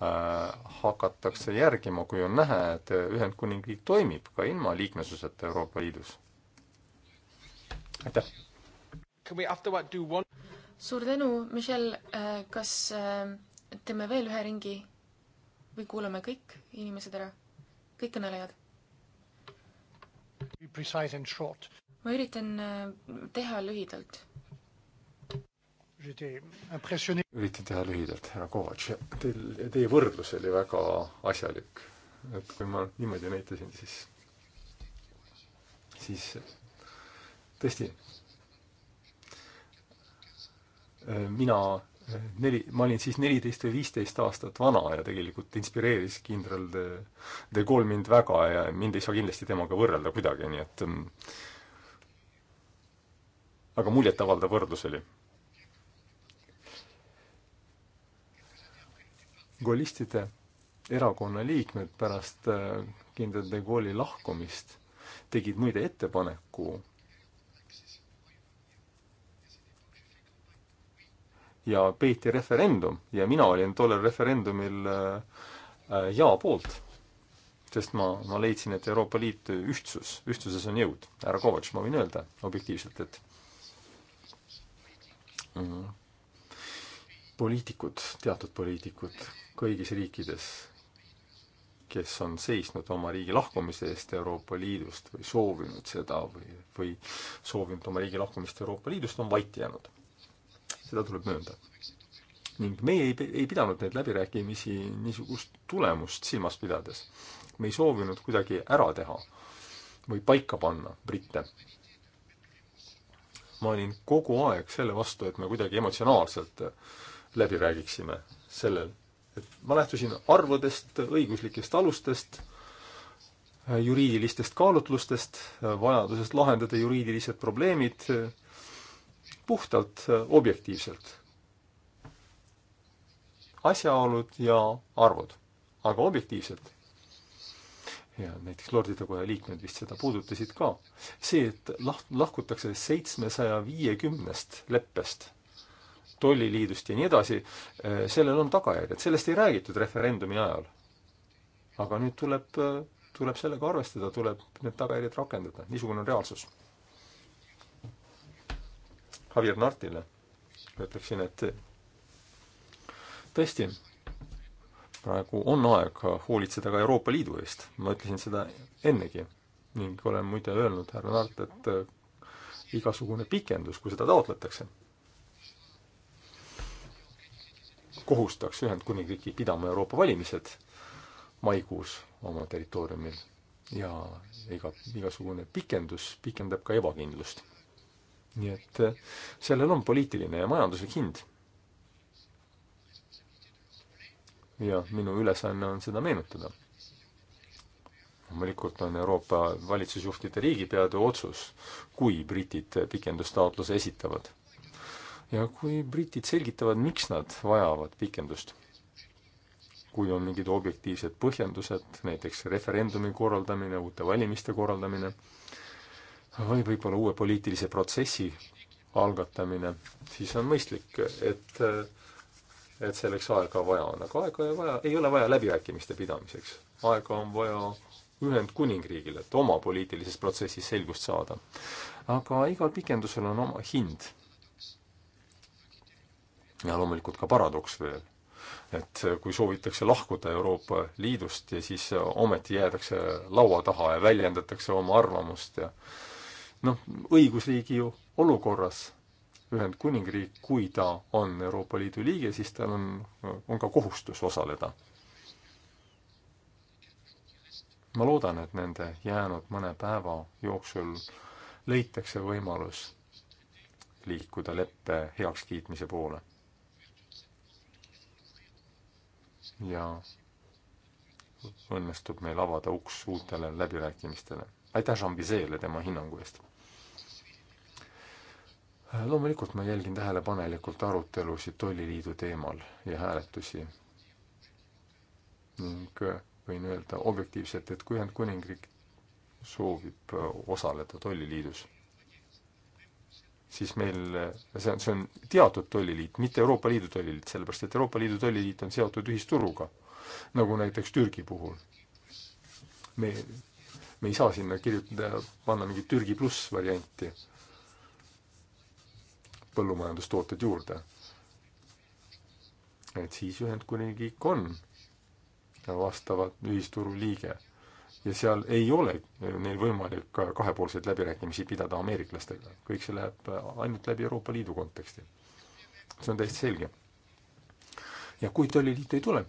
äh, hakatakse järgima, kui on näha, et Ühendkuningriik toimib ka ilma liikmesuseta Euroopa Liidus. aitäh! suur tänu, Michelle, äh, kas äh, teeme veel ühe ringi või kuulame kõik inimesed ära, kõik kõnelejad? ma üritan äh, teha lühidalt. üritan teha lühidalt, härra Kovatš, teil, teie võrdlus oli väga asjalik. et kui ma niimoodi näitasin, siis, siis tõesti, äh, mina äh, neli, ma olin siis neliteist või viisteist aastat vana ja tegelikult inspireeris kindral de, de Gaulle mind väga ja mind ei saa kindlasti temaga võrrelda kuidagi, nii et mm, väga muljetavaldav võrdlus oli. Golistide erakonna liikmed pärast äh, kindral de Gaulle'i lahkumist tegid muide ettepaneku ja peeti referendum ja mina olin tollel referendumil äh, äh, jaa poolt. sest ma, ma leidsin, et Euroopa Liit ühtsus, ühtsuses on jõud. härra Kovatš, ma võin öelda objektiivselt, et poliitikud, teatud poliitikud kõigis riikides, kes on seisnud oma riigi lahkumise eest Euroopa Liidust või soovinud seda või, või soovinud oma riigi lahkumist Euroopa Liidust, on vait jäänud. seda tuleb möönda. ning meie ei, ei pidanud neid läbirääkimisi niisugust tulemust silmas pidades. me ei soovinud kuidagi ära teha või paika panna britte ma olin kogu aeg selle vastu, et me kuidagi emotsionaalselt läbi räägiksime sellel. et ma lähtusin arvudest, õiguslikest alustest, juriidilistest kaalutlustest, vajadusest lahendada juriidilised probleemid puhtalt objektiivselt. asjaolud ja arvud, aga objektiivselt ja näiteks Lordidekoja liikmed vist seda puudutasid ka, see, et laht-, lahkutakse seitsmesaja viiekümnest leppest, tolliliidust ja nii edasi, eh, sellel on tagajärjed, sellest ei räägitud referendumi ajal. aga nüüd tuleb, eh, tuleb sellega arvestada, tuleb need tagajärjed rakendada, niisugune on reaalsus. Javier Nartile ütleksin, et tõesti, praegu on aeg hoolitseda ka Euroopa Liidu eest, ma ütlesin seda ennegi ning olen muide öelnud, härra Naart, et äh, igasugune pikendus, kui seda taotletakse, kohustaks Ühendkuningriiki pidama Euroopa valimised maikuus oma territooriumil ja iga, igasugune pikendus pikendab ka ebakindlust. nii et äh, sellel on poliitiline ja majanduslik hind ja minu ülesanne on seda meenutada. loomulikult on Euroopa valitsusjuhtide riigipeade otsus, kui britid pikendustaotluse esitavad. ja kui britid selgitavad, miks nad vajavad pikendust, kui on mingid objektiivsed põhjendused, näiteks referendumi korraldamine, uute valimiste korraldamine, või võib-olla uue poliitilise protsessi algatamine, siis on mõistlik, et et selleks aega vaja on, aga aega ei vaja, ei ole vaja läbirääkimiste pidamiseks. aega on vaja Ühendkuningriigil, et oma poliitilises protsessis selgust saada. aga igal pikendusel on oma hind. ja loomulikult ka paradoks veel. et kui soovitakse lahkuda Euroopa Liidust ja siis ometi jäädakse laua taha ja väljendatakse oma arvamust ja noh, õigusriigi olukorras Ühendkuningriik, kui ta on Euroopa Liidu liige, siis tal on, on ka kohustus osaleda. ma loodan, et nende jäänud mõne päeva jooksul leitakse võimalus liikuda leppe heakskiitmise poole. ja õnnestub meil avada uks uutele läbirääkimistele. aitäh Jean Bizet'le tema hinnangu eest! Äh, loomulikult ma jälgin tähelepanelikult arutelusid tolliliidu teemal ja hääletusi ning äh, võin öelda objektiivselt, et kui Ühendkuningriik soovib äh, osaleda tolliliidus, siis meil, see on, see on teatud tolliliit, mitte Euroopa Liidu tolliliit, sellepärast et Euroopa Liidu tolliliit on seotud ühisturuga, nagu näiteks Türgi puhul. me, me ei saa sinna kirjutada, panna mingit Türgi pluss varianti põllumajandustooted juurde. et siis Ühendkuningriik on vastava ühisturu liige ja seal ei ole neil võimalik ka kahepoolseid läbirääkimisi pidada ameeriklastega, kõik see läheb ainult läbi Euroopa Liidu konteksti. see on täiesti selge. ja kui tolliliit ei tule,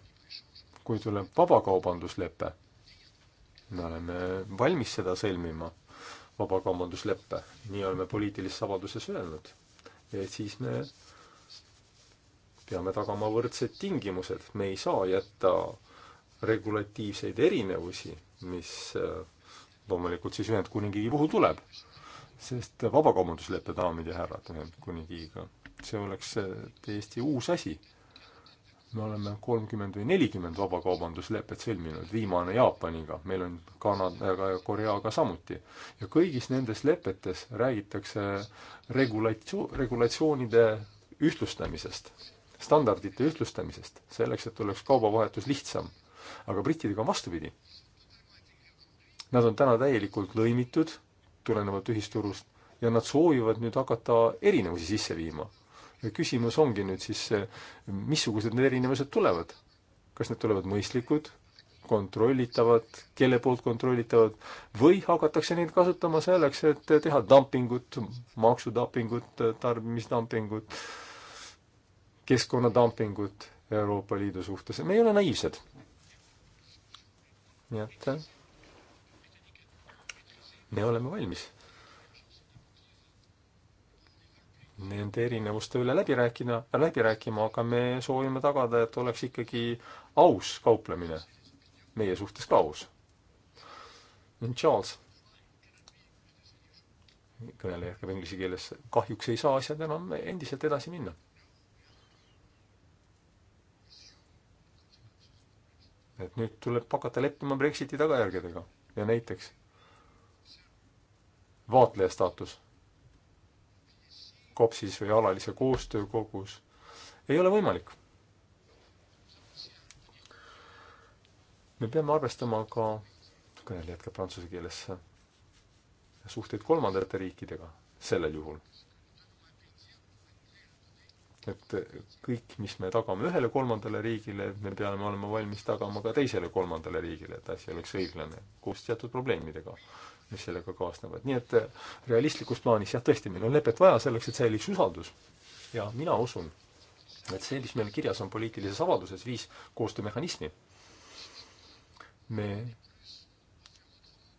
kui tuleb vabakaubanduslepe, me oleme valmis seda sõlmima, vabakaubandusleppe, nii oleme poliitilises avalduses öelnud ja siis me peame tagama võrdsed tingimused, me ei saa jätta regulatiivseid erinevusi, mis äh, loomulikult siis Ühendkuningriigi puhul tuleb. sest vabakaubanduslepe, daamid ja härrad, Ühendkuningriigiga, see oleks äh, täiesti uus asi me oleme kolmkümmend või nelikümmend vabakaubanduslepet sõlminud, viimane Jaapaniga, meil on Kanadaga ja Koreaga samuti. ja kõigis nendes lepetes räägitakse regulatsioon, regulatsioonide ühtlustamisest, standardite ühtlustamisest, selleks, et oleks kaubavahetus lihtsam. aga brittidega on vastupidi. Nad on täna täielikult lõimitud, tulenevalt ühisturust, ja nad soovivad nüüd hakata erinevusi sisse viima ja küsimus ongi nüüd siis, missugused need erinevused tulevad? kas need tulevad mõistlikud, kontrollitavad, kelle poolt kontrollitavad, või hakatakse neid kasutama selleks, et teha dumpingut, maksudumpingut, tarbimisdumpingut, keskkonnadumpingut Euroopa Liidu suhtes ja me ei ole naiivsed. nii et me oleme valmis nende erinevuste üle läbi rääkida, läbi rääkima, aga me soovime tagada, et oleks ikkagi aus kauplemine. meie suhtes ka aus. Charles, kõneleja jätkab inglise keeles, kahjuks ei saa asjad enam endiselt edasi minna. et nüüd tuleb hakata leppima Brexiti tagajärgedega ja näiteks vaatleja staatus KOPS-is või alalise koostöö kogus, ei ole võimalik. me peame arvestama ka, kõneleja jätkab prantsuse keeles, suhteid kolmandate riikidega sellel juhul. et kõik, mis me tagame ühele kolmandale riigile, me peame olema valmis tagama ka teisele kolmandale riigile, et asi oleks õiglane, koos teatud probleemidega mis sellega kaasnevad. nii et äh, realistlikus plaanis jah, tõesti, meil on lepet vaja selleks, et säiliks usaldus. ja mina usun, et see, mis meil kirjas on poliitilises avalduses, viis koostöömehhanismi. me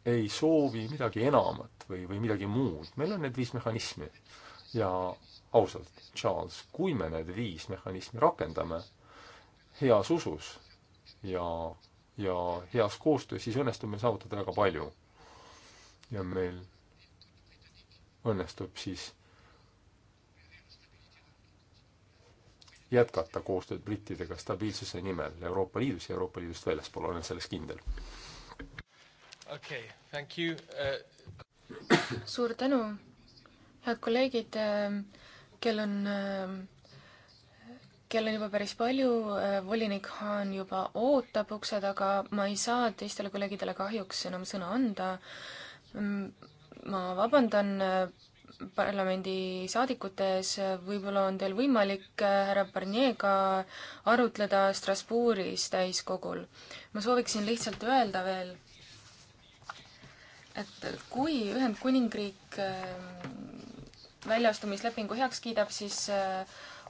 ei soovi midagi enamat või, või midagi muud, meil on need viis mehhanismi. ja ausalt, Charles, kui me need viis mehhanismi rakendame heas usus ja, ja heas koostöös, siis õnnestub meil saavutada väga palju ja meil õnnestub siis jätkata koostööd brittidega stabiilsuse nimel Euroopa Liidus ja Euroopa Liidust väljaspool, olen selles kindel. okei okay,, thank you uh.... suur tänu, head kolleegid, um, kell on, um, kell on juba päris palju, uh, volinik Haan juba ootab ukse taga, ma ei saa teistele kolleegidele kahjuks enam sõna anda Mm, ma vabandan äh, parlamendisaadikute ees, võib-olla on teil võimalik äh, härra Barnier'ga arutleda Strasbourgis täiskogul. ma sooviksin lihtsalt öelda veel, et kui Ühendkuningriik äh, väljaastumislepingu heaks kiidab, siis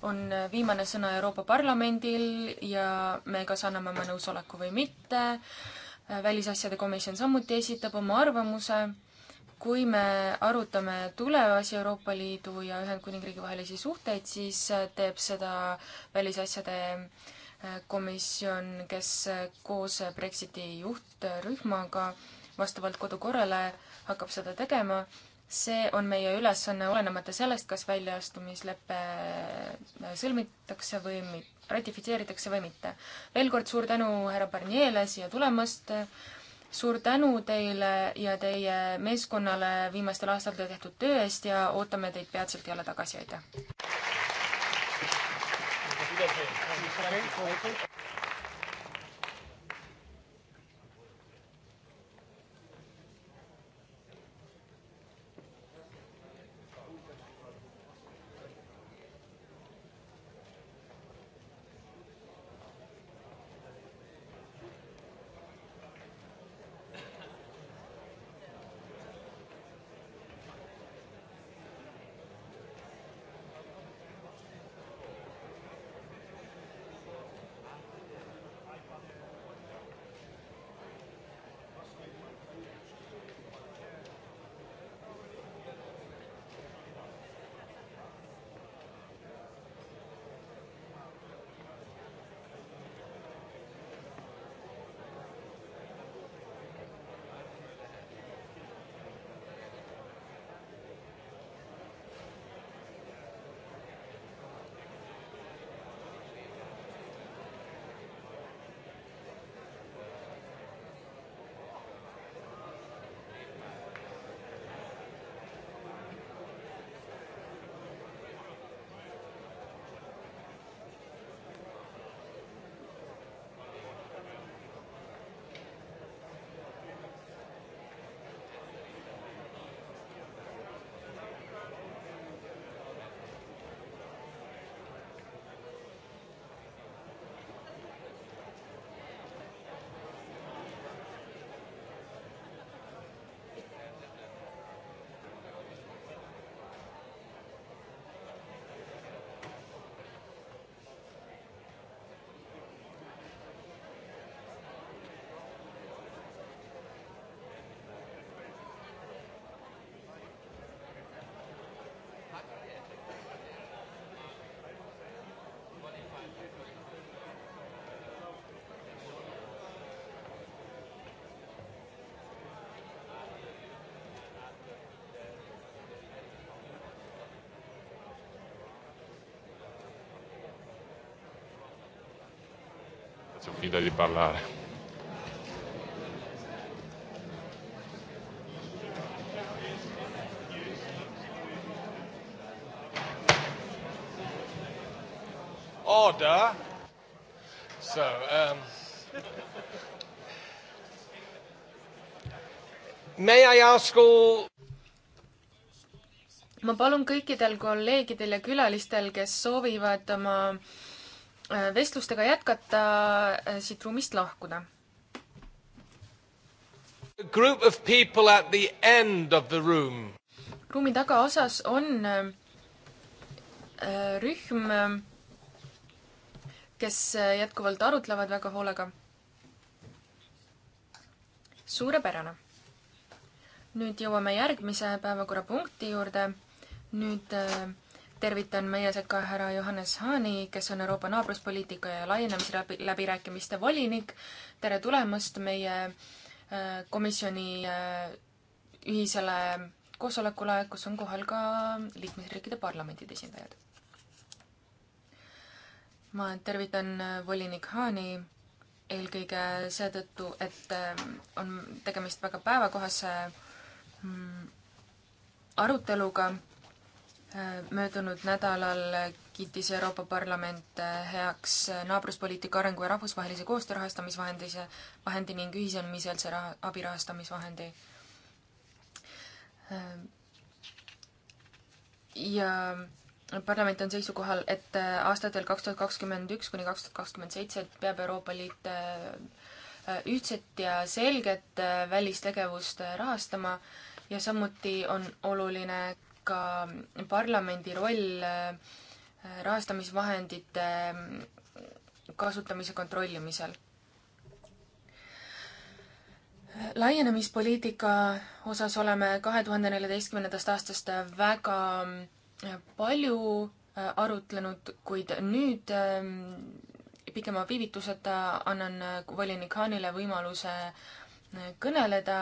on viimane sõna Euroopa Parlamendil ja me kas anname oma nõusoleku või mitte välisasjade komisjon samuti esitab oma arvamuse. kui me arutame tulevasi Euroopa Liidu ja Ühendkuningriigi vahelisi suhteid, siis teeb seda välisasjade äh, komisjon, kes koos Brexiti juhtrühmaga vastavalt kodukorrale hakkab seda tegema see on meie ülesanne, olenemata sellest, kas väljaastumislepe äh, sõlmitakse või ratifitseeritakse või mitte. veel kord suur tänu härra Barnier'le siia tulemast suur tänu teile ja teie meeskonnale viimastel aastatel tehtud töö eest ja ootame teid peatselt jälle tagasi, aitäh! faccio finta di parlare. Order. So, um, may I ask all ma palun kõikidel kolleegidel ja külalistel, kes soovivad oma Äh, vestlustega jätkata, äh, siit ruumist lahkuda. Group of people at the end of the room. ruumi tagaosas on äh, rühm, kes jätkuvalt arutlevad väga hoolega. suurepärane. nüüd jõuame järgmise päevakorrapunkti juurde. nüüd äh, tervitan meie sekka härra Johannes Haani, kes on Euroopa naabruspoliitika ja laienemisläbirääkimiste volinik. tere tulemast meie äh, komisjoni äh, ühisele koosolekule, kus on kohal ka liikmesriikide parlamendid esindajad. ma tervitan äh, volinik Haani eelkõige seetõttu, et on tegemist väga päevakohase mm, aruteluga Äh, möödunud nädalal kiitis Euroopa Parlament äh, heaks äh, naabruspoliitika arengu ja rahvusvahelise koostöö rahastamisvahendise, vahendi ning ühisõnniseelse raha, abi rahastamisvahendi. ja parlament on seisukohal, et aastatel kaks tuhat kakskümmend üks kuni kaks tuhat kakskümmend seitse peab Euroopa Liit ühtset ja selget välistegevust rahastama ja samuti on oluline ka parlamendi roll äh, rahastamisvahendite mm, kasutamise kontrollimisel. laienemispoliitika osas oleme kahe tuhande neljateistkümnendast aastast väga mm, palju äh, arutlenud, kuid nüüd mm, pikema viivituseta annan äh, volinik Haanile võimaluse kõneleda,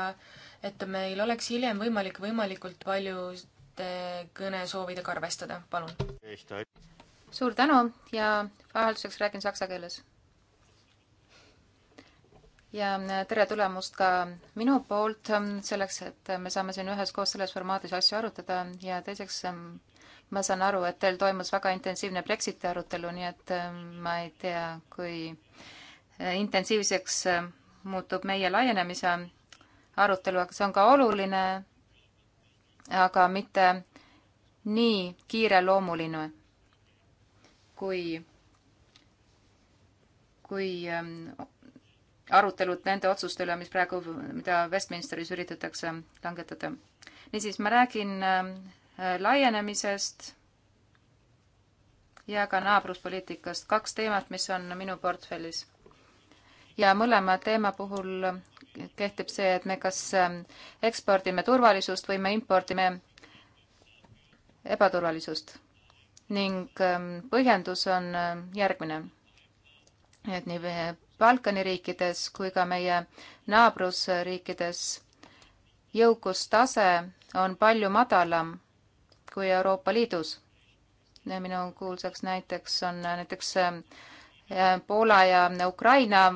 et meil oleks hiljem võimalik võimalikult palju saate eh, kõnesoovidega arvestada, palun. suur tänu ja vahelduseks räägin saksa keeles. ja eh, tere tulemast ka minu poolt eh, selleks, et me saame siin üheskoos selles formaadis asju arutada ja teiseks ma saan aru, et teil toimus väga intensiivne Brexiti arutelu, nii et ma ei tea, kui intensiivseks muutub meie laienemise arutelu, aga see on ka oluline aga mitte nii kiireloomuline, kui, kui ähm, arutelud nende otsuste üle, mis praegu, mida Westminsteris üritatakse langetada. niisiis, ma räägin ähm, laienemisest ja ka naabruspoliitikast, kaks teemat, mis on minu portfellis. ja mõlema teema puhul kehtib see, et me kas ähm, ekspordime turvalisust või me impordime ebaturvalisust. ning ähm, põhjendus on ähm, järgmine. et nii Balkani riikides kui ka meie naabrusriikides jõukustase on palju madalam kui Euroopa Liidus. minu kuulsaks näiteks on äh, näiteks äh, Poola ja Ukraina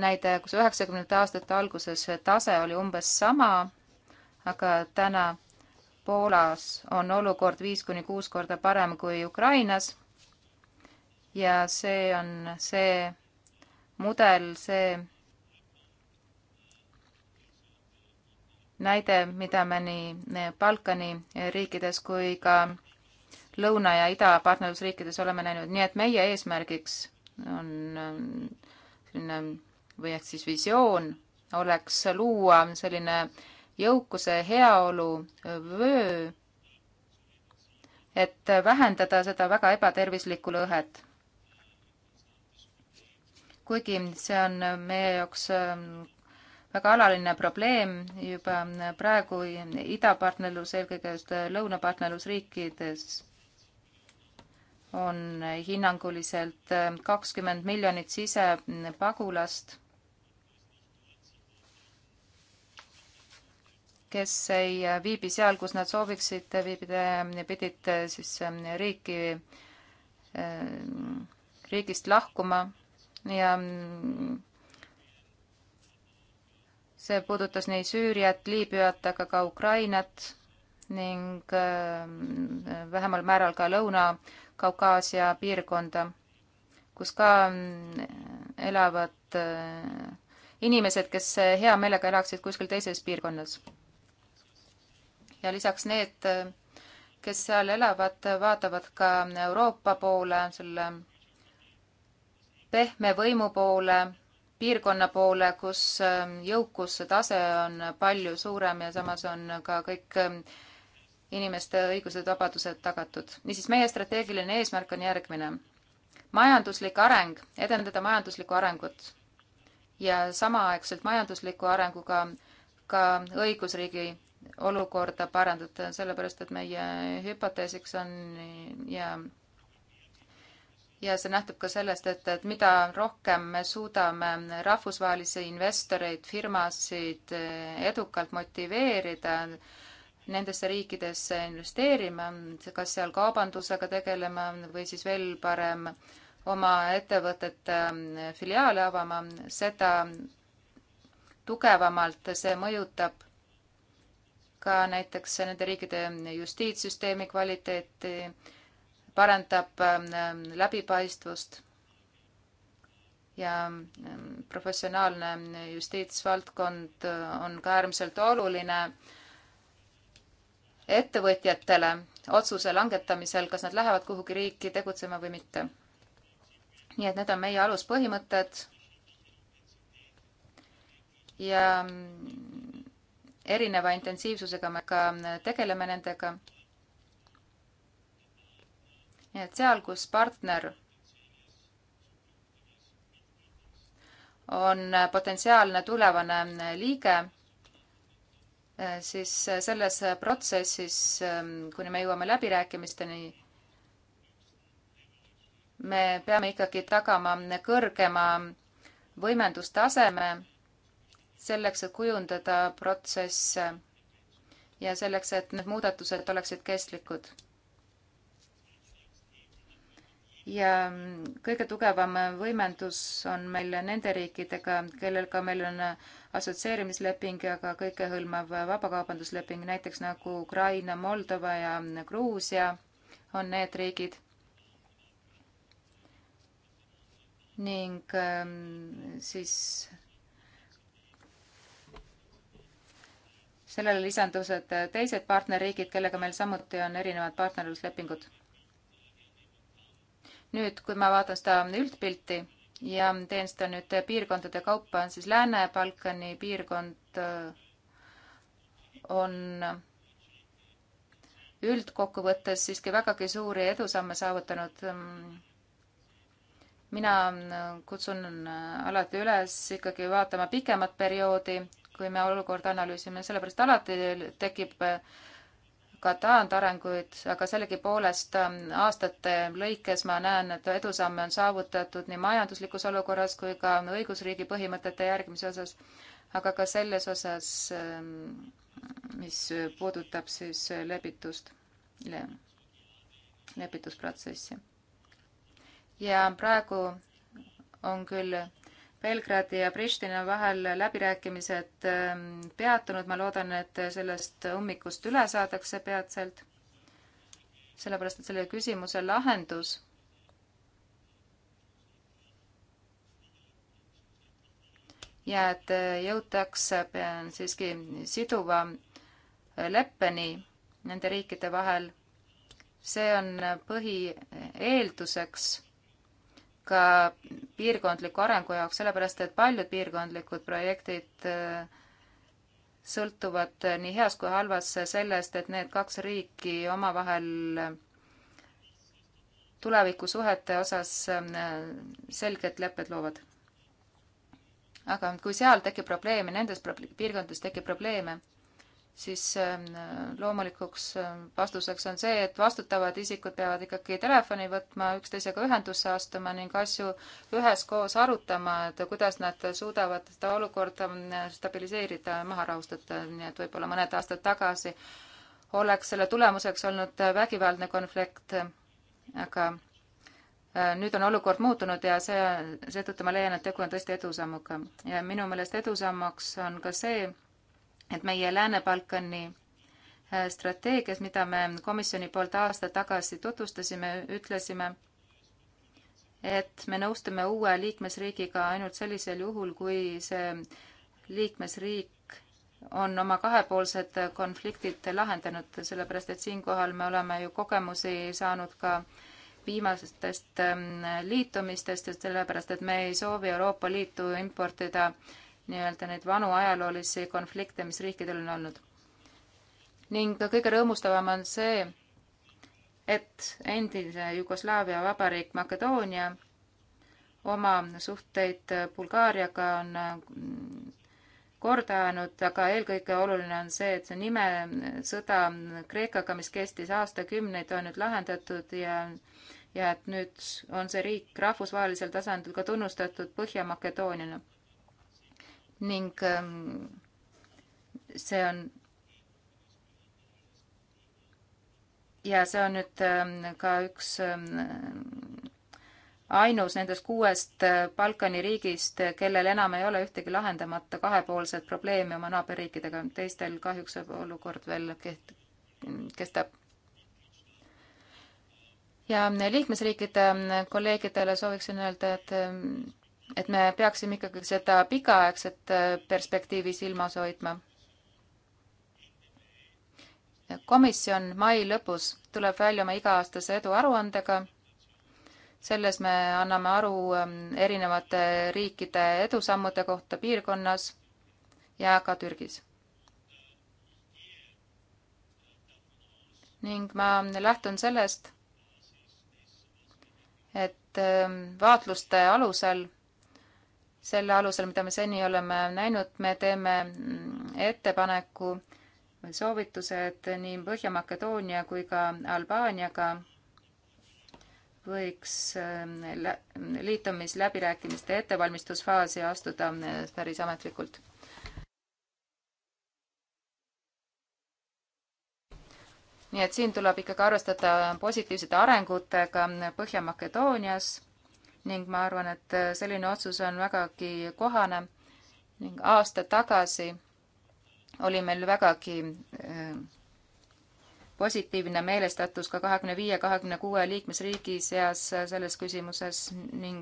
näide, kus üheksakümnendate aastate alguses tase oli umbes sama, aga täna Poolas on olukord viis kuni kuus korda parem kui Ukrainas. ja see on see mudel, see näide, mida me nii Balkani riikides kui ka Lõuna- ja Ida-partnerlusriikides oleme näinud, nii et meie eesmärgiks on selline või ehk siis visioon oleks luua selline jõukuse heaolu vöö, et vähendada seda väga ebatervislikku lõhet. kuigi see on meie jaoks ähm, väga alaline probleem juba praegu idapartnerlus, eelkõige just lõunapartnerlusriikides on hinnanguliselt ähm, kakskümmend miljonit sisepagulast kes ei viibi seal, kus nad sooviksid viibida ja pidid eh, siis eh, riiki, eh, riigist lahkuma ja mm, see puudutas nii Süüriat, Liibüat, aga ka Ukrainat ning vähemal määral ka Lõuna-Kaukaasia piirkonda, kus ka mm, elavad inimesed, kes hea meelega elaksid kuskil teises piirkonnas ja lisaks need, kes seal elavad, vaatavad ka Euroopa poole, selle pehme võimu poole, piirkonna poole, kus ähm, jõukuse tase on palju suurem ja samas on ka kõik ähm, inimeste õigused, vabadused tagatud. niisiis, meie strateegiline eesmärk on järgmine. majanduslik areng, edendada majanduslikku arengut ja samaaegselt majandusliku arenguga ka õigusriigi olukorda parandada, sellepärast et meie hüpoteesiks on ja ja see nähtub ka sellest, et, et mida rohkem me suudame rahvusvahelisi investoreid, firmasid edukalt motiveerida nendesse riikidesse investeerima, kas seal kaubandusega tegelema või siis veel parem oma ettevõtete filiaale avama, seda tugevamalt see mõjutab ka näiteks nende riikide justiitssüsteemi kvaliteeti, parandab ähm, läbipaistvust ja ähm, professionaalne justiitsvaldkond äh, on ka äärmiselt oluline ettevõtjatele otsuse langetamisel, kas nad lähevad kuhugi riiki tegutsema või mitte. nii et need on meie aluspõhimõtted ja mm, erineva intensiivsusega me ka tegeleme nendega. nii et seal, kus partner on potentsiaalne tulevane liige, siis selles protsessis, kuni me jõuame läbirääkimisteni, me peame ikkagi tagama kõrgema võimendustaseme selleks, et kujundada protsesse ja selleks, et need muudatused oleksid kestlikud. ja kõige tugevam võimendus on meil nende riikidega, kellega meil on assotsieerimisleping ja ka kõikehõlmav vabakaubandusleping, näiteks nagu Ukraina, Moldova ja Gruusia on need riigid ning ähm, siis sellele lisandusid äh, teised partnerriigid, kellega meil samuti on erinevad partnerluslepingud. nüüd, kui ma vaatan seda üldpilti ja teen seda nüüd piirkondade kaupa, siis Lääne-Balkani piirkond äh, on üldkokkuvõttes siiski vägagi suuri edusamme saavutanud. mina äh, kutsun alati üles ikkagi vaatama pikemat perioodi kui me olukorda analüüsime, sellepärast alati tekib äh, ka taandarenguid, aga sellegipoolest ähm, aastate lõikes ma näen, et edusamme on saavutatud nii majanduslikus olukorras kui ka õigusriigi põhimõtete järgimise osas, aga ka selles osas, ähm, mis puudutab siis lepitust, lepitusprotsessi. ja praegu on küll Belgradi ja Pristina vahel läbirääkimised ähm, peatunud, ma loodan, et sellest ummikust üle saadakse peatselt, sellepärast et selle küsimuse lahendus ja et jõutakse siiski siduva leppeni nende riikide vahel, see on põhieelduseks ka piirkondliku arengu jaoks, sellepärast et paljud piirkondlikud projektid äh, sõltuvad äh, nii heas kui halvas äh, sellest, et need kaks riiki omavahel tulevikusuhete osas selged lepped loovad. aga kui seal tekib probleeme, nendes piirkondades tekib probleeme, siis ähm, loomulikuks ähm, vastuseks on see, et vastutavad isikud peavad ikkagi telefoni võtma, üksteisega ühendusse astuma ning asju üheskoos arutama, et kuidas nad suudavad seda olukorda ähm, stabiliseerida, maha rahustada, nii et võib-olla mõned aastad tagasi oleks selle tulemuseks olnud äh, vägivaldne konflikt, aga äh, nüüd on olukord muutunud ja see, seetõttu ma leian, et tegu on tõesti edusammuga. ja minu meelest edusammuks on ka see, et meie Lääne-Balkani äh, strateegias, mida me komisjoni poolt aasta tagasi tutvustasime, ütlesime, et me nõustume uue liikmesriigiga ainult sellisel juhul, kui see liikmesriik on oma kahepoolsed konfliktid lahendanud, sellepärast et siinkohal me oleme ju kogemusi saanud ka viimastest ähm, liitumistest, et sellepärast, et me ei soovi Euroopa Liitu importida äh, nii-öelda neid vanu ajaloolisi konflikte, mis riikidel on olnud. ning kõige rõõmustavam on see, et endine Jugoslaavia vabariik Makedoonia oma suhteid Bulgaariaga on mm, korda ajanud, aga eelkõige oluline on see, et see nimesõda Kreekaga, mis kestis aastakümneid, on nüüd lahendatud ja ja et nüüd on see riik rahvusvahelisel tasandil ka tunnustatud Põhja-Makedooniana ning ähm, see on ja see on nüüd ähm, ka üks ähm, ainus nendest kuuest äh, Balkani riigist, kellel enam ei ole ühtegi lahendamata kahepoolset probleemi oma naaberriikidega, teistel kahjuks olukord veel keht-, kestab. ja liikmesriikide kolleegidele sooviksin öelda, et et me peaksime ikkagi seda pikaaegset äh, perspektiivi silmas hoidma. komisjon mai lõpus tuleb välja oma iga-aastase eduaruandega. selles me anname aru ähm, erinevate riikide edusammude kohta piirkonnas ja ka Türgis. ning ma lähtun sellest, et ähm, vaatluste alusel selle alusel, mida me seni oleme näinud, me teeme mm, ettepaneku või soovituse, et nii Põhja-Makedoonia kui ka Albaaniaga võiks äh, liitumisläbirääkimiste ettevalmistusfaasi astuda äh, päris ametlikult. nii et siin tuleb ikkagi arvestada positiivsete arengutega Põhja-Makedoonias ning ma arvan, et äh, selline otsus on vägagi kohane ning aasta tagasi oli meil vägagi äh, positiivne meelestatus ka kahekümne viie, kahekümne kuue liikmesriigi seas äh, selles küsimuses ning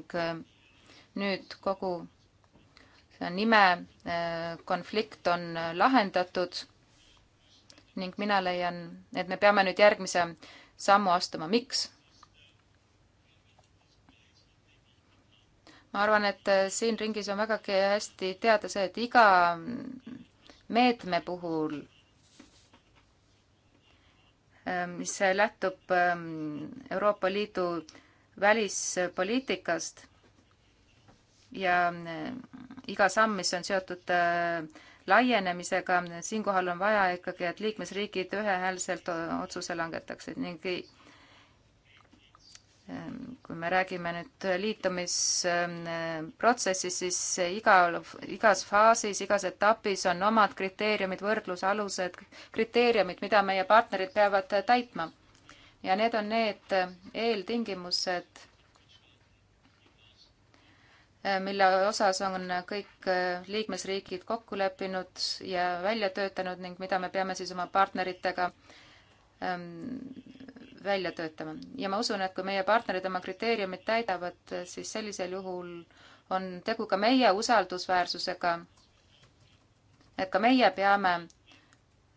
nüüd kogu nime konflikt on lahendatud ning mina leian, et me peame nüüd järgmise sammu astuma. miks? ma arvan, et äh, siin ringis on vägagi hästi teada see, et iga mm, meetme puhul, äh, mis lähtub ähm, Euroopa Liidu välispoliitikast ja äh, iga samm, mis on seotud laienemisega, siinkohal on vaja ikkagi, et liikmesriigid ühehäälselt otsuse langetaksid ning Ehm, kui me räägime nüüd liitumisprotsessist, siis igal, igas faasis, igas etapis on omad kriteeriumid, võrdlusalused, kriteeriumid, mida meie partnerid peavad täitma. ja need on need eeltingimused, ehm, mille osas on kõik liikmesriigid kokku leppinud ja välja töötanud ning mida me peame siis oma partneritega ehm, välja töötama. ja ma usun, et kui meie partnerid oma kriteeriumid täidavad, siis sellisel juhul on tegu ka meie usaldusväärsusega, et ka meie peame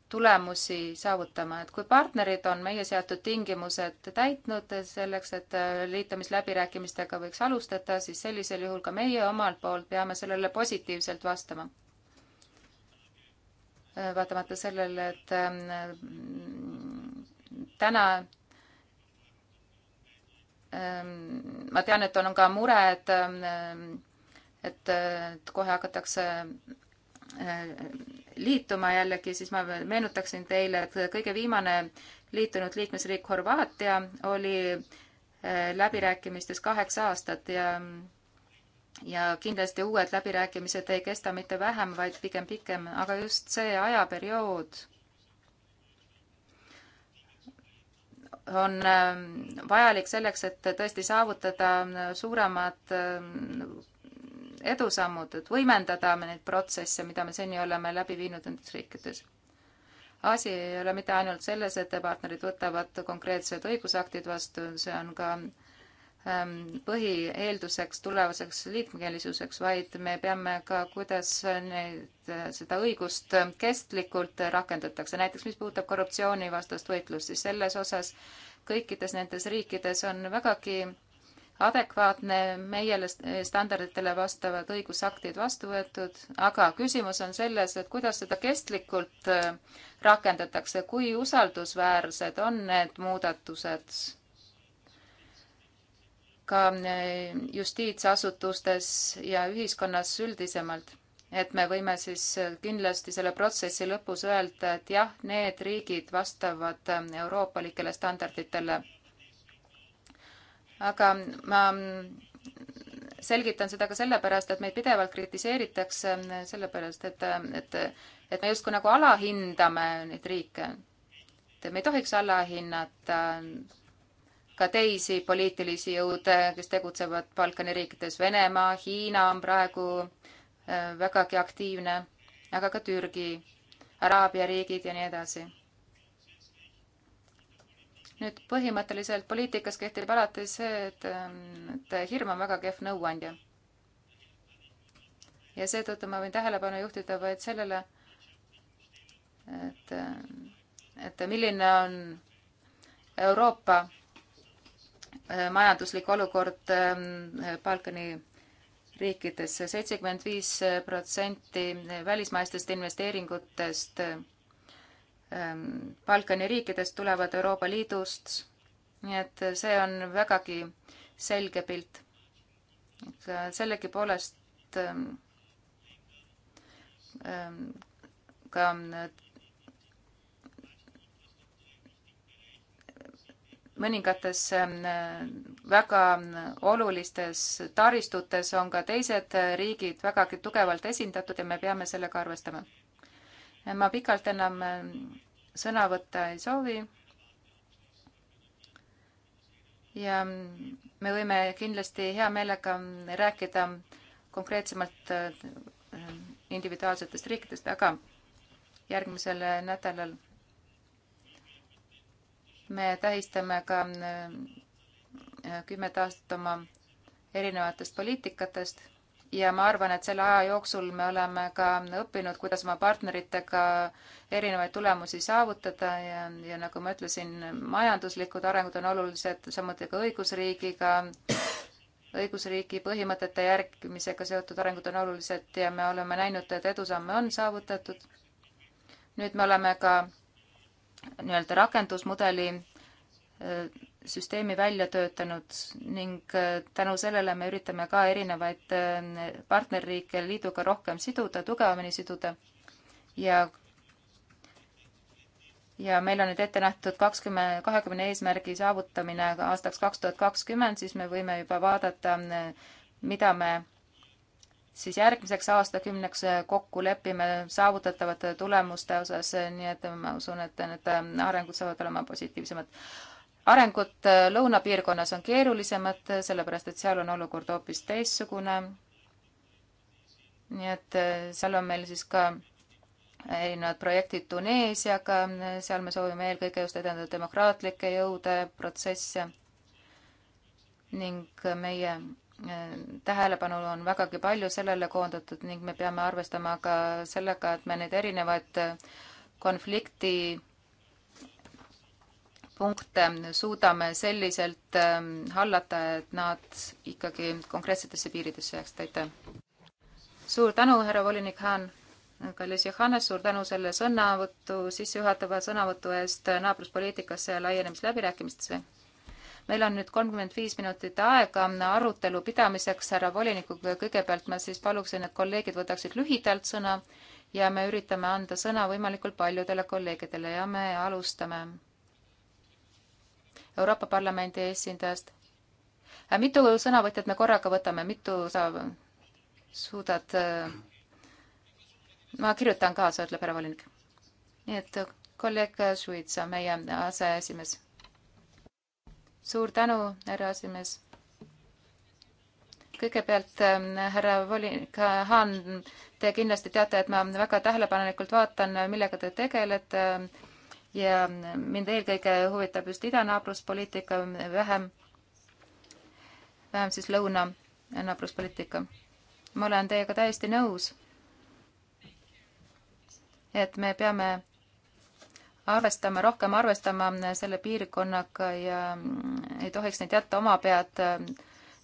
tulemusi saavutama, et kui partnerid on meie seatud tingimused täitnud selleks, et liitumisläbirääkimistega võiks alustada, siis sellisel juhul ka meie omalt poolt peame sellele positiivselt vastama. vaatamata sellele, et ähm, täna Ehm, ma tean, et on ka mure, et, ehm, et, et kohe hakatakse eh, liituma jällegi, siis ma meenutaksin teile, et kõige viimane liitunud liikmesriik Horvaatia oli eh, läbirääkimistes kaheksa aastat ja ja kindlasti uued läbirääkimised ei kesta mitte vähem, vaid pigem pikem, aga just see ajaperiood on ähm, vajalik selleks, et tõesti saavutada ähm, suuremad ähm, edusammud, et võimendada neid protsesse, mida me seni oleme läbi viinud nendes riikides. asi ei ole mitte ainult selles, et partnerid võtavad konkreetsed õigusaktid vastu, see on ka äh, Ähm, põhieelduseks tulevaseks liikmelisuseks, vaid me peame ka, kuidas neid, äh, seda õigust kestlikult rakendatakse. näiteks mis puudutab korruptsioonivastast võitlust, siis selles osas kõikides nendes riikides on vägagi adekvaatne meie standarditele vastavad õigusaktid vastu võetud, aga küsimus on selles, et kuidas seda kestlikult äh, rakendatakse, kui usaldusväärsed on need muudatused ka eh, justiitsasutustes ja ühiskonnas üldisemalt, et me võime siis eh, kindlasti selle protsessi lõpus öelda, et jah, need riigid vastavad eh, euroopalikele standarditele. aga ma mm, selgitan seda ka sellepärast, et meid pidevalt kritiseeritakse sellepärast, et, et, et me justkui nagu alahindame neid riike. et me ei tohiks alahinnata ka teisi poliitilisi jõude, kes tegutsevad Balkani riikides. Venemaa, Hiina on praegu äh, vägagi aktiivne, aga ka Türgi, Araabia riigid ja nii edasi. nüüd põhimõtteliselt poliitikas kehtib alati see, et, ähm, et hirm on väga kehv nõuandja. ja seetõttu ma võin tähelepanu juhtida vaid sellele, et, äh, et milline on Euroopa Äh, majanduslik olukord ähm, äh, Balkani riikides. seitsekümmend viis protsenti äh, välismaistest investeeringutest ähm, Balkani riikidest tulevad Euroopa Liidust. nii et see on vägagi selge pilt. et sellegipoolest ähm, ka mõningates ähm, väga olulistes taristutes on ka teised riigid vägagi tugevalt esindatud ja me peame sellega arvestama. ma pikalt enam ähm, sõna võtta ei soovi. ja ähm, me võime kindlasti hea meelega rääkida konkreetsemalt äh, individuaalsetest riikidest, aga järgmisel äh, nädalal me tähistame ka äh, kümmet aastat oma erinevatest poliitikatest ja ma arvan, et selle aja jooksul me oleme ka õppinud, kuidas oma partneritega erinevaid tulemusi saavutada ja, ja nagu ma ütlesin, majanduslikud arengud on olulised, samuti ka õigusriigiga, õigusriigi põhimõtete järgimisega seotud arengud on olulised ja me oleme näinud, et edusamme on saavutatud. nüüd me oleme ka nii-öelda rakendusmudeli äh, süsteemi välja töötanud ning äh, tänu sellele me üritame ka erinevaid äh, partnerriike liiduga rohkem siduda, tugevamini siduda ja ja meil on nüüd ette nähtud kakskümmend, kahekümne eesmärgi saavutamine aastaks kaks tuhat kakskümmend, siis me võime juba vaadata, mida me siis järgmiseks aastakümneks eh, kokku lepime saavutatavate tulemuste osas, eh, nii et ma usun, et need eh, arengud saavad olema positiivsemad. arengud lõunapiirkonnas on keerulisemad, sellepärast et seal on olukord hoopis teistsugune. nii et seal on meil siis ka erinevad projektid Tuneesiaga, seal me soovime eelkõige just edendada demokraatlikke jõude, protsesse ning meie tähelepanu on vägagi palju sellele koondatud ning me peame arvestama ka sellega, et me neid erinevaid konflikti punkte suudame selliselt ähm, hallata, et nad ikkagi konkreetsetesse piiridesse jääksid, aitäh! suur tänu, härra volinik Haan! kallis Johannes, suur tänu selle sõnavõtu, sissejuhatava sõnavõtu eest naabruspoliitikasse ja laienemisläbirääkimistesse! meil on nüüd kolmkümmend viis minutit aega arutelu pidamiseks härra volinikuga ja kõigepealt ma siis paluksin, et kolleegid võtaksid lühidalt sõna ja me üritame anda sõna võimalikult paljudele kolleegidele ja me alustame Euroopa Parlamendi esindajast. Äh, mitu sõnavõtjat me korraga võtame, mitu sa suudad? Äh, ma kirjutan kaasa, ütleb härra volinik. nii et kolleeg Suitsa, meie aseesimees suur tänu, härra esimees. kõigepealt, ähm, härra volinik Haan, te kindlasti teate, et ma väga tähelepanelikult vaatan, millega te tegelete ähm, ja mind eelkõige huvitab just idanaabruspoliitika, vähem, vähem siis lõunanaabruspoliitika. ma olen teiega täiesti nõus, et me peame arvestama, rohkem arvestama selle piirkonnaga ja ei tohiks neid jätta oma pead ähm,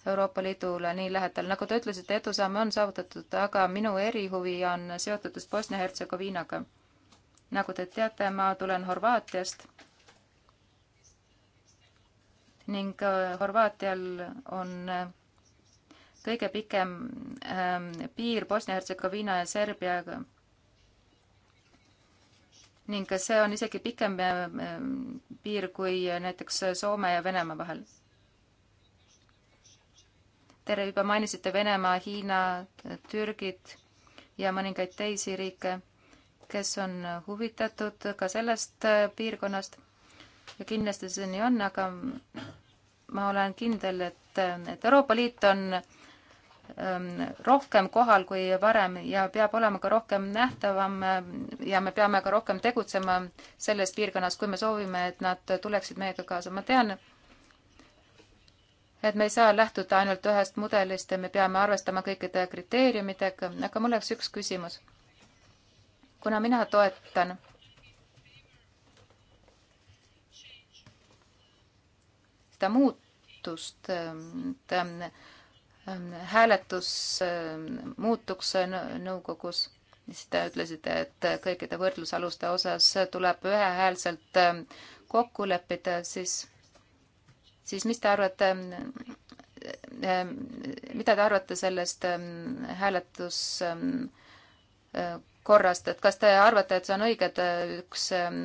Euroopa Liidule nii lähedal. nagu te ütlesite, edusamme on saavutatud, aga minu erihuvi on seotud just Bosnia-Hertsegoviinaga. nagu te teate, ma tulen Horvaatiast ning äh, Horvaatial on äh, kõige pikem ähm, piir Bosnia-Hertsegoviina ja Serbiaga ning see on isegi pikem ähm, piir kui näiteks Soome ja Venemaa vahel. Te juba mainisite Venemaa, Hiina, Türgit ja mõningaid teisi riike, kes on huvitatud ka sellest äh, piirkonnast ja kindlasti see nii on, aga ma olen kindel, et, äh, et Euroopa Liit on Ähm, rohkem kohal kui varem ja peab olema ka rohkem nähtavam ähm, ja me peame ka rohkem tegutsema selles piirkonnas, kui me soovime, et nad tuleksid meiega kaasa. ma tean, et me ei saa lähtuda ainult ühest mudelist ja me peame arvestama kõikide kriteeriumidega, aga mul oleks üks küsimus. kuna mina toetan seda muutust, et ähm, Ähm, hääletus ähm, muutuks äh, nõukogus, siis te ütlesite, et äh, kõikide võrdlusaluste osas tuleb ühehäälselt ähm, kokku leppida, siis, siis mis te arvate, äh, mida te arvate sellest hääletus korrast, et kas te arvate, et see on õige, et äh, üks ähm,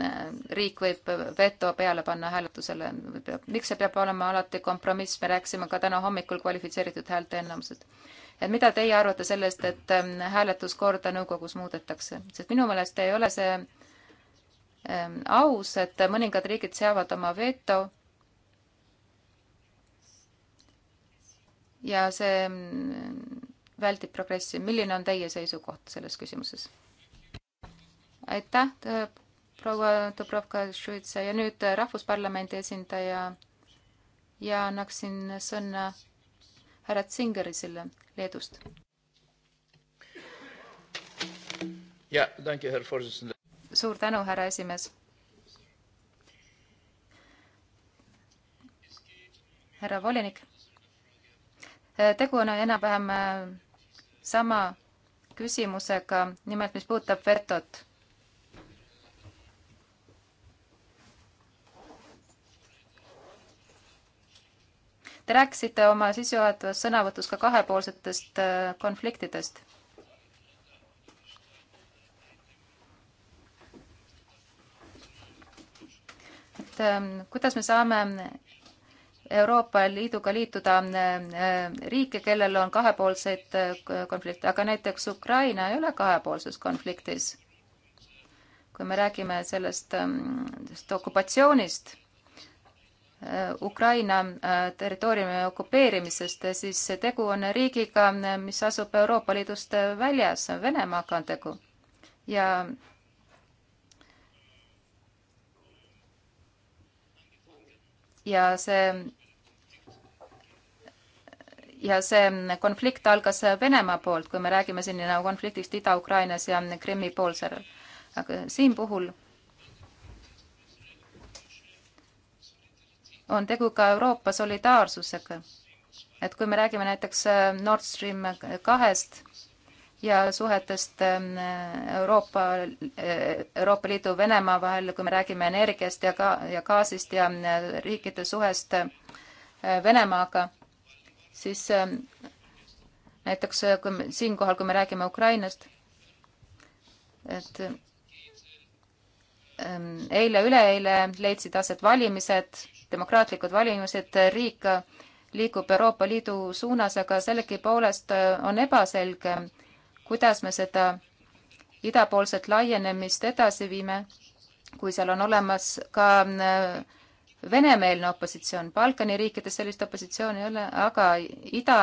riik võib veto peale panna hääletusele, miks see peab olema alati kompromiss, me rääkisime ka täna hommikul kvalifitseeritud häälte enamusest. et mida teie arvate sellest, et ähm, hääletuskorda nõukogus muudetakse, sest minu meelest ei ole see ähm, aus, et mõningad riigid seavad oma veto ja see väldib progressi. milline on teie seisukoht selles küsimuses? aitäh, proua Dubrovka-Šuitsa ja nüüd äh, Rahvusparlamendi esindaja ja annaksin sõna härra Tsingerisele Leedust. suur tänu, härra esimees. härra volinik tegu on enam-vähem äh, sama küsimusega, nimelt mis puudutab vetot. Te rääkisite oma sissejuhatavas sõnavõtus ka kahepoolsetest äh, konfliktidest. et ähm, kuidas me saame Euroopa Liiduga liituda äh, äh, riike, kellel on kahepoolseid äh, konflikte, aga näiteks Ukraina ei ole kahepoolses konfliktis. kui me räägime sellest, ähm, sellest okupatsioonist, Ukraina territooriumi okupeerimisest, siis tegu on riigiga, mis asub Euroopa Liidust väljas, Venemaaga on tegu. ja ja see ja see konflikt algas Venemaa poolt, kui me räägime siin nagu konfliktist Ida-Ukrainas ja Krimmi poolsaarel. aga siin puhul on tegu ka Euroopa solidaarsusega. et kui me räägime näiteks Nord Stream kahest, ja suhetest ähm, Euroopa, äh, Euroopa Liidu, Venemaa vahel, kui me räägime energiast ja ka, ja gaasist ja äh, riikide suhest äh, Venemaaga, siis ähm, näiteks kui me, siinkohal, kui me räägime Ukrainast, et ähm, eile-üleeile leidsid aset valimised, demokraatlikud valimised, riik liigub Euroopa Liidu suunas, aga sellegipoolest on ebaselge, kuidas me seda idapoolset laienemist edasi viime, kui seal on olemas ka äh, venemeelne opositsioon, Balkani riikides sellist opositsiooni ei ole, aga ida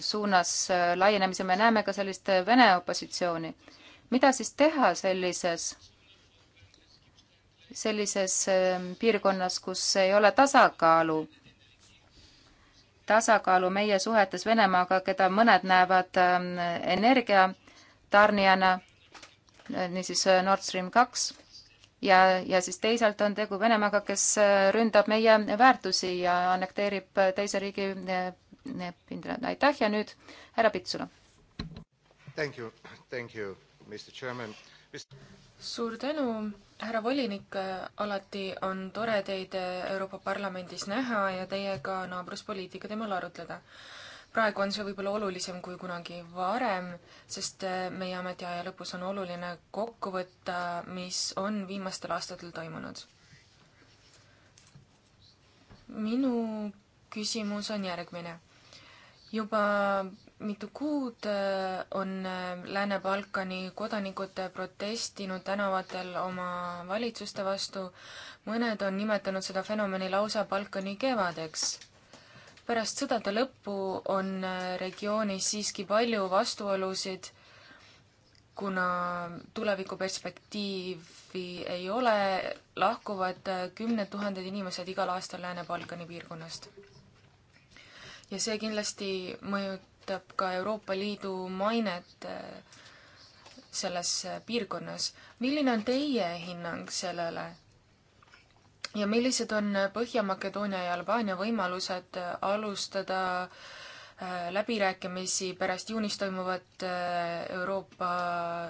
suunas äh, laienemisel me näeme ka sellist äh, Vene opositsiooni. mida siis teha sellises, sellises ähm, piirkonnas, kus ei ole tasakaalu? tasakaalu meie suhetes Venemaaga, keda mõned näevad ähm, energia tarnijana, niisiis äh, Nord Stream kaks, ja, ja siis teisalt on tegu Venemaaga, kes äh, ründab meie väärtusi ja annekteerib äh, teise riigi pindade. aitäh ja nüüd härra Pitsula. suur tänu, härra volinik, alati on tore teid Euroopa Parlamendis näha ja teiega naabruspoliitika teemal arutleda praegu on see võib-olla olulisem kui kunagi varem, sest äh, meie ametiaja lõpus on oluline kokku võtta, mis on viimastel aastatel toimunud. minu küsimus on järgmine. juba mitu kuud äh, on äh, Lääne-Balkani kodanikud protestinud tänavatel oma valitsuste vastu. mõned on nimetanud seda fenomeni lausa Balkani kevadeks pärast sõdade lõppu on äh, regioonis siiski palju vastuolusid, kuna tulevikuperspektiivi ei ole, lahkuvad äh, kümned tuhanded inimesed igal aastal Lääne-Balkani piirkonnast. ja see kindlasti mõjutab ka Euroopa Liidu mainet äh, selles piirkonnas. milline on teie hinnang sellele? ja millised on Põhja-Makedoonia ja Albaania võimalused alustada äh, läbirääkimisi pärast juunis toimuvat äh, Euroopa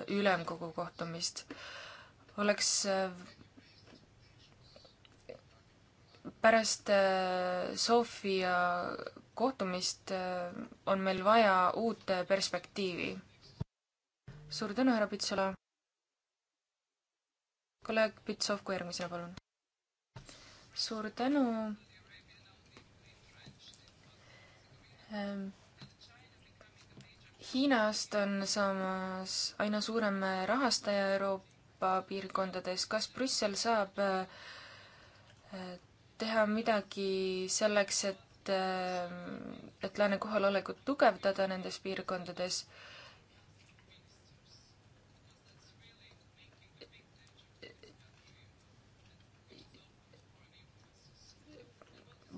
Ülemkogu kohtumist? oleks äh, pärast Sofia kohtumist on meil vaja uut perspektiivi. suur tänu, härra Pitsola. kolleeg Pitsov, kui järgmisena, palun suur tänu. Ehm, Hiinast on saamas aina suurem rahastaja Euroopa piirkondades. kas Brüssel saab eh, teha midagi selleks, et, ehm, et lääne kohalolekut tugevdada nendes piirkondades?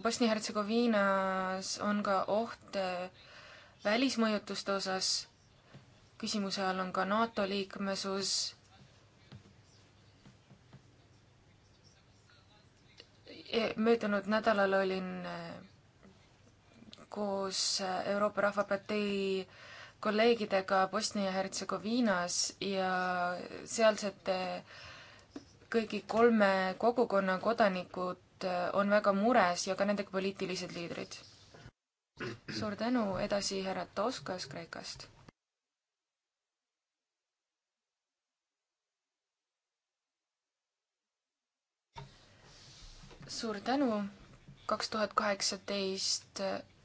Bosnia-Hertsegoviinas on ka oht äh, välismõjutuste osas. küsimuse all on ka NATO liikmesus. möödunud nädalal olin äh, koos äh, Euroopa Rahvapartei kolleegidega Bosnia-Hertsegoviinas ja sealsete kõigi kolme kogukonna kodanikud Äh, on väga mures ja ka nende poliitilised liidrid. suur tänu, edasi härra Toskas Kreekast. suur tänu, kaks tuhat kaheksateist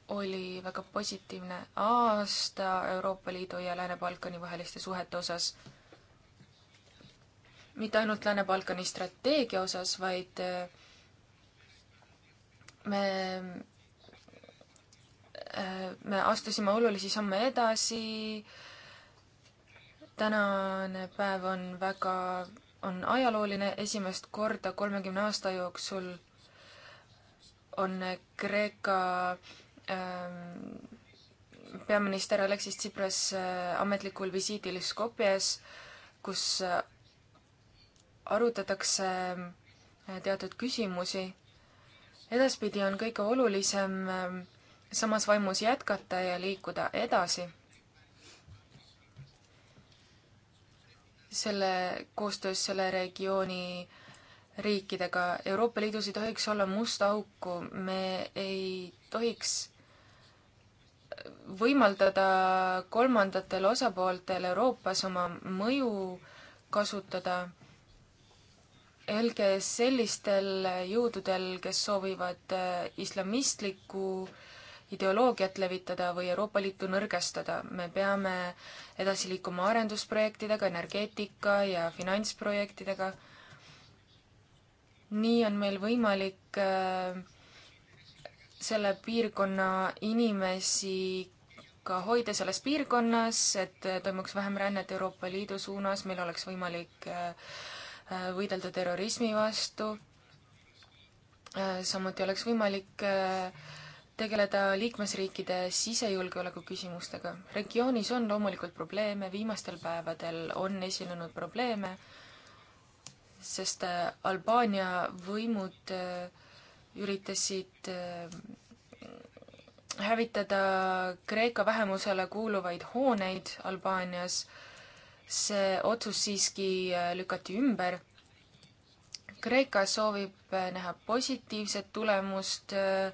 oli väga positiivne aasta Euroopa Liidu ja Lääne-Balkani vaheliste suhete osas mitte ainult Lääne-Balkani strateegia osas, vaid äh, me äh, me astusime olulisi samme edasi. tänane päev on väga, on ajalooline, esimest korda kolmekümne aasta jooksul on Kreeka ähm, peaminister Aleksis Tsipras äh, ametlikul visiidil Skopjes, kus äh, arutatakse teatud küsimusi edaspidi on kõige olulisem ähm, samas vaimus jätkata ja liikuda edasi. selle, koostöös selle regiooni riikidega. Euroopa Liidus ei tohiks olla musta auku, me ei tohiks võimaldada kolmandatel osapooltel Euroopas oma mõju kasutada helge sellistel jõududel, kes soovivad äh, islamistlikku ideoloogiat levitada või Euroopa Liitu nõrgestada. me peame edasi liikuma arendusprojektidega, energeetika ja finantsprojektidega. nii on meil võimalik äh, selle piirkonna inimesi ka hoida selles piirkonnas, et äh, toimuks vähem rännet Euroopa Liidu suunas, meil oleks võimalik äh, Äh, võidelda terrorismi vastu. Äh, samuti oleks võimalik äh, tegeleda liikmesriikide sisejulgeoleku küsimustega. regioonis on loomulikult probleeme, viimastel päevadel on esinenud probleeme, sest Albaania võimud üritasid hävitada Kreeka vähemusele kuuluvaid hooneid Albaanias see otsus siiski äh, lükati ümber. Kreeka soovib äh, näha positiivset tulemust äh,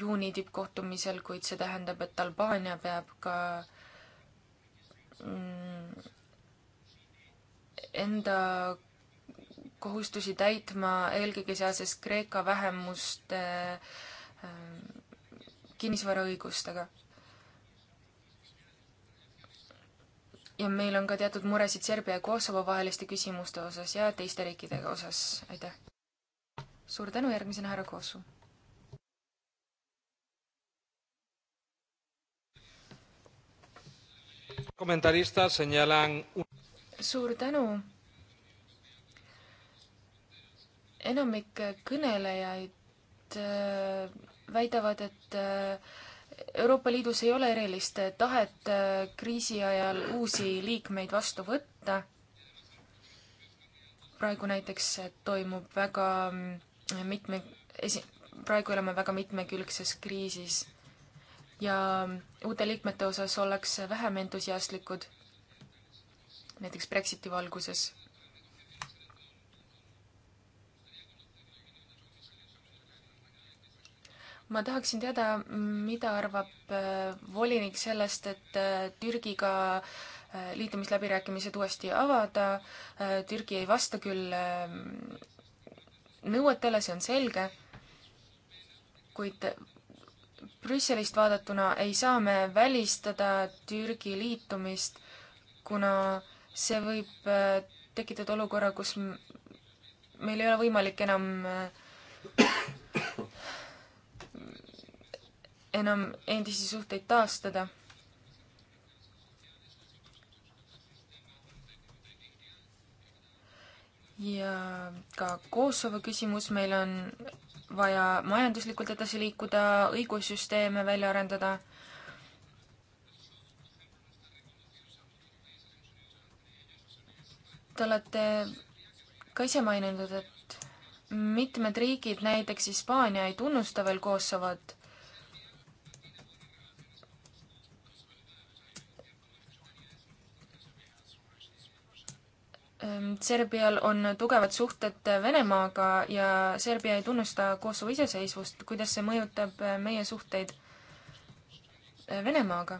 juuni tippkohtumisel, kuid see tähendab, et Albaania peab ka mm, enda kohustusi täitma eelkõige seoses Kreeka vähemuste kinnisvaraõigustega ja meil on ka teatud muresid Serbia ja Kosovo vaheliste küsimuste osas ja teiste riikidega osas, aitäh. suur tänu, järgmisena härra Kossu. suur tänu. enamik kõnelejaid äh, väidavad, et äh, Euroopa Liidus ei ole erilist tahet äh, kriisi ajal uusi liikmeid vastu võtta. praegu näiteks toimub väga mm, mitme, esi-, praegu elame väga mitmekülgses kriisis ja mm, uute liikmete osas ollakse vähem entusiastlikud, näiteks Brexiti valguses ma tahaksin teada, mida arvab äh, volinik sellest, et äh, Türgiga äh, liitumisläbirääkimised uuesti avada. Türgi ei vasta küll nõuetele, see on selge, kuid Brüsselist vaadatuna ei saa me välistada Türgi liitumist, kuna see võib tekitada olukorra, kus meil ei ole võimalik enam enam endisi suhteid taastada. ja ka Kosovo küsimus, meil on vaja majanduslikult edasi liikuda, õigussüsteeme välja arendada te olete ka ise maininud, et mitmed riigid, näiteks Hispaania, ei tunnusta veel Kosovot. Ehm, Serbial on tugevad suhted Venemaaga ja Serbia ei tunnusta Kosovo iseseisvust. kuidas see mõjutab eh, meie suhteid eh, Venemaaga?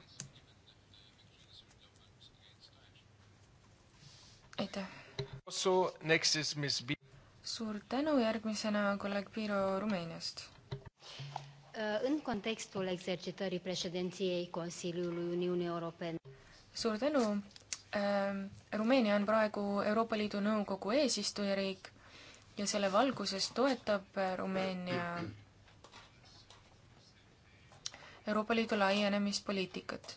aitäh. suur tänu, järgmisena kolleeg Piiro Rumeeniast. Eh, în contextul exercitării președinției Consiliului Uniunii Europene. suur tänu Ehm, Rumeenia on praegu Euroopa Liidu Nõukogu eesistujariik ja selle valguses toetab äh, Rumeenia Euroopa Liidu laienemispoliitikat.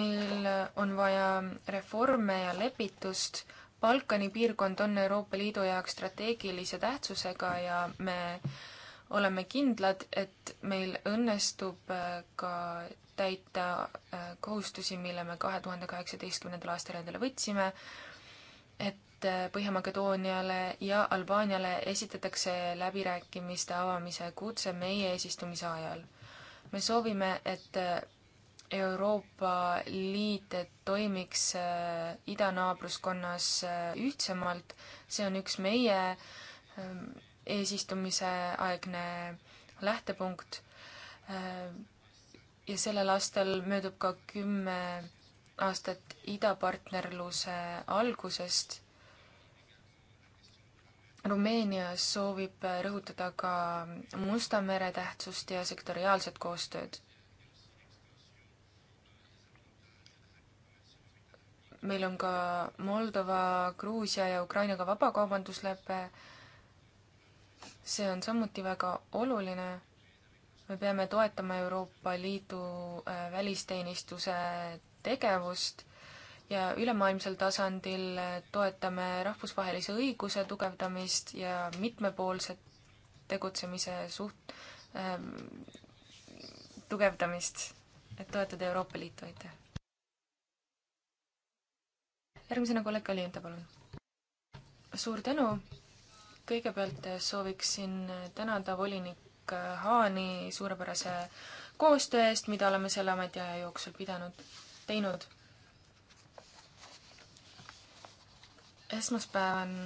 meil on vaja reforme ja lepitust. Balkani piirkond on Euroopa Liidu jaoks strateegilise tähtsusega ja me äh, oleme kindlad, et meil õnnestub äh, ka täita äh, kohustusi, mille me kahe tuhande kaheksateistkümnendal aastal endale võtsime, et äh, Põhja-Makedooniale ja Albaaniale esitatakse läbirääkimiste avamise kutse meie eesistumise ajal. me soovime, et Euroopa Liit toimiks idanaabruskonnas ühtsemalt, see on üks meie ähm, eesistumise aegne lähtepunkt. ja sellel aastal möödub ka kümme aastat idapartnerluse algusest. Rumeenia soovib rõhutada ka Musta mere tähtsust ja sektoriaalset koostööd. meil on ka Moldova, Gruusia ja Ukrainaga vabakaubanduslepe see on samuti väga oluline. me peame toetama Euroopa Liidu äh, välisteenistuse tegevust ja ülemaailmsel tasandil äh, toetame rahvusvahelise õiguse tugevdamist ja mitmepoolse tegutsemise suht- äh,, tugevdamist, et toetada Euroopa Liitu, aitäh! järgmisena kolleeg Kalinta, palun! suur tänu, kõigepealt sooviksin tänada volinik Haani suurepärase koostöö eest, mida oleme selle ametiaja jooksul pidanud, teinud. esmaspäeval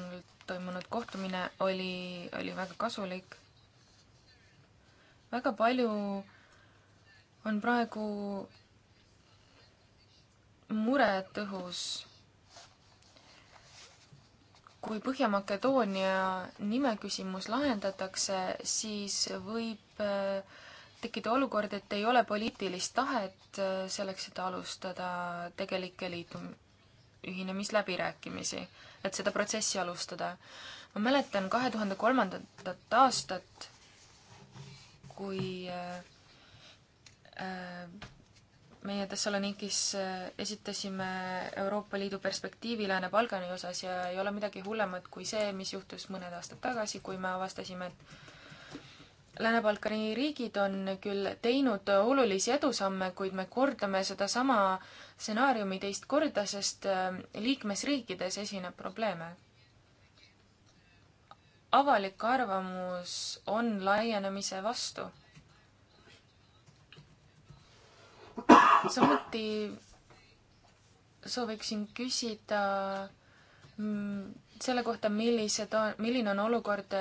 toimunud kohtumine oli, oli väga kasulik. väga palju on praegu muret õhus kui Põhja-Makedoonia nime küsimus lahendatakse, siis võib äh, tekkida olukord, et ei ole poliitilist tahet äh, selleks, et alustada tegelikke liitum-, ühinemisläbirääkimisi, et seda protsessi alustada. ma mäletan kahe tuhande kolmandat aastat, kui äh, äh meie Thessalonikis äh, esitasime Euroopa Liidu perspektiivi Lääne-Balkani osas ja ei ole midagi hullemat kui see, mis juhtus mõned aastad tagasi, kui me avastasime, et Lääne-Balkani riigid on küll teinud olulisi edusamme, kuid me kordame sedasama stsenaariumi teist korda, sest äh, liikmesriikides esineb probleeme. avalik arvamus on laienemise vastu samuti sooviksin küsida mm, selle kohta, millised on, milline on olukord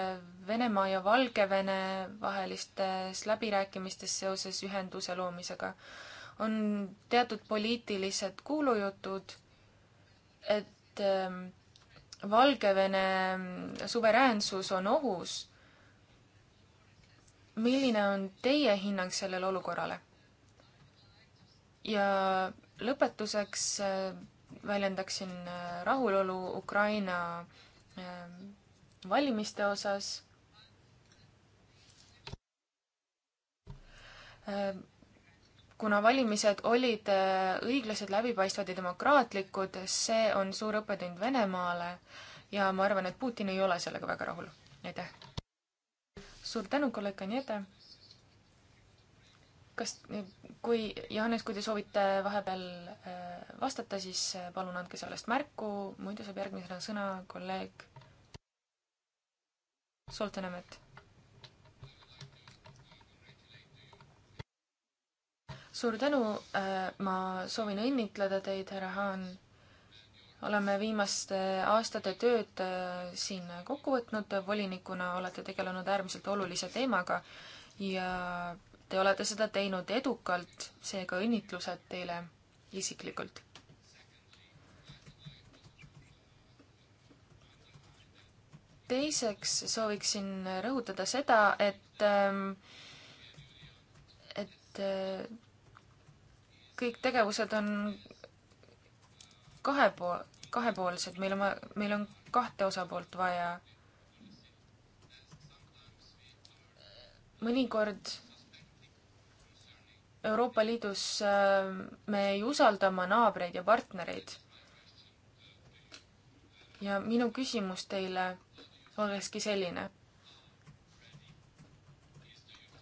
Venemaa ja Valgevene vahelistes läbirääkimistes seoses ühenduse loomisega. on teatud poliitilised kuulujutud, et ähm, Valgevene mm, suveräänsus on ohus. milline on teie hinnang sellele olukorrale? ja lõpetuseks äh, väljendaksin äh, rahulolu Ukraina äh, valimiste osas kuna valimised olid õiglased, läbipaistvad ja demokraatlikud, see on suur õppetund Venemaale ja ma arvan, et Putin ei ole sellega väga rahul. aitäh! suur tänu, kolleeg Kanjete! kas, kui, Johannes, kui te soovite vahepeal äh, vastata, siis äh, palun andke sellest märku, muidu saab järgmisena sõna kolleeg Soltenemet. suur tänu, äh, ma soovin õnnitleda teid, härra Haan. oleme viimaste aastate tööd siin kokku võtnud, volinikuna olete tegelenud äärmiselt olulise teemaga ja Te olete seda teinud edukalt, seega õnnitlused teile isiklikult. teiseks sooviksin rõhutada seda, et, ähm, et äh, kõik tegevused on kahepool, kahepoolsed, meil on, meil on kahte osapoolt vaja. mõnikord Euroopa Liidus äh, me ei usalda oma naabreid ja partnereid. ja minu küsimus teile olekski selline.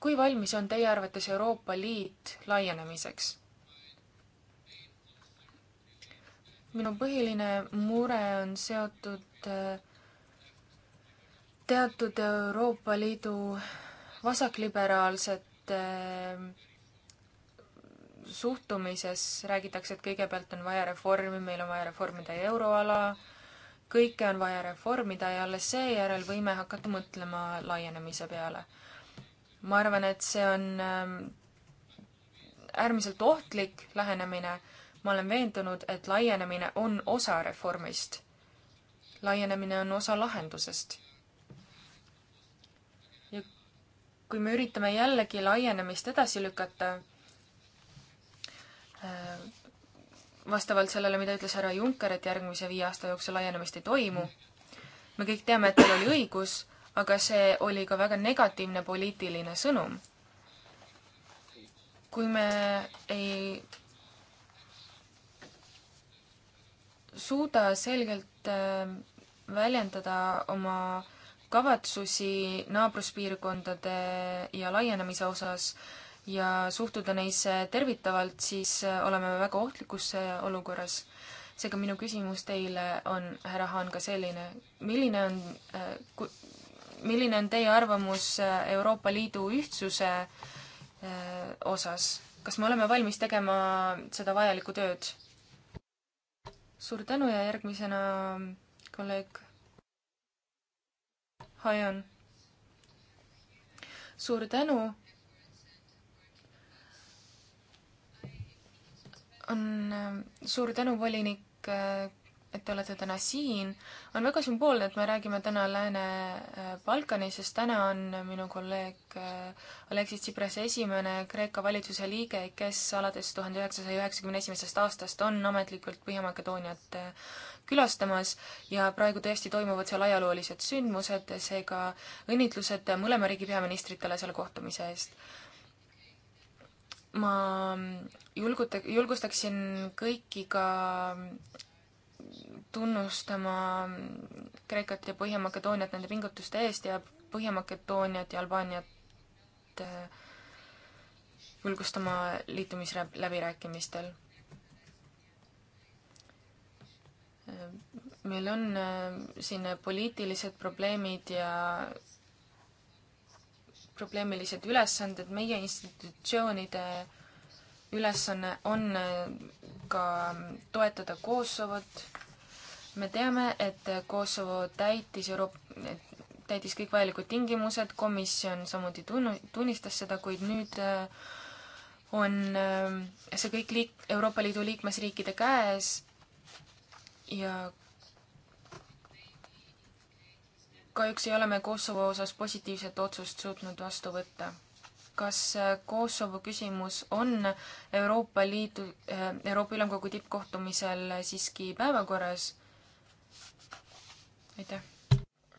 kui valmis on teie arvates Euroopa Liit laienemiseks? minu põhiline mure on seotud äh, teatud Euroopa Liidu vasakliberaalsete äh, suhtumises räägitakse, et kõigepealt on vaja reformi, meil on vaja reformida euroala, kõike on vaja reformida ja alles seejärel võime hakata mõtlema laienemise peale. ma arvan, et see on ähm, äärmiselt ohtlik lähenemine. ma olen veendunud, et laienemine on osa reformist. laienemine on osa lahendusest. ja kui me üritame jällegi laienemist edasi lükata, Äh, vastavalt sellele, mida ütles härra Juncker, et järgmise viie aasta jooksul laienemist ei toimu. me kõik teame, et tal oli õigus, aga see oli ka väga negatiivne poliitiline sõnum. kui me ei suuda selgelt äh, väljendada oma kavatsusi naabruspiirkondade ja laienemise osas, ja suhtuda neisse tervitavalt, siis äh, oleme väga ohtlikus äh, olukorras. seega minu küsimus teile on, härra Haan, ka selline, milline on, äh, milline on teie arvamus Euroopa Liidu ühtsuse osas? kas me oleme valmis tegema seda vajalikku tööd? suur tänu ja järgmisena kolleeg Hajan. suur tänu on ähm, suur tänu, volinik, äh, et te olete täna siin. on väga sümboolne, et me räägime täna Lääne-Balkanist, äh, sest täna on minu kolleeg äh, Aleksis Tsipras esimene Kreeka valitsuse liige, kes alates tuhande üheksasaja üheksakümne esimesest aastast on ametlikult Põhja-Makedooniat külastamas ja praegu tõesti toimuvad seal ajaloolised sündmused, seega õnnitlused mõlema riigi peaministritele selle kohtumise eest ma julguta-, julgustaksin kõiki ka tunnustama Kreekat ja Põhja-Makedooniat nende pingutuste eest ja Põhja-Makedooniat ja Albaaniat äh, julgustama liitumisläbirääkimistel. Äh, meil on äh, siin poliitilised probleemid ja probleemilised ülesanded, meie institutsioonide ülesanne on äh, ka toetada Kosovot. me teame, et Kosovo täitis Euroop-, täitis kõik vajalikud tingimused, komisjon samuti tunnu-, tunnistas seda, kuid nüüd äh, on äh, see kõik liik-, Euroopa Liidu liikmesriikide käes ja kahjuks ei ole me Kosovo osas positiivset otsust suutnud vastu võtta. kas äh, Kosovo küsimus on Euroopa Liidu, äh, Euroopa Ülemkogu tippkohtumisel siiski päevakorras? aitäh.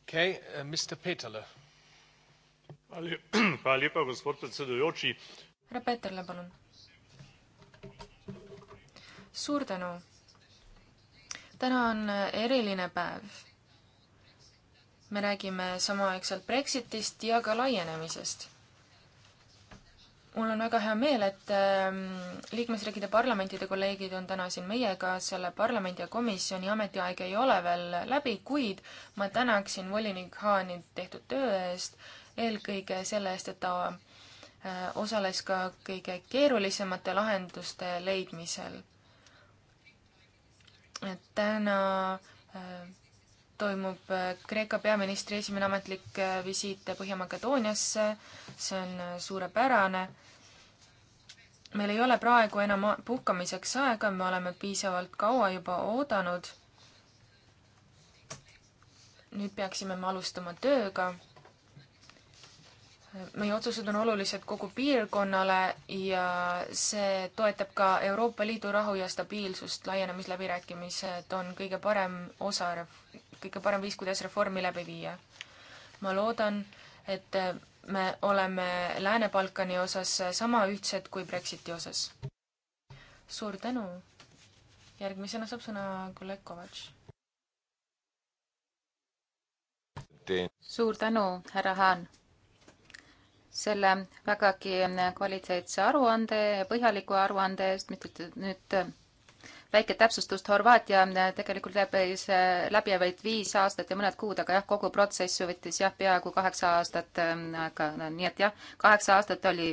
okei okay,, äh, Mr Peterle. <clears throat> härra Peterle, palun. suur tänu. täna on eriline päev me räägime samaaegselt Brexitist ja ka laienemisest. mul on väga hea meel, et ähm, liikmesriikide parlamentide kolleegid on täna siin meiega, selle parlamendi ja komisjoni ametiaeg ei ole veel läbi, kuid ma tänaksin volinik Haani tehtud töö eest, eelkõige selle eest, et ta äh, osales ka kõige keerulisemate lahenduste leidmisel. täna äh, toimub äh, Kreeka peaministri esimene ametlik äh, visiit Põhja-Makedooniasse, see on äh, suurepärane. meil ei ole praegu enam puhkamiseks aega, me oleme piisavalt kaua juba oodanud. nüüd peaksime me alustama tööga. meie otsused on olulised kogu piirkonnale ja see toetab ka Euroopa Liidu rahu ja stabiilsust, laienemisläbirääkimised on kõige parem osa kõige parem viis, kuidas reformi läbi viia. ma loodan, et me oleme Lääne-Balkani osas sama ühtsed kui Brexiti osas. suur tänu. järgmisena saab sõna kolleeg Kovatš. suur tänu, härra Haan selle vägagi kvaliteetse aruande, põhjaliku aruande eest, mis nüüd väike täpsustus, Horvaatia äh, tegelikult läbis äh, läbi vaid viis aastat ja mõned kuud, aga jah, kogu protsess võttis jah, peaaegu kaheksa aastat ähm, aega, nii et jah, kaheksa aastat oli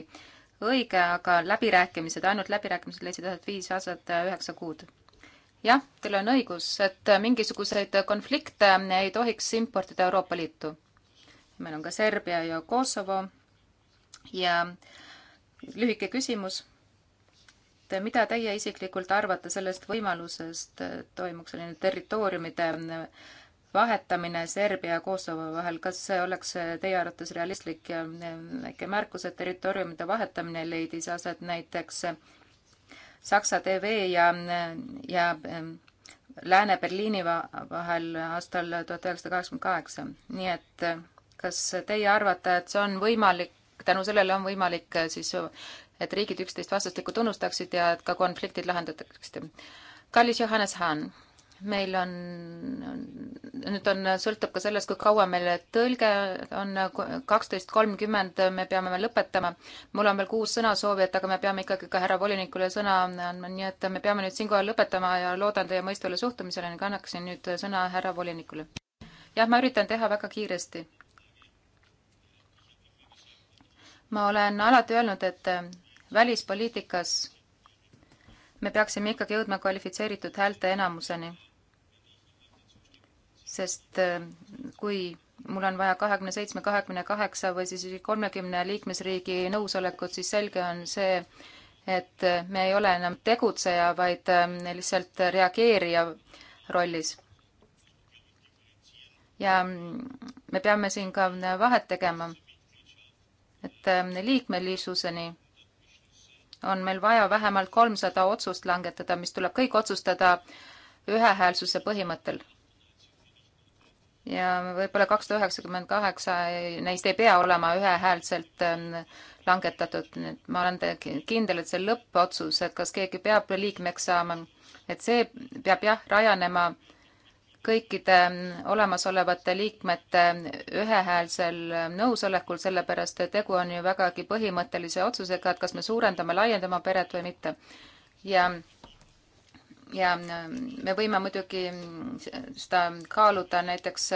õige, aga läbirääkimised, ainult läbirääkimised leidsid ainult viis aastat äh, üheksa kuud. jah, teil on õigus, et mingisuguseid konflikte ei tohiks importida Euroopa Liitu. meil on ka Serbia ja Kosovo ja lühike küsimus et mida teie isiklikult arvate sellest võimalusest, toimuks selline territooriumide vahetamine Serbia ja Kosovo vahel, kas see oleks teie arvates realistlik ja väike märkus, et territooriumide vahetamine leidis aset näiteks Saksa TV ja, ja Lääne-Berliini vahel aastal tuhat üheksasada kaheksakümmend kaheksa. nii et kas teie arvate, et see on võimalik, tänu sellele on võimalik siis et riigid üksteist vastastikku tunnustaksid ja et ka konfliktid lahendatakse. kallis Johannes Hahn, meil on, nüüd on, sõltub ka sellest, kui kaua meil tõlge on, kaksteist kolmkümmend me peame veel lõpetama. mul on veel kuus sõnasoovijat, aga me peame ikkagi ka härra volinikule sõna andma, nii et me peame nüüd siinkohal lõpetama ja loodan teie mõistvale suhtumisele ning annaksin nüüd sõna härra volinikule. jah, ma üritan teha väga kiiresti ma olen alati öelnud, et välispoliitikas me peaksime ikkagi jõudma kvalifitseeritud häälte enamuseni. sest äh, kui mul on vaja kahekümne seitsme, kahekümne kaheksa või siis kolmekümne liikmesriigi nõusolekut, siis selge on see, et äh, me ei ole enam tegutseja, vaid äh, lihtsalt reageerija rollis. ja mm, me peame siin ka vahet tegema, et liikmelisuseni on meil vaja vähemalt kolmsada otsust langetada, mis tuleb kõik otsustada ühehäälsuse põhimõttel. ja võib-olla kakssada üheksakümmend kaheksa neist ei pea olema ühehäälselt ähm, langetatud, nii et ma olen kindel, et see lõppotsus, et kas keegi peab liikmeks saama, et see peab jah, rajanema äh, kõikide olemasolevate liikmete ühehäälsel nõusolekul, sellepärast et tegu on ju vägagi põhimõttelise otsusega, et kas me suurendame, laiendame peret või mitte. ja, ja me võime muidugi seda kaaluda näiteks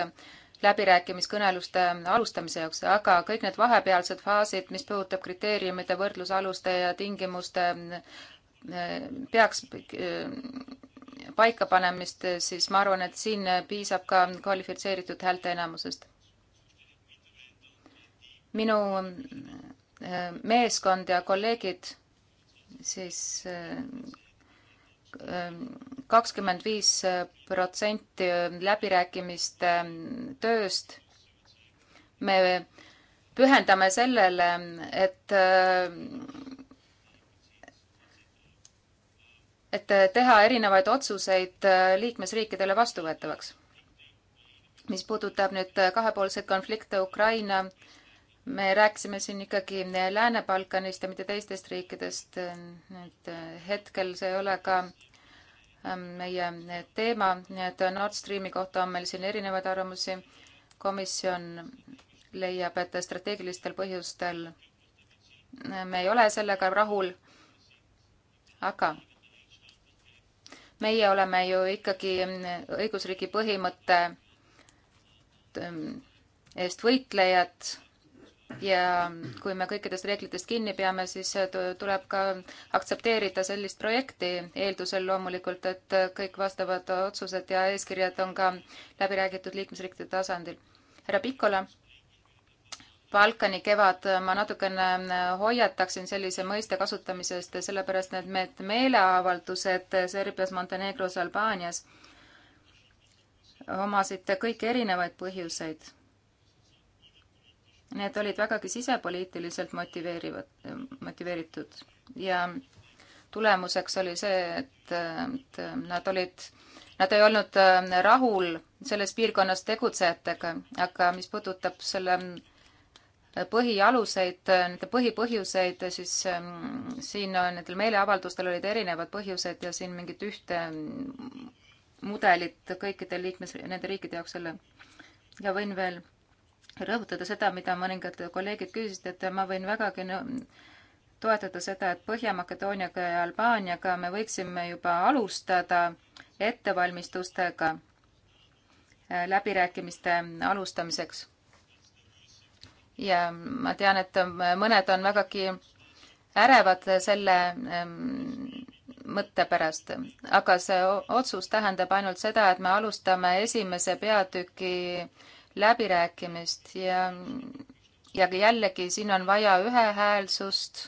läbirääkimiskõneluste alustamise jaoks, aga kõik need vahepealsed faasid, mis puudutab kriteeriumide, võrdlusaluste ja tingimuste peaks paikapanemist, siis ma arvan, et siin piisab ka kvalifitseeritud häälteenamusest. minu äh, meeskond ja kolleegid siis äh, äh, kakskümmend viis protsenti läbirääkimiste tööst me pühendame sellele, et et teha erinevaid otsuseid äh, liikmesriikidele vastuvõetavaks. mis puudutab nüüd äh, kahepoolseid konflikte Ukraina, me rääkisime siin ikkagi Lääne-Balkanist ja mitte teistest riikidest, et äh, hetkel see ei ole ka meie teema, nii et Nord Streami kohta on meil siin erinevaid arvamusi. komisjon leiab, et strateegilistel põhjustel me ei ole sellega rahul, aga meie oleme ju ikkagi mm, õigusriigi põhimõtte mm, eest võitlejad ja kui me kõikidest reeglitest kinni peame, siis tuleb ka aktsepteerida sellist projekti, eeldusel loomulikult, et kõik vastavad otsused ja eeskirjad on ka läbi räägitud liikmesriikide tasandil. härra Pikola Balkani kevad, ma natukene äh, hoiataksin sellise mõiste kasutamisest, sellepärast et need meeleavaldused Serbias, Montenegros, Albaanias omasid kõiki erinevaid põhjuseid. Need olid vägagi sisepoliitiliselt motiveerivad, motiveeritud ja tulemuseks oli see, et, et nad olid, nad ei olnud äh, rahul selles piirkonnas tegutsejatega, aga mis puudutab selle põhialuseid, nende põhipõhjuseid, siis ähm, siin nendel meeleavaldustel olid erinevad põhjused ja siin mingit ühte mm, mudelit kõikidel liikmes, nende riikide jaoks ei ole. ja võin veel rõhutada seda, mida mõningad kolleegid küsisid, et ma võin vägagi toetada seda, et Põhja-Makedooniaga ja Albaaniaga me võiksime juba alustada ettevalmistustega äh, läbirääkimiste alustamiseks ja ma tean, et mõned on vägagi ärevad selle ehm, mõtte pärast, aga see otsus tähendab ainult seda, et me alustame esimese peatüki läbirääkimist ja, ja jällegi siin on vaja ühehäälsust,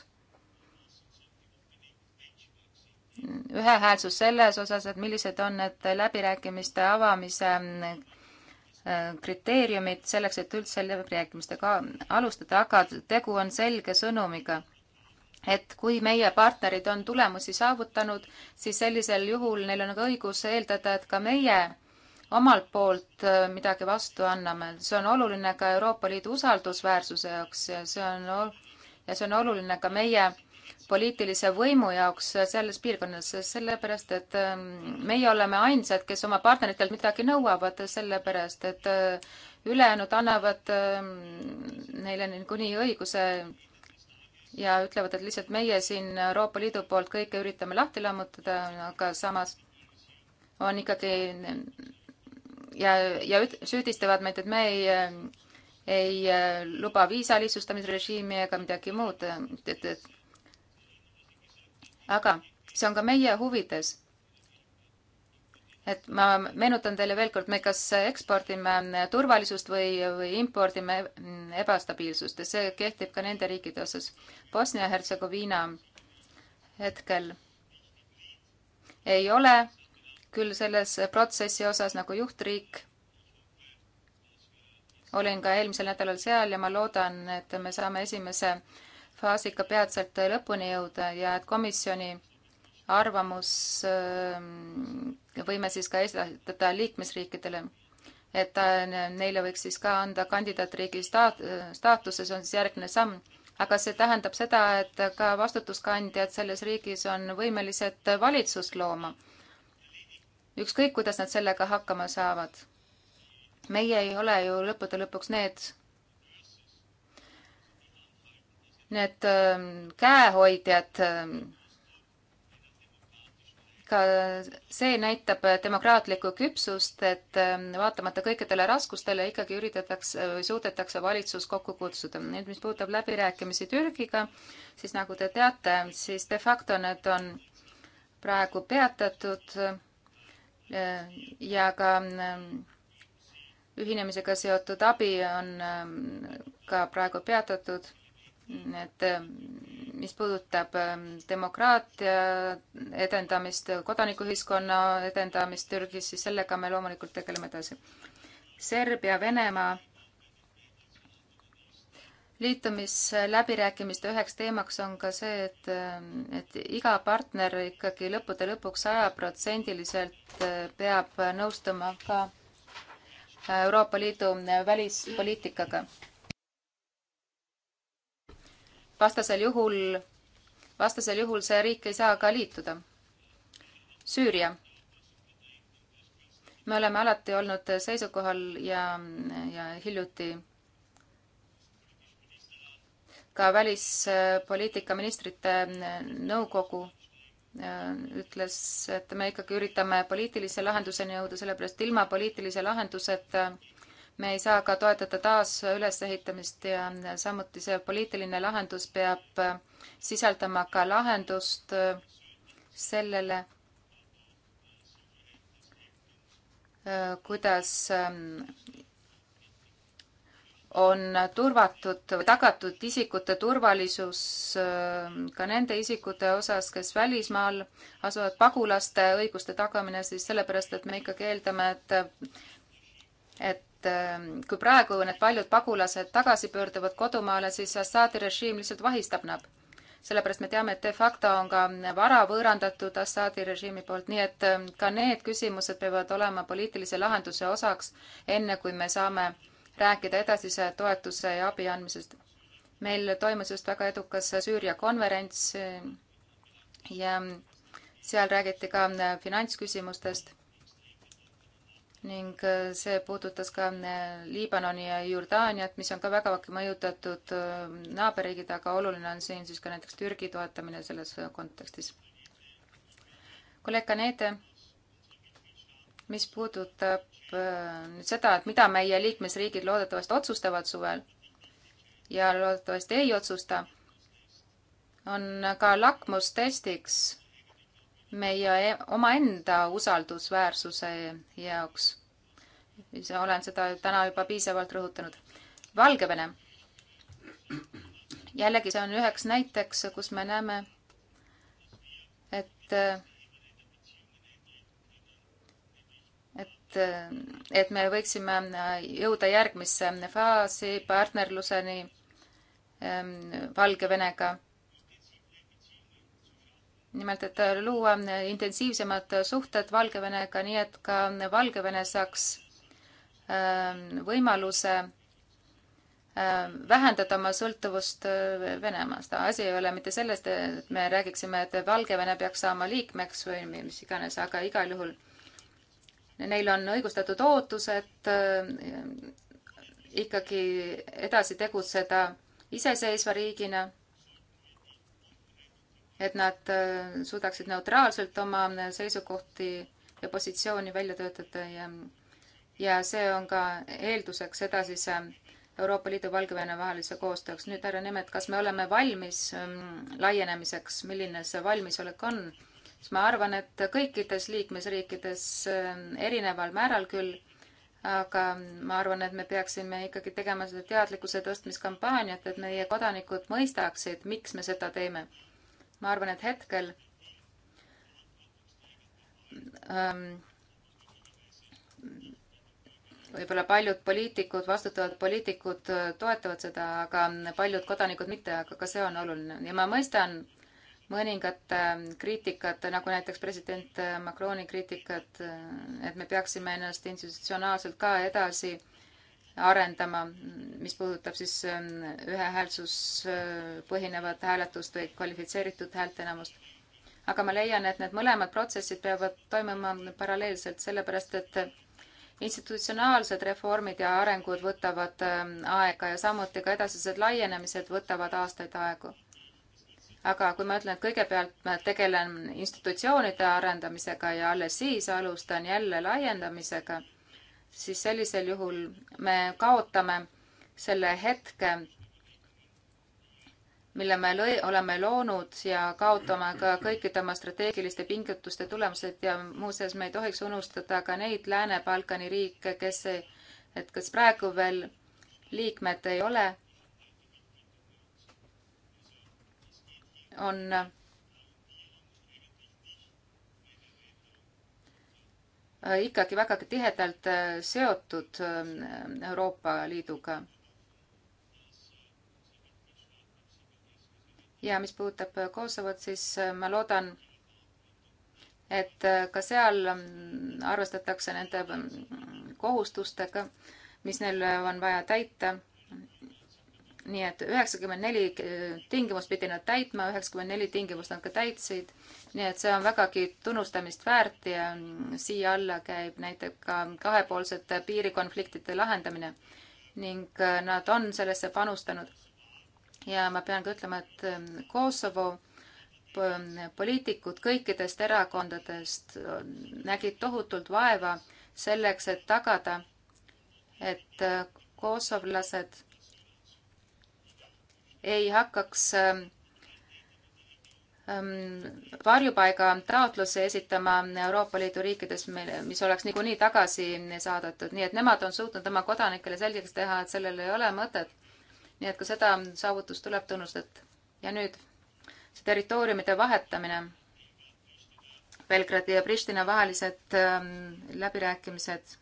ühehäälsus selles osas, et millised on need läbirääkimiste avamise kriteeriumid selleks, et üldse läbirääkimistega alustada, aga tegu on selge sõnumiga, et kui meie partnerid on tulemusi saavutanud, siis sellisel juhul neil on ka õigus eeldada, et ka meie omalt poolt äh, midagi vastu anname. see on oluline ka Euroopa Liidu usaldusväärsuse jaoks ja see on, ja see on oluline ka meie poliitilise võimu jaoks selles piirkonnas, sellepärast et ähm, meie oleme ainsad, kes oma partneritelt midagi nõuavad, sellepärast et äh, ülejäänud annavad ähm, neile niikuinii õiguse ja ütlevad, et lihtsalt meie siin Euroopa Liidu poolt kõike üritame lahti lammutada, aga samas on ikkagi ja, ja süüdistavad meid, et me ei äh, ei äh, luba viisa lihtsustamisrežiimi ega midagi muud, et, et aga see on ka meie huvides. et ma meenutan teile veel kord, me kas ekspordime turvalisust või, või impordime ebastabiilsust ja see kehtib ka nende riikide osas. Bosnia-Hertsegoviina hetkel ei ole küll selles protsessi osas nagu juhtriik. olin ka eelmisel nädalal seal ja ma loodan, et me saame esimese äh, faasiga peatselt lõpuni jõuda ja et komisjoni arvamus ähm, võime siis ka esitada liikmesriikidele, et neile võiks siis ka anda kandidaatriigi staat-, staatuse, see on siis järgmine samm. aga see tähendab seda, et ka vastutuskandjad selles riigis on võimelised valitsust looma. ükskõik, kuidas nad sellega hakkama saavad. meie ei ole ju lõppude lõpuks need, need ähm, käehoidjad, ähm, ka see näitab demokraatlikku küpsust, et ähm, vaatamata kõikidele raskustele ikkagi üritatakse, suudetakse valitsus kokku kutsuda. nüüd, mis puudutab läbirääkimisi Türgiga, siis nagu te teate, siis de facto need on praegu peatatud äh, ja ka ühinemisega seotud abi on ka praegu peatatud Mm. et ähm, mis puudutab ähm, demokraatia edendamist, kodanikuühiskonna edendamist Türgis, siis sellega me loomulikult tegeleme edasi. Serbia, Venemaa liitumisläbirääkimiste üheks teemaks on ka see, et, ähm, et iga partner ikkagi lõppude lõpuks sajaprotsendiliselt äh, peab nõustuma ka Euroopa Liidu välispoliitikaga vastasel juhul, vastasel juhul see riik ei saa ka liituda. Süüria. me oleme alati olnud seisukohal ja, ja hiljuti ka välispoliitika ministrite nõukogu äh, ütles, et me ikkagi üritame poliitilise lahenduseni jõuda, sellepärast ilma poliitilise lahenduseta et me ei saa ka toetada taasülesehitamist ja samuti see poliitiline lahendus peab äh, sisaldama ka lahendust äh, sellele, äh, kuidas ähm, on turvatud, tagatud isikute turvalisus ka nende isikute osas, kes välismaal asuvad, pagulaste õiguste tagamine siis sellepärast, et me ikkagi eeldame, et et Ähm, kui praegu need paljud pagulased tagasi pöörduvad kodumaale, siis Assaadi režiim lihtsalt vahistab nad. sellepärast me teame, et de facto on ka vara võõrandatud Assaadi režiimi poolt, nii et ähm, ka need küsimused peavad olema poliitilise lahenduse osaks, enne kui me saame rääkida edasise toetuse ja abi andmisest. meil toimus just väga edukas Süüria konverents ja seal räägiti ka äh, finantsküsimustest ning äh, see puudutas ka äh, Liibanoni ja Jordaaniat, mis on ka väga mõjutatud äh, naaberriigid, aga oluline on siin siis ka näiteks Türgi toetamine selles kontekstis. kolleeg Kanede, mis puudutab nüüd seda, et mida meie liikmesriigid loodetavasti otsustavad suvel ja loodetavasti ei otsusta, on ka lakmustestiks meie e-, omaenda usaldusväärsuse jaoks. olen seda täna juba piisavalt rõhutanud. Valgevene. jällegi, see on üheks näiteks, kus me näeme, et et, et me võiksime jõuda järgmisse faasi partnerluseni ehm, Valgevenega nimelt, et luua intensiivsemad suhted Valgevenega, nii et ka Valgevene saaks ähm, võimaluse ähm, vähendada oma sõltuvust äh, Venemaast. asi ei ole mitte sellest, et me räägiksime, et Valgevene peaks saama liikmeks või mis iganes, aga igal juhul neil on õigustatud ootused ähm, ikkagi edasi tegutseda iseseisva riigina et nad äh, suudaksid neutraalselt oma seisukohti ja positsiooni välja töötada ja, ja see on ka eelduseks edasise Euroopa Liidu Valgevene vahelise koostööks. nüüd härra Nemet, kas me oleme valmis ähm, laienemiseks, milline see valmisolek on? siis ma arvan, et kõikides liikmesriikides ähm, erineval määral küll, aga ma arvan, et me peaksime ikkagi tegema seda teadlikkuse tõstmiskampaaniat, et meie kodanikud mõistaksid, miks me seda teeme ma arvan, et hetkel ähm, võib-olla paljud poliitikud, vastutavad poliitikud äh, toetavad seda, aga paljud kodanikud mitte, aga ka see on oluline ja ma mõistan mõningat äh, kriitikat, nagu näiteks president äh, Macroni kriitikat, et me peaksime ennast institutsionaalselt ka edasi äh, arendama, mis puudutab siis ähm, ühehäälsus põhinevat hääletust või kvalifitseeritud häälteenamust. aga ma leian, et need mõlemad protsessid peavad toimuma paralleelselt, sellepärast et institutsionaalsed reformid ja arengud võtavad ähm, aega ja samuti ka edasised laienemised võtavad aastaid aegu. aga kui ma ütlen, et kõigepealt ma tegelen institutsioonide arendamisega ja alles siis alustan jälle laiendamisega siis sellisel juhul me kaotame selle hetke, mille me lõi, oleme loonud ja kaotame ka kõikide oma strateegiliste pingutuste tulemused ja muuseas me ei tohiks unustada ka neid Lääne-Balkani riike, kes, et kes praegu veel liikmed ei ole, on Äh, ikkagi väga tihedalt äh, seotud äh, Euroopa Liiduga. ja mis puudutab Kosovot, siis ma loodan, et ka seal ähm, arvestatakse nende ähm, kohustustega, mis neil on vaja täita nii et üheksakümmend neli eh, tingimust pidi nad täitma, üheksakümmend neli tingimust nad ka täitsid. nii et see on vägagi tunnustamist väärt ja mm, siia alla käib näiteks ka kahepoolsete piirikonfliktide lahendamine ning eh, nad on sellesse panustanud. ja ma pean ka ütlema, et eh, Kosovo mm, poliitikud kõikidest erakondadest nägid tohutult vaeva selleks, et tagada, et kosovlased ei hakkaks ähm, ähm, varjupaiga taotluse esitama Euroopa Liidu riikides, mis oleks niikuinii tagasi saadetud, nii et nemad on suutnud oma kodanikele selgeks teha, et sellel ei ole mõtet. nii et ka seda saavutust tuleb tunnustada. ja nüüd see territooriumide vahetamine. Belgradi ja Pristina vahelised ähm, läbirääkimised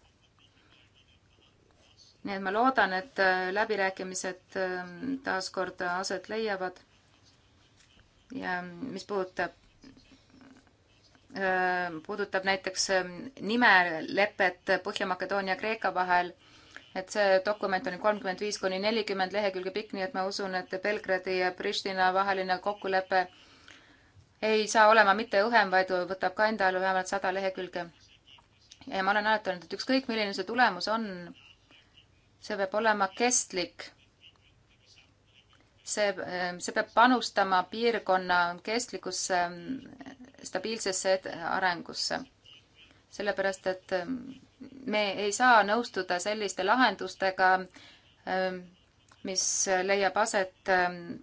nii et ma loodan, et äh, läbirääkimised ähm, taaskord aset leiavad. ja mis puudutab, äh, puudutab näiteks ähm, nimelepet Põhja-Makedoonia ja Kreeka vahel, et see dokument on kolmkümmend viis kuni nelikümmend lehekülge pikk, nii et ma usun, et Belgradi ja Pristina vaheline kokkulepe ei saa olema mitte õhem, vaid võtab ka enda all vähemalt sada lehekülge. ja ma olen alati öelnud, et ükskõik, milline see tulemus on see peab olema kestlik. see, ehm, see peab panustama piirkonna kestlikkusse, ehm, stabiilsesse arengusse. sellepärast, et ehm, me ei saa nõustuda selliste lahendustega, mis leiab aset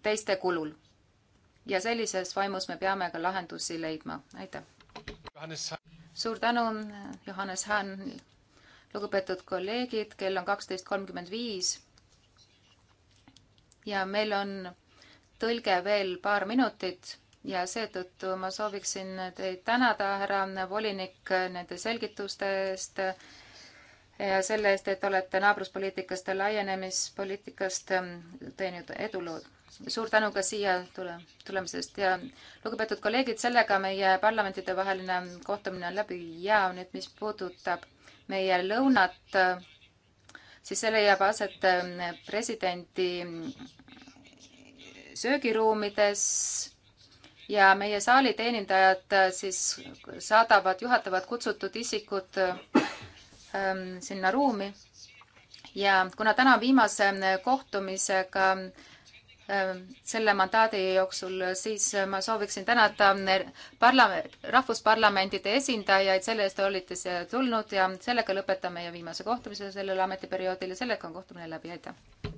teiste kulul. ja sellises vaimus me peame ka lahendusi leidma. aitäh! suur tänu, Johannes Hahn lugupeetud kolleegid, kell on kaksteist kolmkümmend viis. ja meil on tõlge veel paar minutit ja seetõttu ma sooviksin teid tänada, härra volinik, nende selgituste eest ja selle eest, et olete naabruspoliitikast ja laienemispoliitikast ähm, teinud eduluud. suur tänu ka siia tule, tulemisest ja lugupeetud kolleegid, sellega meie parlamentidevaheline kohtumine on läbi ja nüüd, mis puudutab meie lõunat, siis see leiab aset äh, presidendi äh, söögiruumides ja meie saali teenindajad äh, siis saadavad, juhatavad kutsutud isikud ähm, sinna ruumi ja kuna täna viimase kohtumisega äh, Ähm, selle mandaadi jooksul, siis ma sooviksin tänada äh, parla-, rahvusparlamentide esindajaid, selle eest olite siia tulnud ja sellega lõpetame ja viimase kohtumise sellel ametiperioodil ja sellega on kohtumine läbi, aitäh!